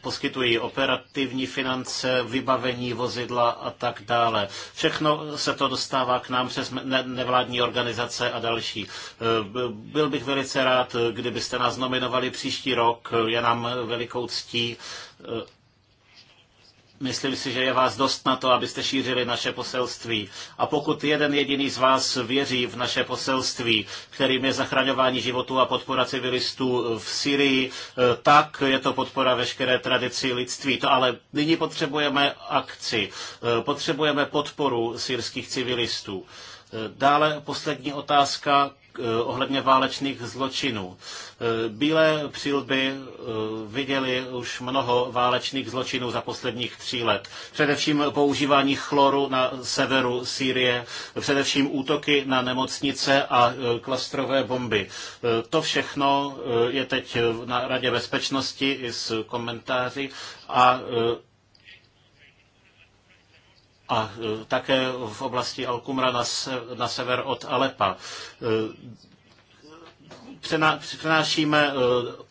Poskytují operativní finance, vybavení vozidla a tak dále. Všechno se to dostává k nám přes nevládní organizace a další. Byl bych velice rád, kdybyste nás nominovali příští rok. Je nám velikou ctí Myslím si, že je vás dost na to, abyste šířili naše poselství. A pokud jeden jediný z vás věří v naše poselství, kterým je zachraňování životů a podpora civilistů v Syrii, eh, tak je to podpora veškeré tradici lidství. To ale nyní potřebujeme akci. Eh, potřebujeme podporu syrských civilistů. Eh, dále poslední otázka Eh, ohledně válečných zločinů. Eh, Bílé přilby eh, viděli už mnoho válečných zločinů za posledních tří let. Především používání chloru na severu Sýrie, především útoky na nemocnice a klastrové bomby. To všechno je teď na Radě bezpečnosti i s komentáři a a e, také v oblasti Alkumra na, se, na sever od Alepa. E, přenášíme e,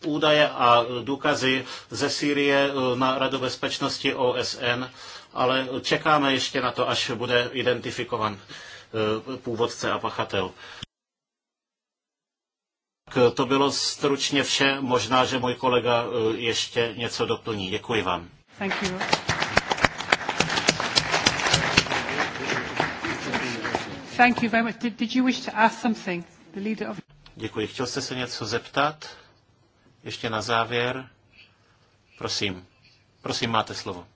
údaje a důkazy ze Sýrie na Radu bezpečnosti OSN, ale čekáme ještě na to, až bude identifikovan původce a pachatel. Tak to bylo stručně vše. Možná, že můj kolega ještě něco doplní. Děkuji vám. Thank you. Thank you very much. Did, did you wish to ask something? The leader of... Děkuji. Chtěl jste se něco zeptat? Ještě na závěr. Prosím. Prosím, máte slovo.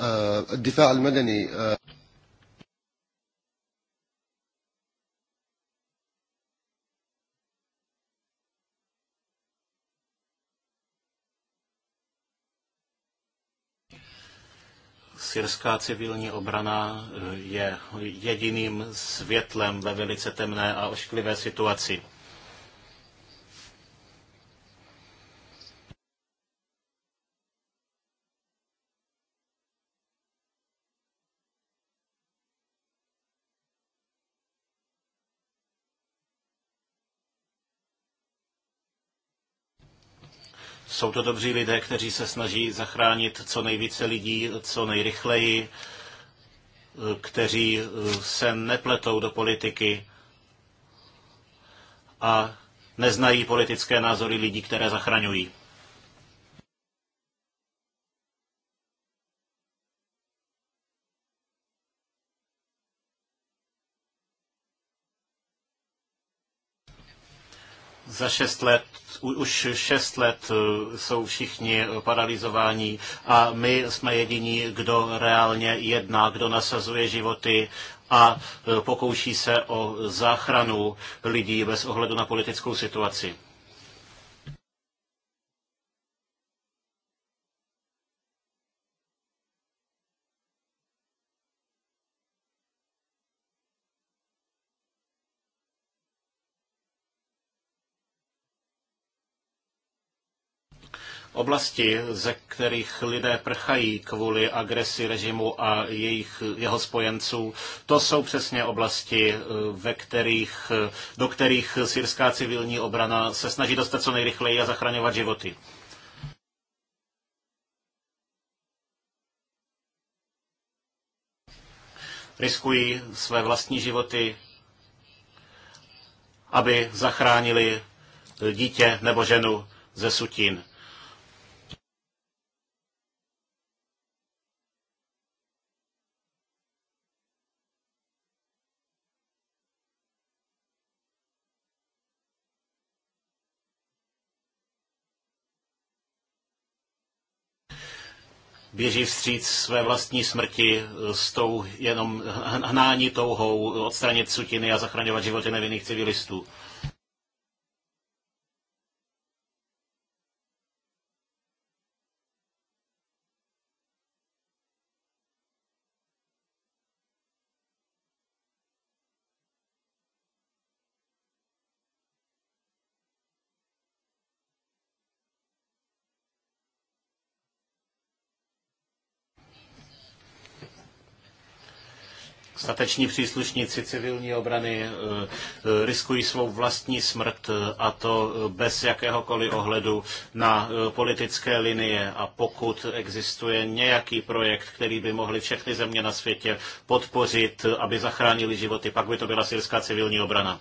Uh, Syrská civilní obrana eh, je jediným světlem ve velice temné a ošklivé situaci. Jsou to dobří lidé, kteří se snaží zachránit co nejvíce lidí, co nejrychleji, eh, kteří eh, se nepletou do politiky a neznají politické názory lidí, které zachraňují. Za šest let, už šest let eh, jsou všichni paralizováni a my jsme jediní, kdo reálně jedná, kdo nasazuje životy a eh, pokouší se o záchranu lidí bez ohledu na politickou situaci. Oblasti, ze kterých lidé prchají kvůli agresi režimu a jejich, jeho spojenců, to jsou přesně oblasti, eh, ve kterých, eh, do kterých syrská civilní obrana se snaží dostat co nejrychleji a zachraňovat životy. riskují své vlastní životy, aby zachránili dítě nebo ženu ze sutin. běží vstříc své vlastní smrti eh, s tou jenom hnání touhou odstranit sutiny a zachraňovat životy nevinných civilistů. Stateční příslušníci civilní obrany eh, eh, riskují svou vlastní smrt eh, a to bez jakéhokoliv ohledu na politické linie a pokud existuje nějaký projekt, který by mohli všechny země na světě podpořit, aby zachránili životy, pak by to byla syrská civilní obrana.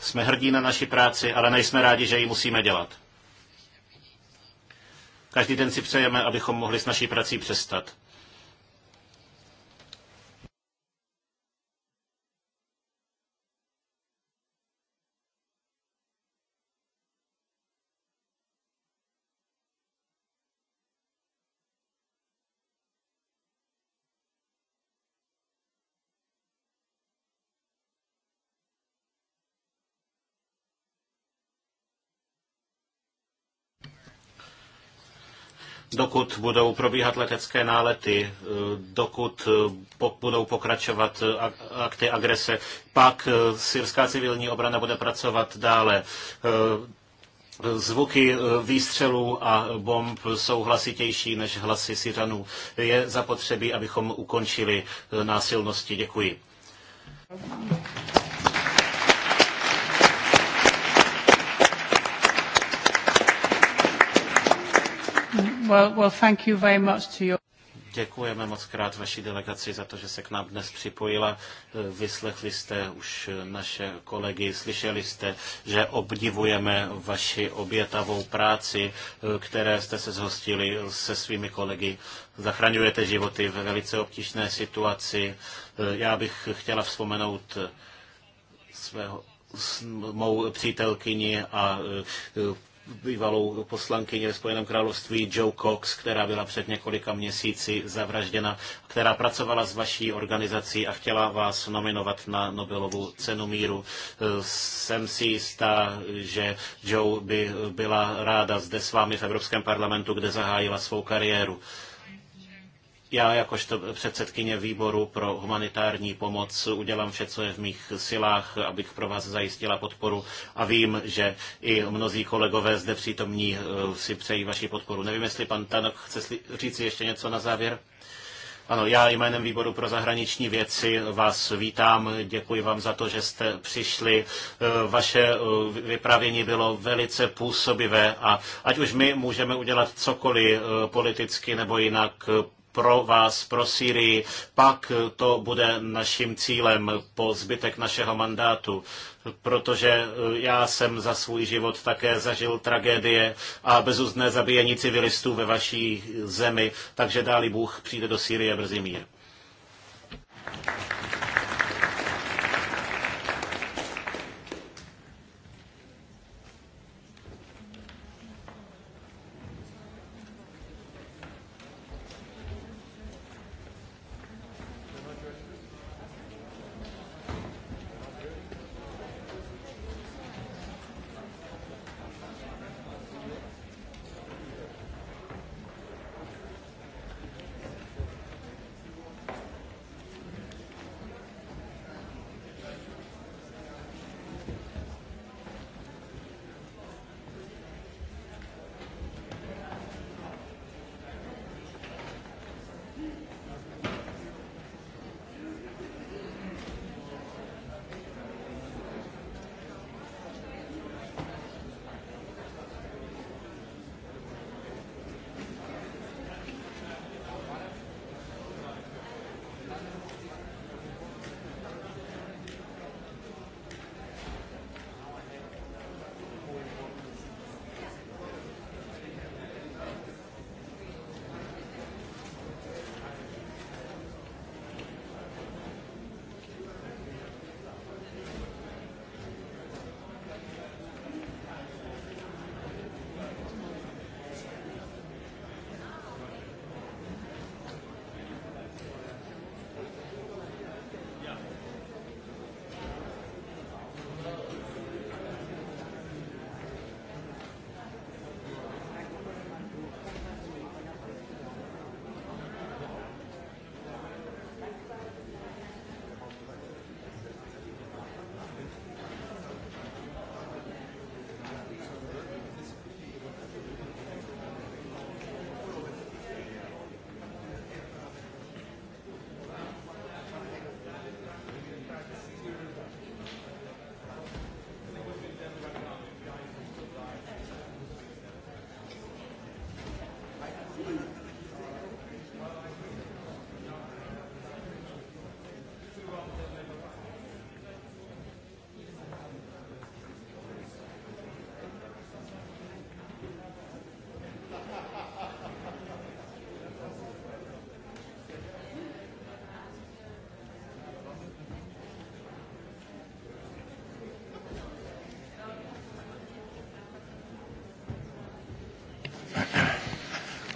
Jsme hrdí na naši práci, ale nejsme rádi, že ji musíme dělat. Každý den si přejeme, abychom mohli s naší prací přestat. dokud budou probíhat letecké nálety, eh, dokud eh, budou pokračovat eh, akty agrese, pak syrská civilní obrana bude pracovat dále. Zvuky výstřelů a bomb jsou hlasitější než hlasy Syřanů. Je zapotřebí, abychom ukončili násilnosti. Děkuji. Well, well, thank you very much to Děkujeme moc krát vaší delegaci za to, že se k nám dnes připojila. Vyslechli jste už naše kolegy, slyšeli jste, že obdivujeme vaši obětavou práci, které jste se zhostili se svými kolegy. Zachraňujete životy v velice obtížné situaci. Já bych chtěla vzpomenout svého mou přítelkyni a bývalou poslankyně ve Spojeném království Joe Cox, která byla před několika měsíci zavražděna, která pracovala s vaší organizací a chtěla vás nominovat na Nobelovu cenu míru. Jsem si jistá, že Joe by byla ráda zde s vámi v Evropském parlamentu, kde zahájila svou kariéru. Já jakožto předsedkyně výboru pro humanitární pomoc udělám vše, co je v mých silách, abych pro vás zajistila podporu a vím, že i mnozí kolegové zde přítomní eh, si přejí vaši podporu. Nevím, jestli pan Tanok chce říct ještě něco na závěr? Ano, já jménem výboru pro zahraniční věci vás vítám. Děkuji vám za to, že jste přišli. Eh, vaše eh, vyprávění bylo velice působivé a ať už my můžeme udělat cokoliv politicky nebo jinak, pro vás, pro Syrii, pak to bude naším cílem po zbytek našeho mandátu. Protože eh, já jsem za svůj život také zažil tragédie a bezuzné zabíjení civilistů ve vaší zemi, takže dáli Bůh přijde do Syrie brzy mír.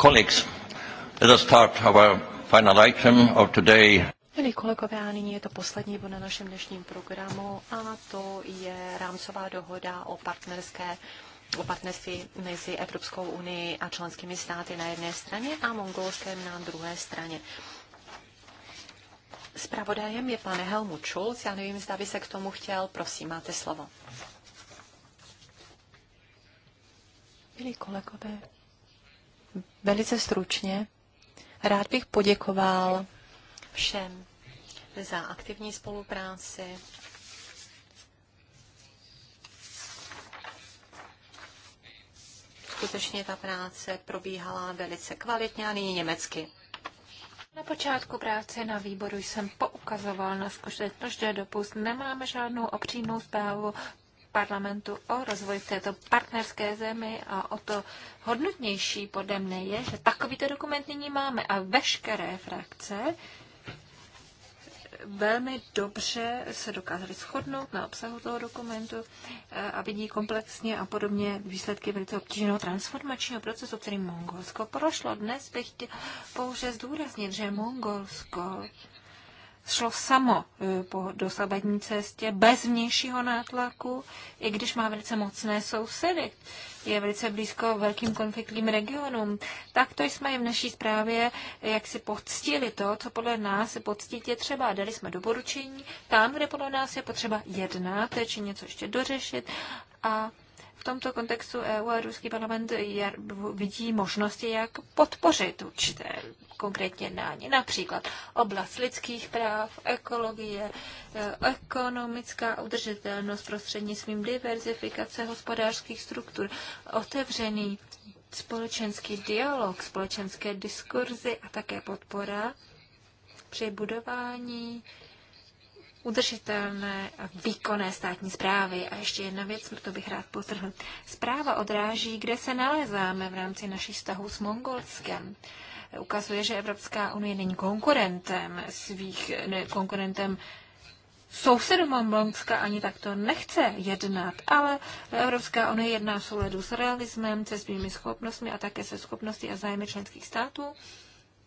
Colleagues, let us start our final item of today. Milí kolegové, nyní je to poslední bod na našem dnešním programu a to je rámcová dohoda o partnerské o partnerství mezi Evropskou unii a členskými státy na jedné straně a Mongolskem na druhé straně. Spravodajem je pane Helmut Schulz. Já nevím, zda by se k tomu chtěl. Prosím, máte slovo. Milí kolegové, velice stručně. Rád bych poděkoval všem za aktivní spolupráci. Skutečně ta práce probíhala velice kvalitně a nyní německy. Na počátku práce na výboru jsem poukazoval na skutečnost, že dopust nemáme žádnou opřímnou zprávu parlamentu o rozvoji v této partnerské zemi a o to hodnotnější podle mne je, že takovýto dokument nyní máme a veškeré frakce velmi dobře se dokázali shodnout na obsahu toho dokumentu eh, a vidí komplexně a podobně výsledky velice obtížného transformačního procesu, který Mongolsko prošlo. Dnes bych chtěl pouze zdůraznit, že Mongolsko šlo samo e, po dosavadní cestě bez vnějšího nátlaku, i když má velice mocné sousedy, je velice blízko velkým konfliktním regionům. Tak to jsme i v naší zprávě, jak si poctili to, co podle nás poctit je třeba. Dali jsme doporučení tam, kde podle nás je potřeba jednat, či něco ještě dořešit a v tomto kontextu EU a ruský parlament vidí možnosti, jak podpořit určité konkrétně jednání, například oblast lidských práv, ekologie, e, ekonomická udržitelnost prostřednictvím diverzifikace hospodářských struktur, otevřený společenský dialog, společenské diskurzy a také podpora při budování udržitelné a výkonné státní zprávy. A ještě jedna věc, to bych rád potrhl. Zpráva odráží, kde se nalézáme v rámci našich vztahů s Mongolskem. Ukazuje, že Evropská unie není konkurentem svých, ne, konkurentem sousedů Mongolska ani takto nechce jednat, ale Evropská unie jedná v souledu s realismem, se svými schopnostmi a také se schopností a zájmy členských států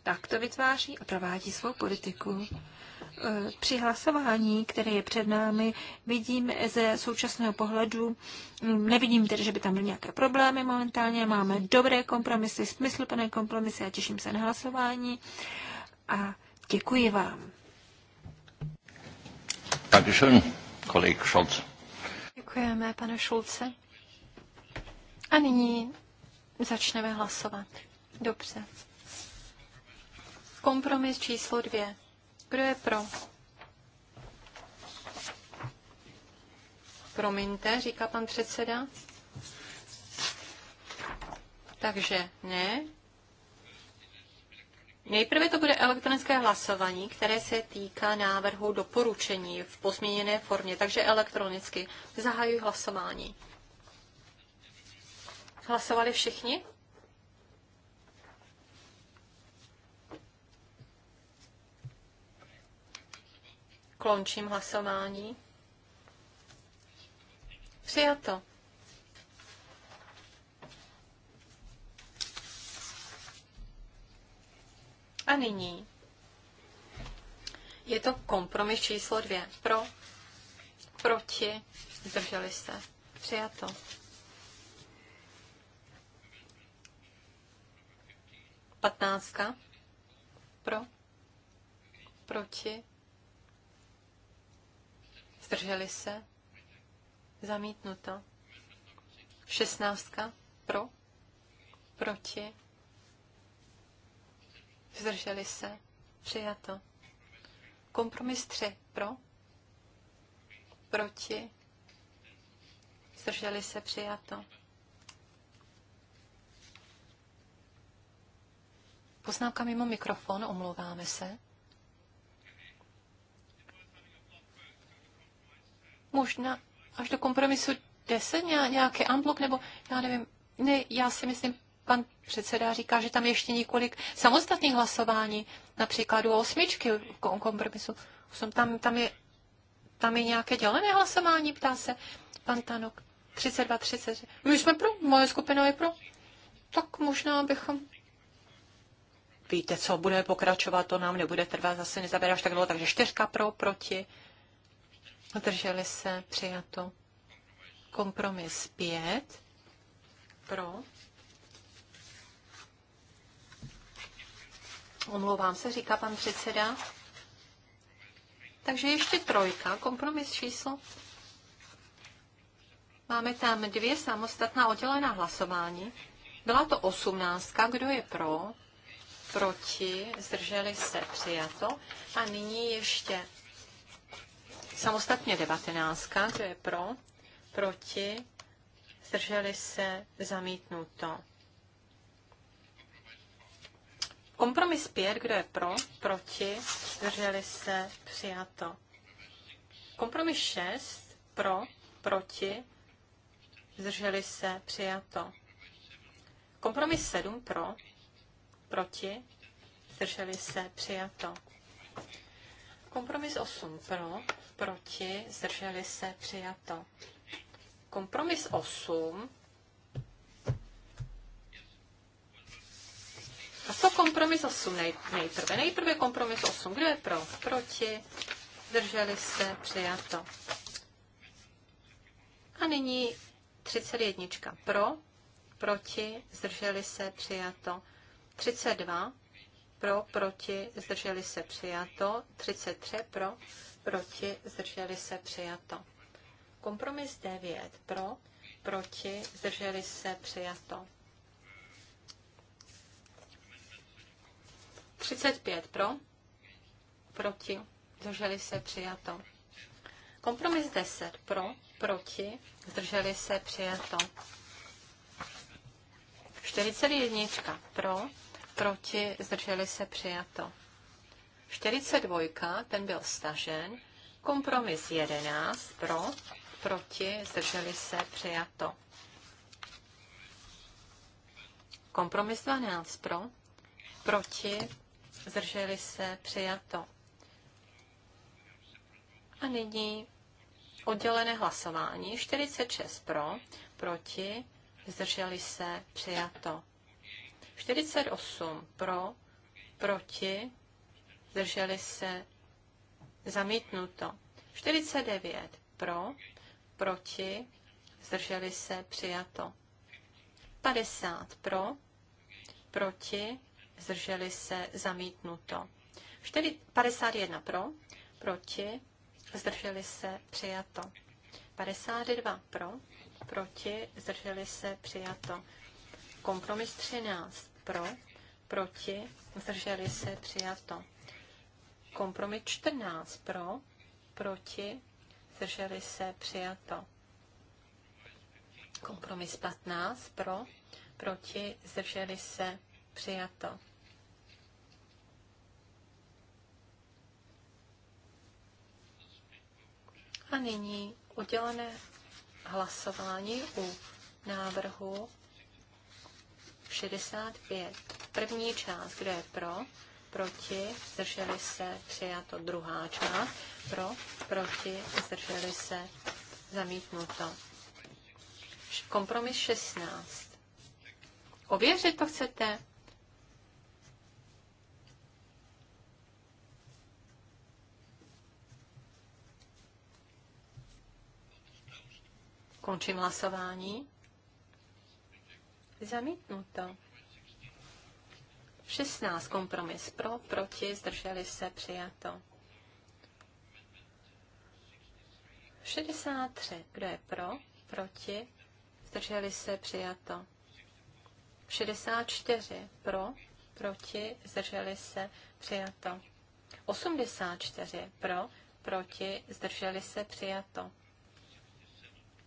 tak to vytváří a provádí svou politiku. E, při hlasování, které je před námi, vidím ze současného pohledu, mm, nevidím tedy, že by tam byly nějaké problémy momentálně, máme dobré kompromisy, smysluplné kompromisy a těším se na hlasování a děkuji vám. Dankeschön, kolik Scholz. Děkujeme, pane Šulce. A nyní začneme hlasovat. Dobře. Kompromis číslo dvě. Kdo je pro? Promiňte, říká pan předseda. Takže ne. Nejprve to bude elektronické hlasování, které se týká návrhu doporučení v pozměněné formě, takže elektronicky. Zahajuji hlasování. Hlasovali všichni? Končím hlasování. Přijato. A nyní je to kompromis číslo dvě. Pro, proti, zdrželi se. Přijato. Patnáctka. Pro, proti, Zdrželi se? Zamítnuto. Šestnáctka. Pro? Proti? Zdrželi se? Přijato. Kompromis tři? Pro? Proti? Zdrželi se? Přijato. Poznámka mimo mikrofon, omlouváme se. možná až do kompromisu 10 nějaký unblock, nebo já nevím, ne, já si myslím, pan předseda říká, že tam ještě několik samostatných hlasování, například u osmičky kompromisu. Tam, tam, je, tam je nějaké dělené hlasování, ptá se pan Tanok. 32, 30. My jsme pro, moje skupina je pro. Tak možná bychom... Víte co, bude pokračovat, to nám nebude trvat, zase nezabere až tak dlouho, takže čtyřka pro, proti, Zdrželi se přijato. Kompromis 5 pro. Omlouvám se, říká pan předseda. Takže ještě trojka, kompromis číslo. Máme tam dvě samostatná oddělená hlasování. Byla to osmnáctka, kdo je pro, proti, zdrželi se, přijato. A nyní ještě samostatně 19, kdo je pro, proti, zdrželi se, zamítnuto. Kompromis 5, kdo je pro, proti, zdrželi se, přijato. Kompromis 6, pro, proti, zdrželi se, přijato. Kompromis 7, pro, proti, zdrželi se, přijato. Kompromis 8, pro, proti, zdrželi se, přijato. Kompromis 8. A co kompromis 8 nej, nejprve? Nejprve kompromis 8. Kdo je pro? Proti, zdrželi se, přijato. A nyní 31. Pro, proti, zdrželi se, přijato. 32 pro, proti, zdrželi se přijato, 33 pro, proti, zdrželi se, přijato. Kompromis 9 pro, proti, zdrželi se, přijato. 35 pro, proti, zdrželi se, přijato. Kompromis 10 pro, proti, zdrželi se, přijato. 41 pro, proti, zdrželi se, přijato. 42, ten byl stažen. Kompromis 11 pro, proti, zdrželi se, přijato. Kompromis 12 pro, proti, zdrželi se, přijato. A nyní oddělené hlasování. 46 pro, proti, zdrželi se, přijato. 48 pro, proti, zdrželi se, zamítnuto. 49 pro, proti, zdrželi se, přijato. 50 pro, proti, zdrželi se, zamítnuto. 4, 51 pro, proti, zdrželi se, přijato. 52 pro, proti, zdrželi se, přijato. Kompromis 13 pro, proti, zdrželi se, přijato. Kompromis 14 pro, proti, zdrželi se, přijato. Kompromis 15 pro, proti, zdrželi se, přijato. A nyní udělené hlasování u návrhu 65. První část, kde je pro, proti, zdrželi se, přijato druhá část, pro, proti, zdrželi se, zamítnuto. Kompromis 16. Ověřit to chcete? Končím hlasování. Zamítnuto. 16. Kompromis pro, proti, zdrželi se, přijato. 63. Kdo je pro, proti, zdrželi se, přijato. 64. Pro, proti, zdrželi se, přijato. 84. Pro, proti, zdrželi se, přijato.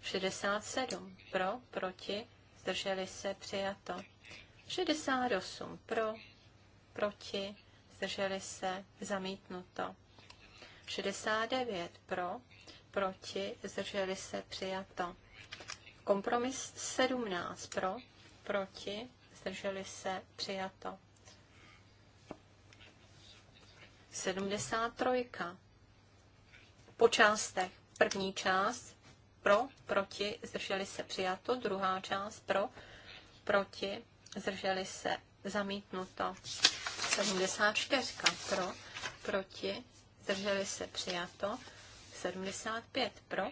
67. Pro, proti, zdrželi se, přijato. 68. Pro, proti, zdrželi se, zamítnuto. 69 pro, proti, zdrželi se, přijato. Kompromis 17 pro, proti, zdrželi se, přijato. 73. Po částech. První část pro, proti, zdrželi se, přijato. Druhá část pro, proti, zdrželi se, zamítnuto. 74 pro, proti, zdrželi se přijato, 75 pro,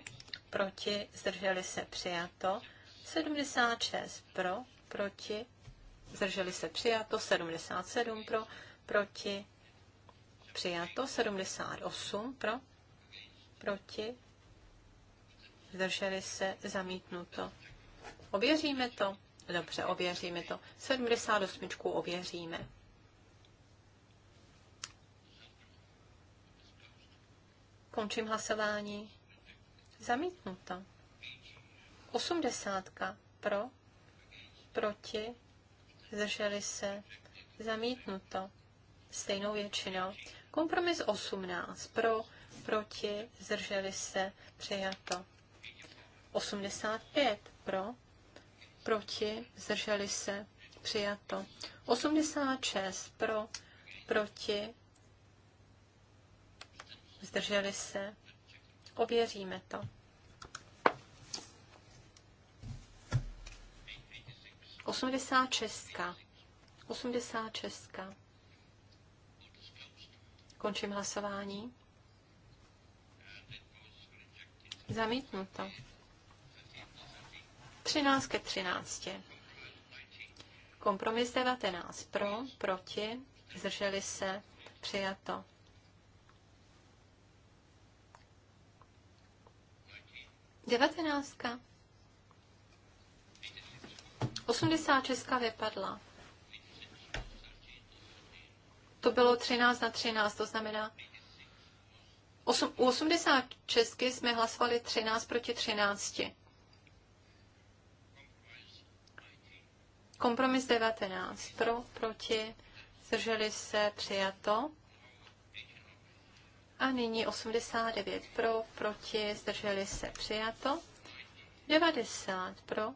proti, zdrželi se přijato, 76 pro, proti, zdrželi se přijato, 77 pro, proti, přijato, 78 pro, proti, zdrželi se, zamítnuto. Ověříme to? Dobře, ověříme to. 78 ověříme. Končím hlasování. Zamítnuto. 80. Pro. Proti. Zdrželi se. Zamítnuto. Stejnou většinou. Kompromis 18. Pro. Proti. Zdrželi se. Přijato. 85. Pro. Proti. Zdrželi se. Přijato. 86. Pro. Proti zdrželi se, ověříme to. Osmdesát česká. Osmdesát česká. Končím hlasování. Zamítnuto. 13 ke 13. Kompromis 19 pro, proti, zdrželi se, přijato. Devatenáctka. 86 vypadla. To bylo 13 na 13, to znamená, osm, u 86 jsme hlasovali 13 proti 13. Kompromis 19. Pro, proti, zdrželi se, přijato. A nyní 89 pro, proti, zdrželi se přijato. 90 pro,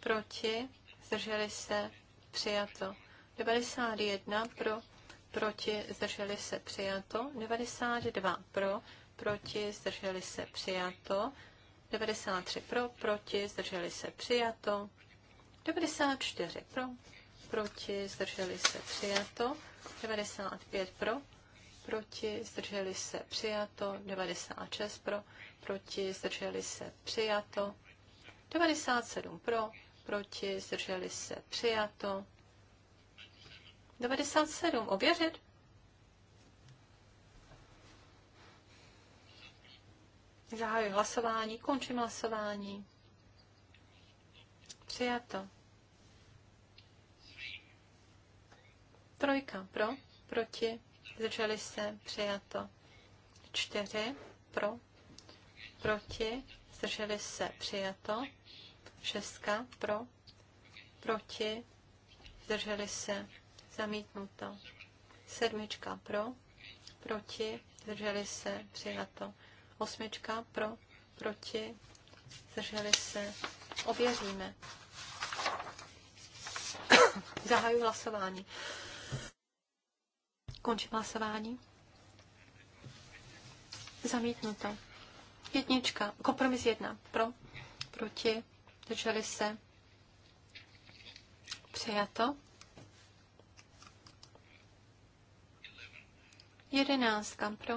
proti, zdrželi se přijato. 91 pro, proti, zdrželi se přijato. 92 pro, proti, zdrželi se přijato. 93 pro, proti, zdrželi se přijato. 94 pro, proti, zdrželi se přijato. 95 pro, proti, zdrželi se přijato, 96 pro, proti, zdrželi se přijato, 97 pro, proti, zdrželi se přijato, 97 ověřit, Zahajuji hlasování, končím hlasování. Přijato. Trojka pro, proti, zdrželi se, přijato. čtyři pro, proti, zdrželi se, přijato. šestka pro, proti, zdrželi se, zamítnuto. Sedmička pro, proti, zdrželi se, přijato. Osmička pro, proti, zdrželi se, ověříme. Zahajuji hlasování. Končím hlasování. Zamítnuto. Jednička. Kompromis jedna. Pro. Proti. Drželi se. Přijato. Jedenáctka. Pro.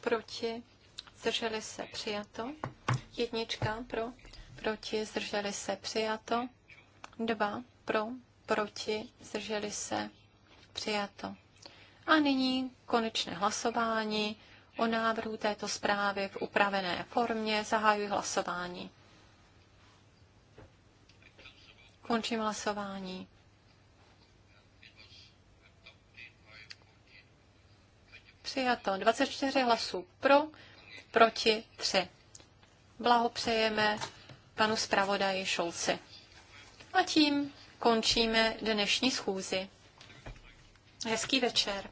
Proti. Zdrželi se. Přijato. Jednička. Pro. Proti. Zdrželi se. Přijato. Dva. Pro. Proti. Zdrželi se. Přijato. A nyní konečné hlasování o návrhu této zprávy v upravené formě. Zahajuji hlasování. Končím hlasování. Přijato 24 hlasů pro, proti 3. Blahopřejeme panu zpravodaji Šolci. A tím končíme dnešní schůzi. Hezký večer.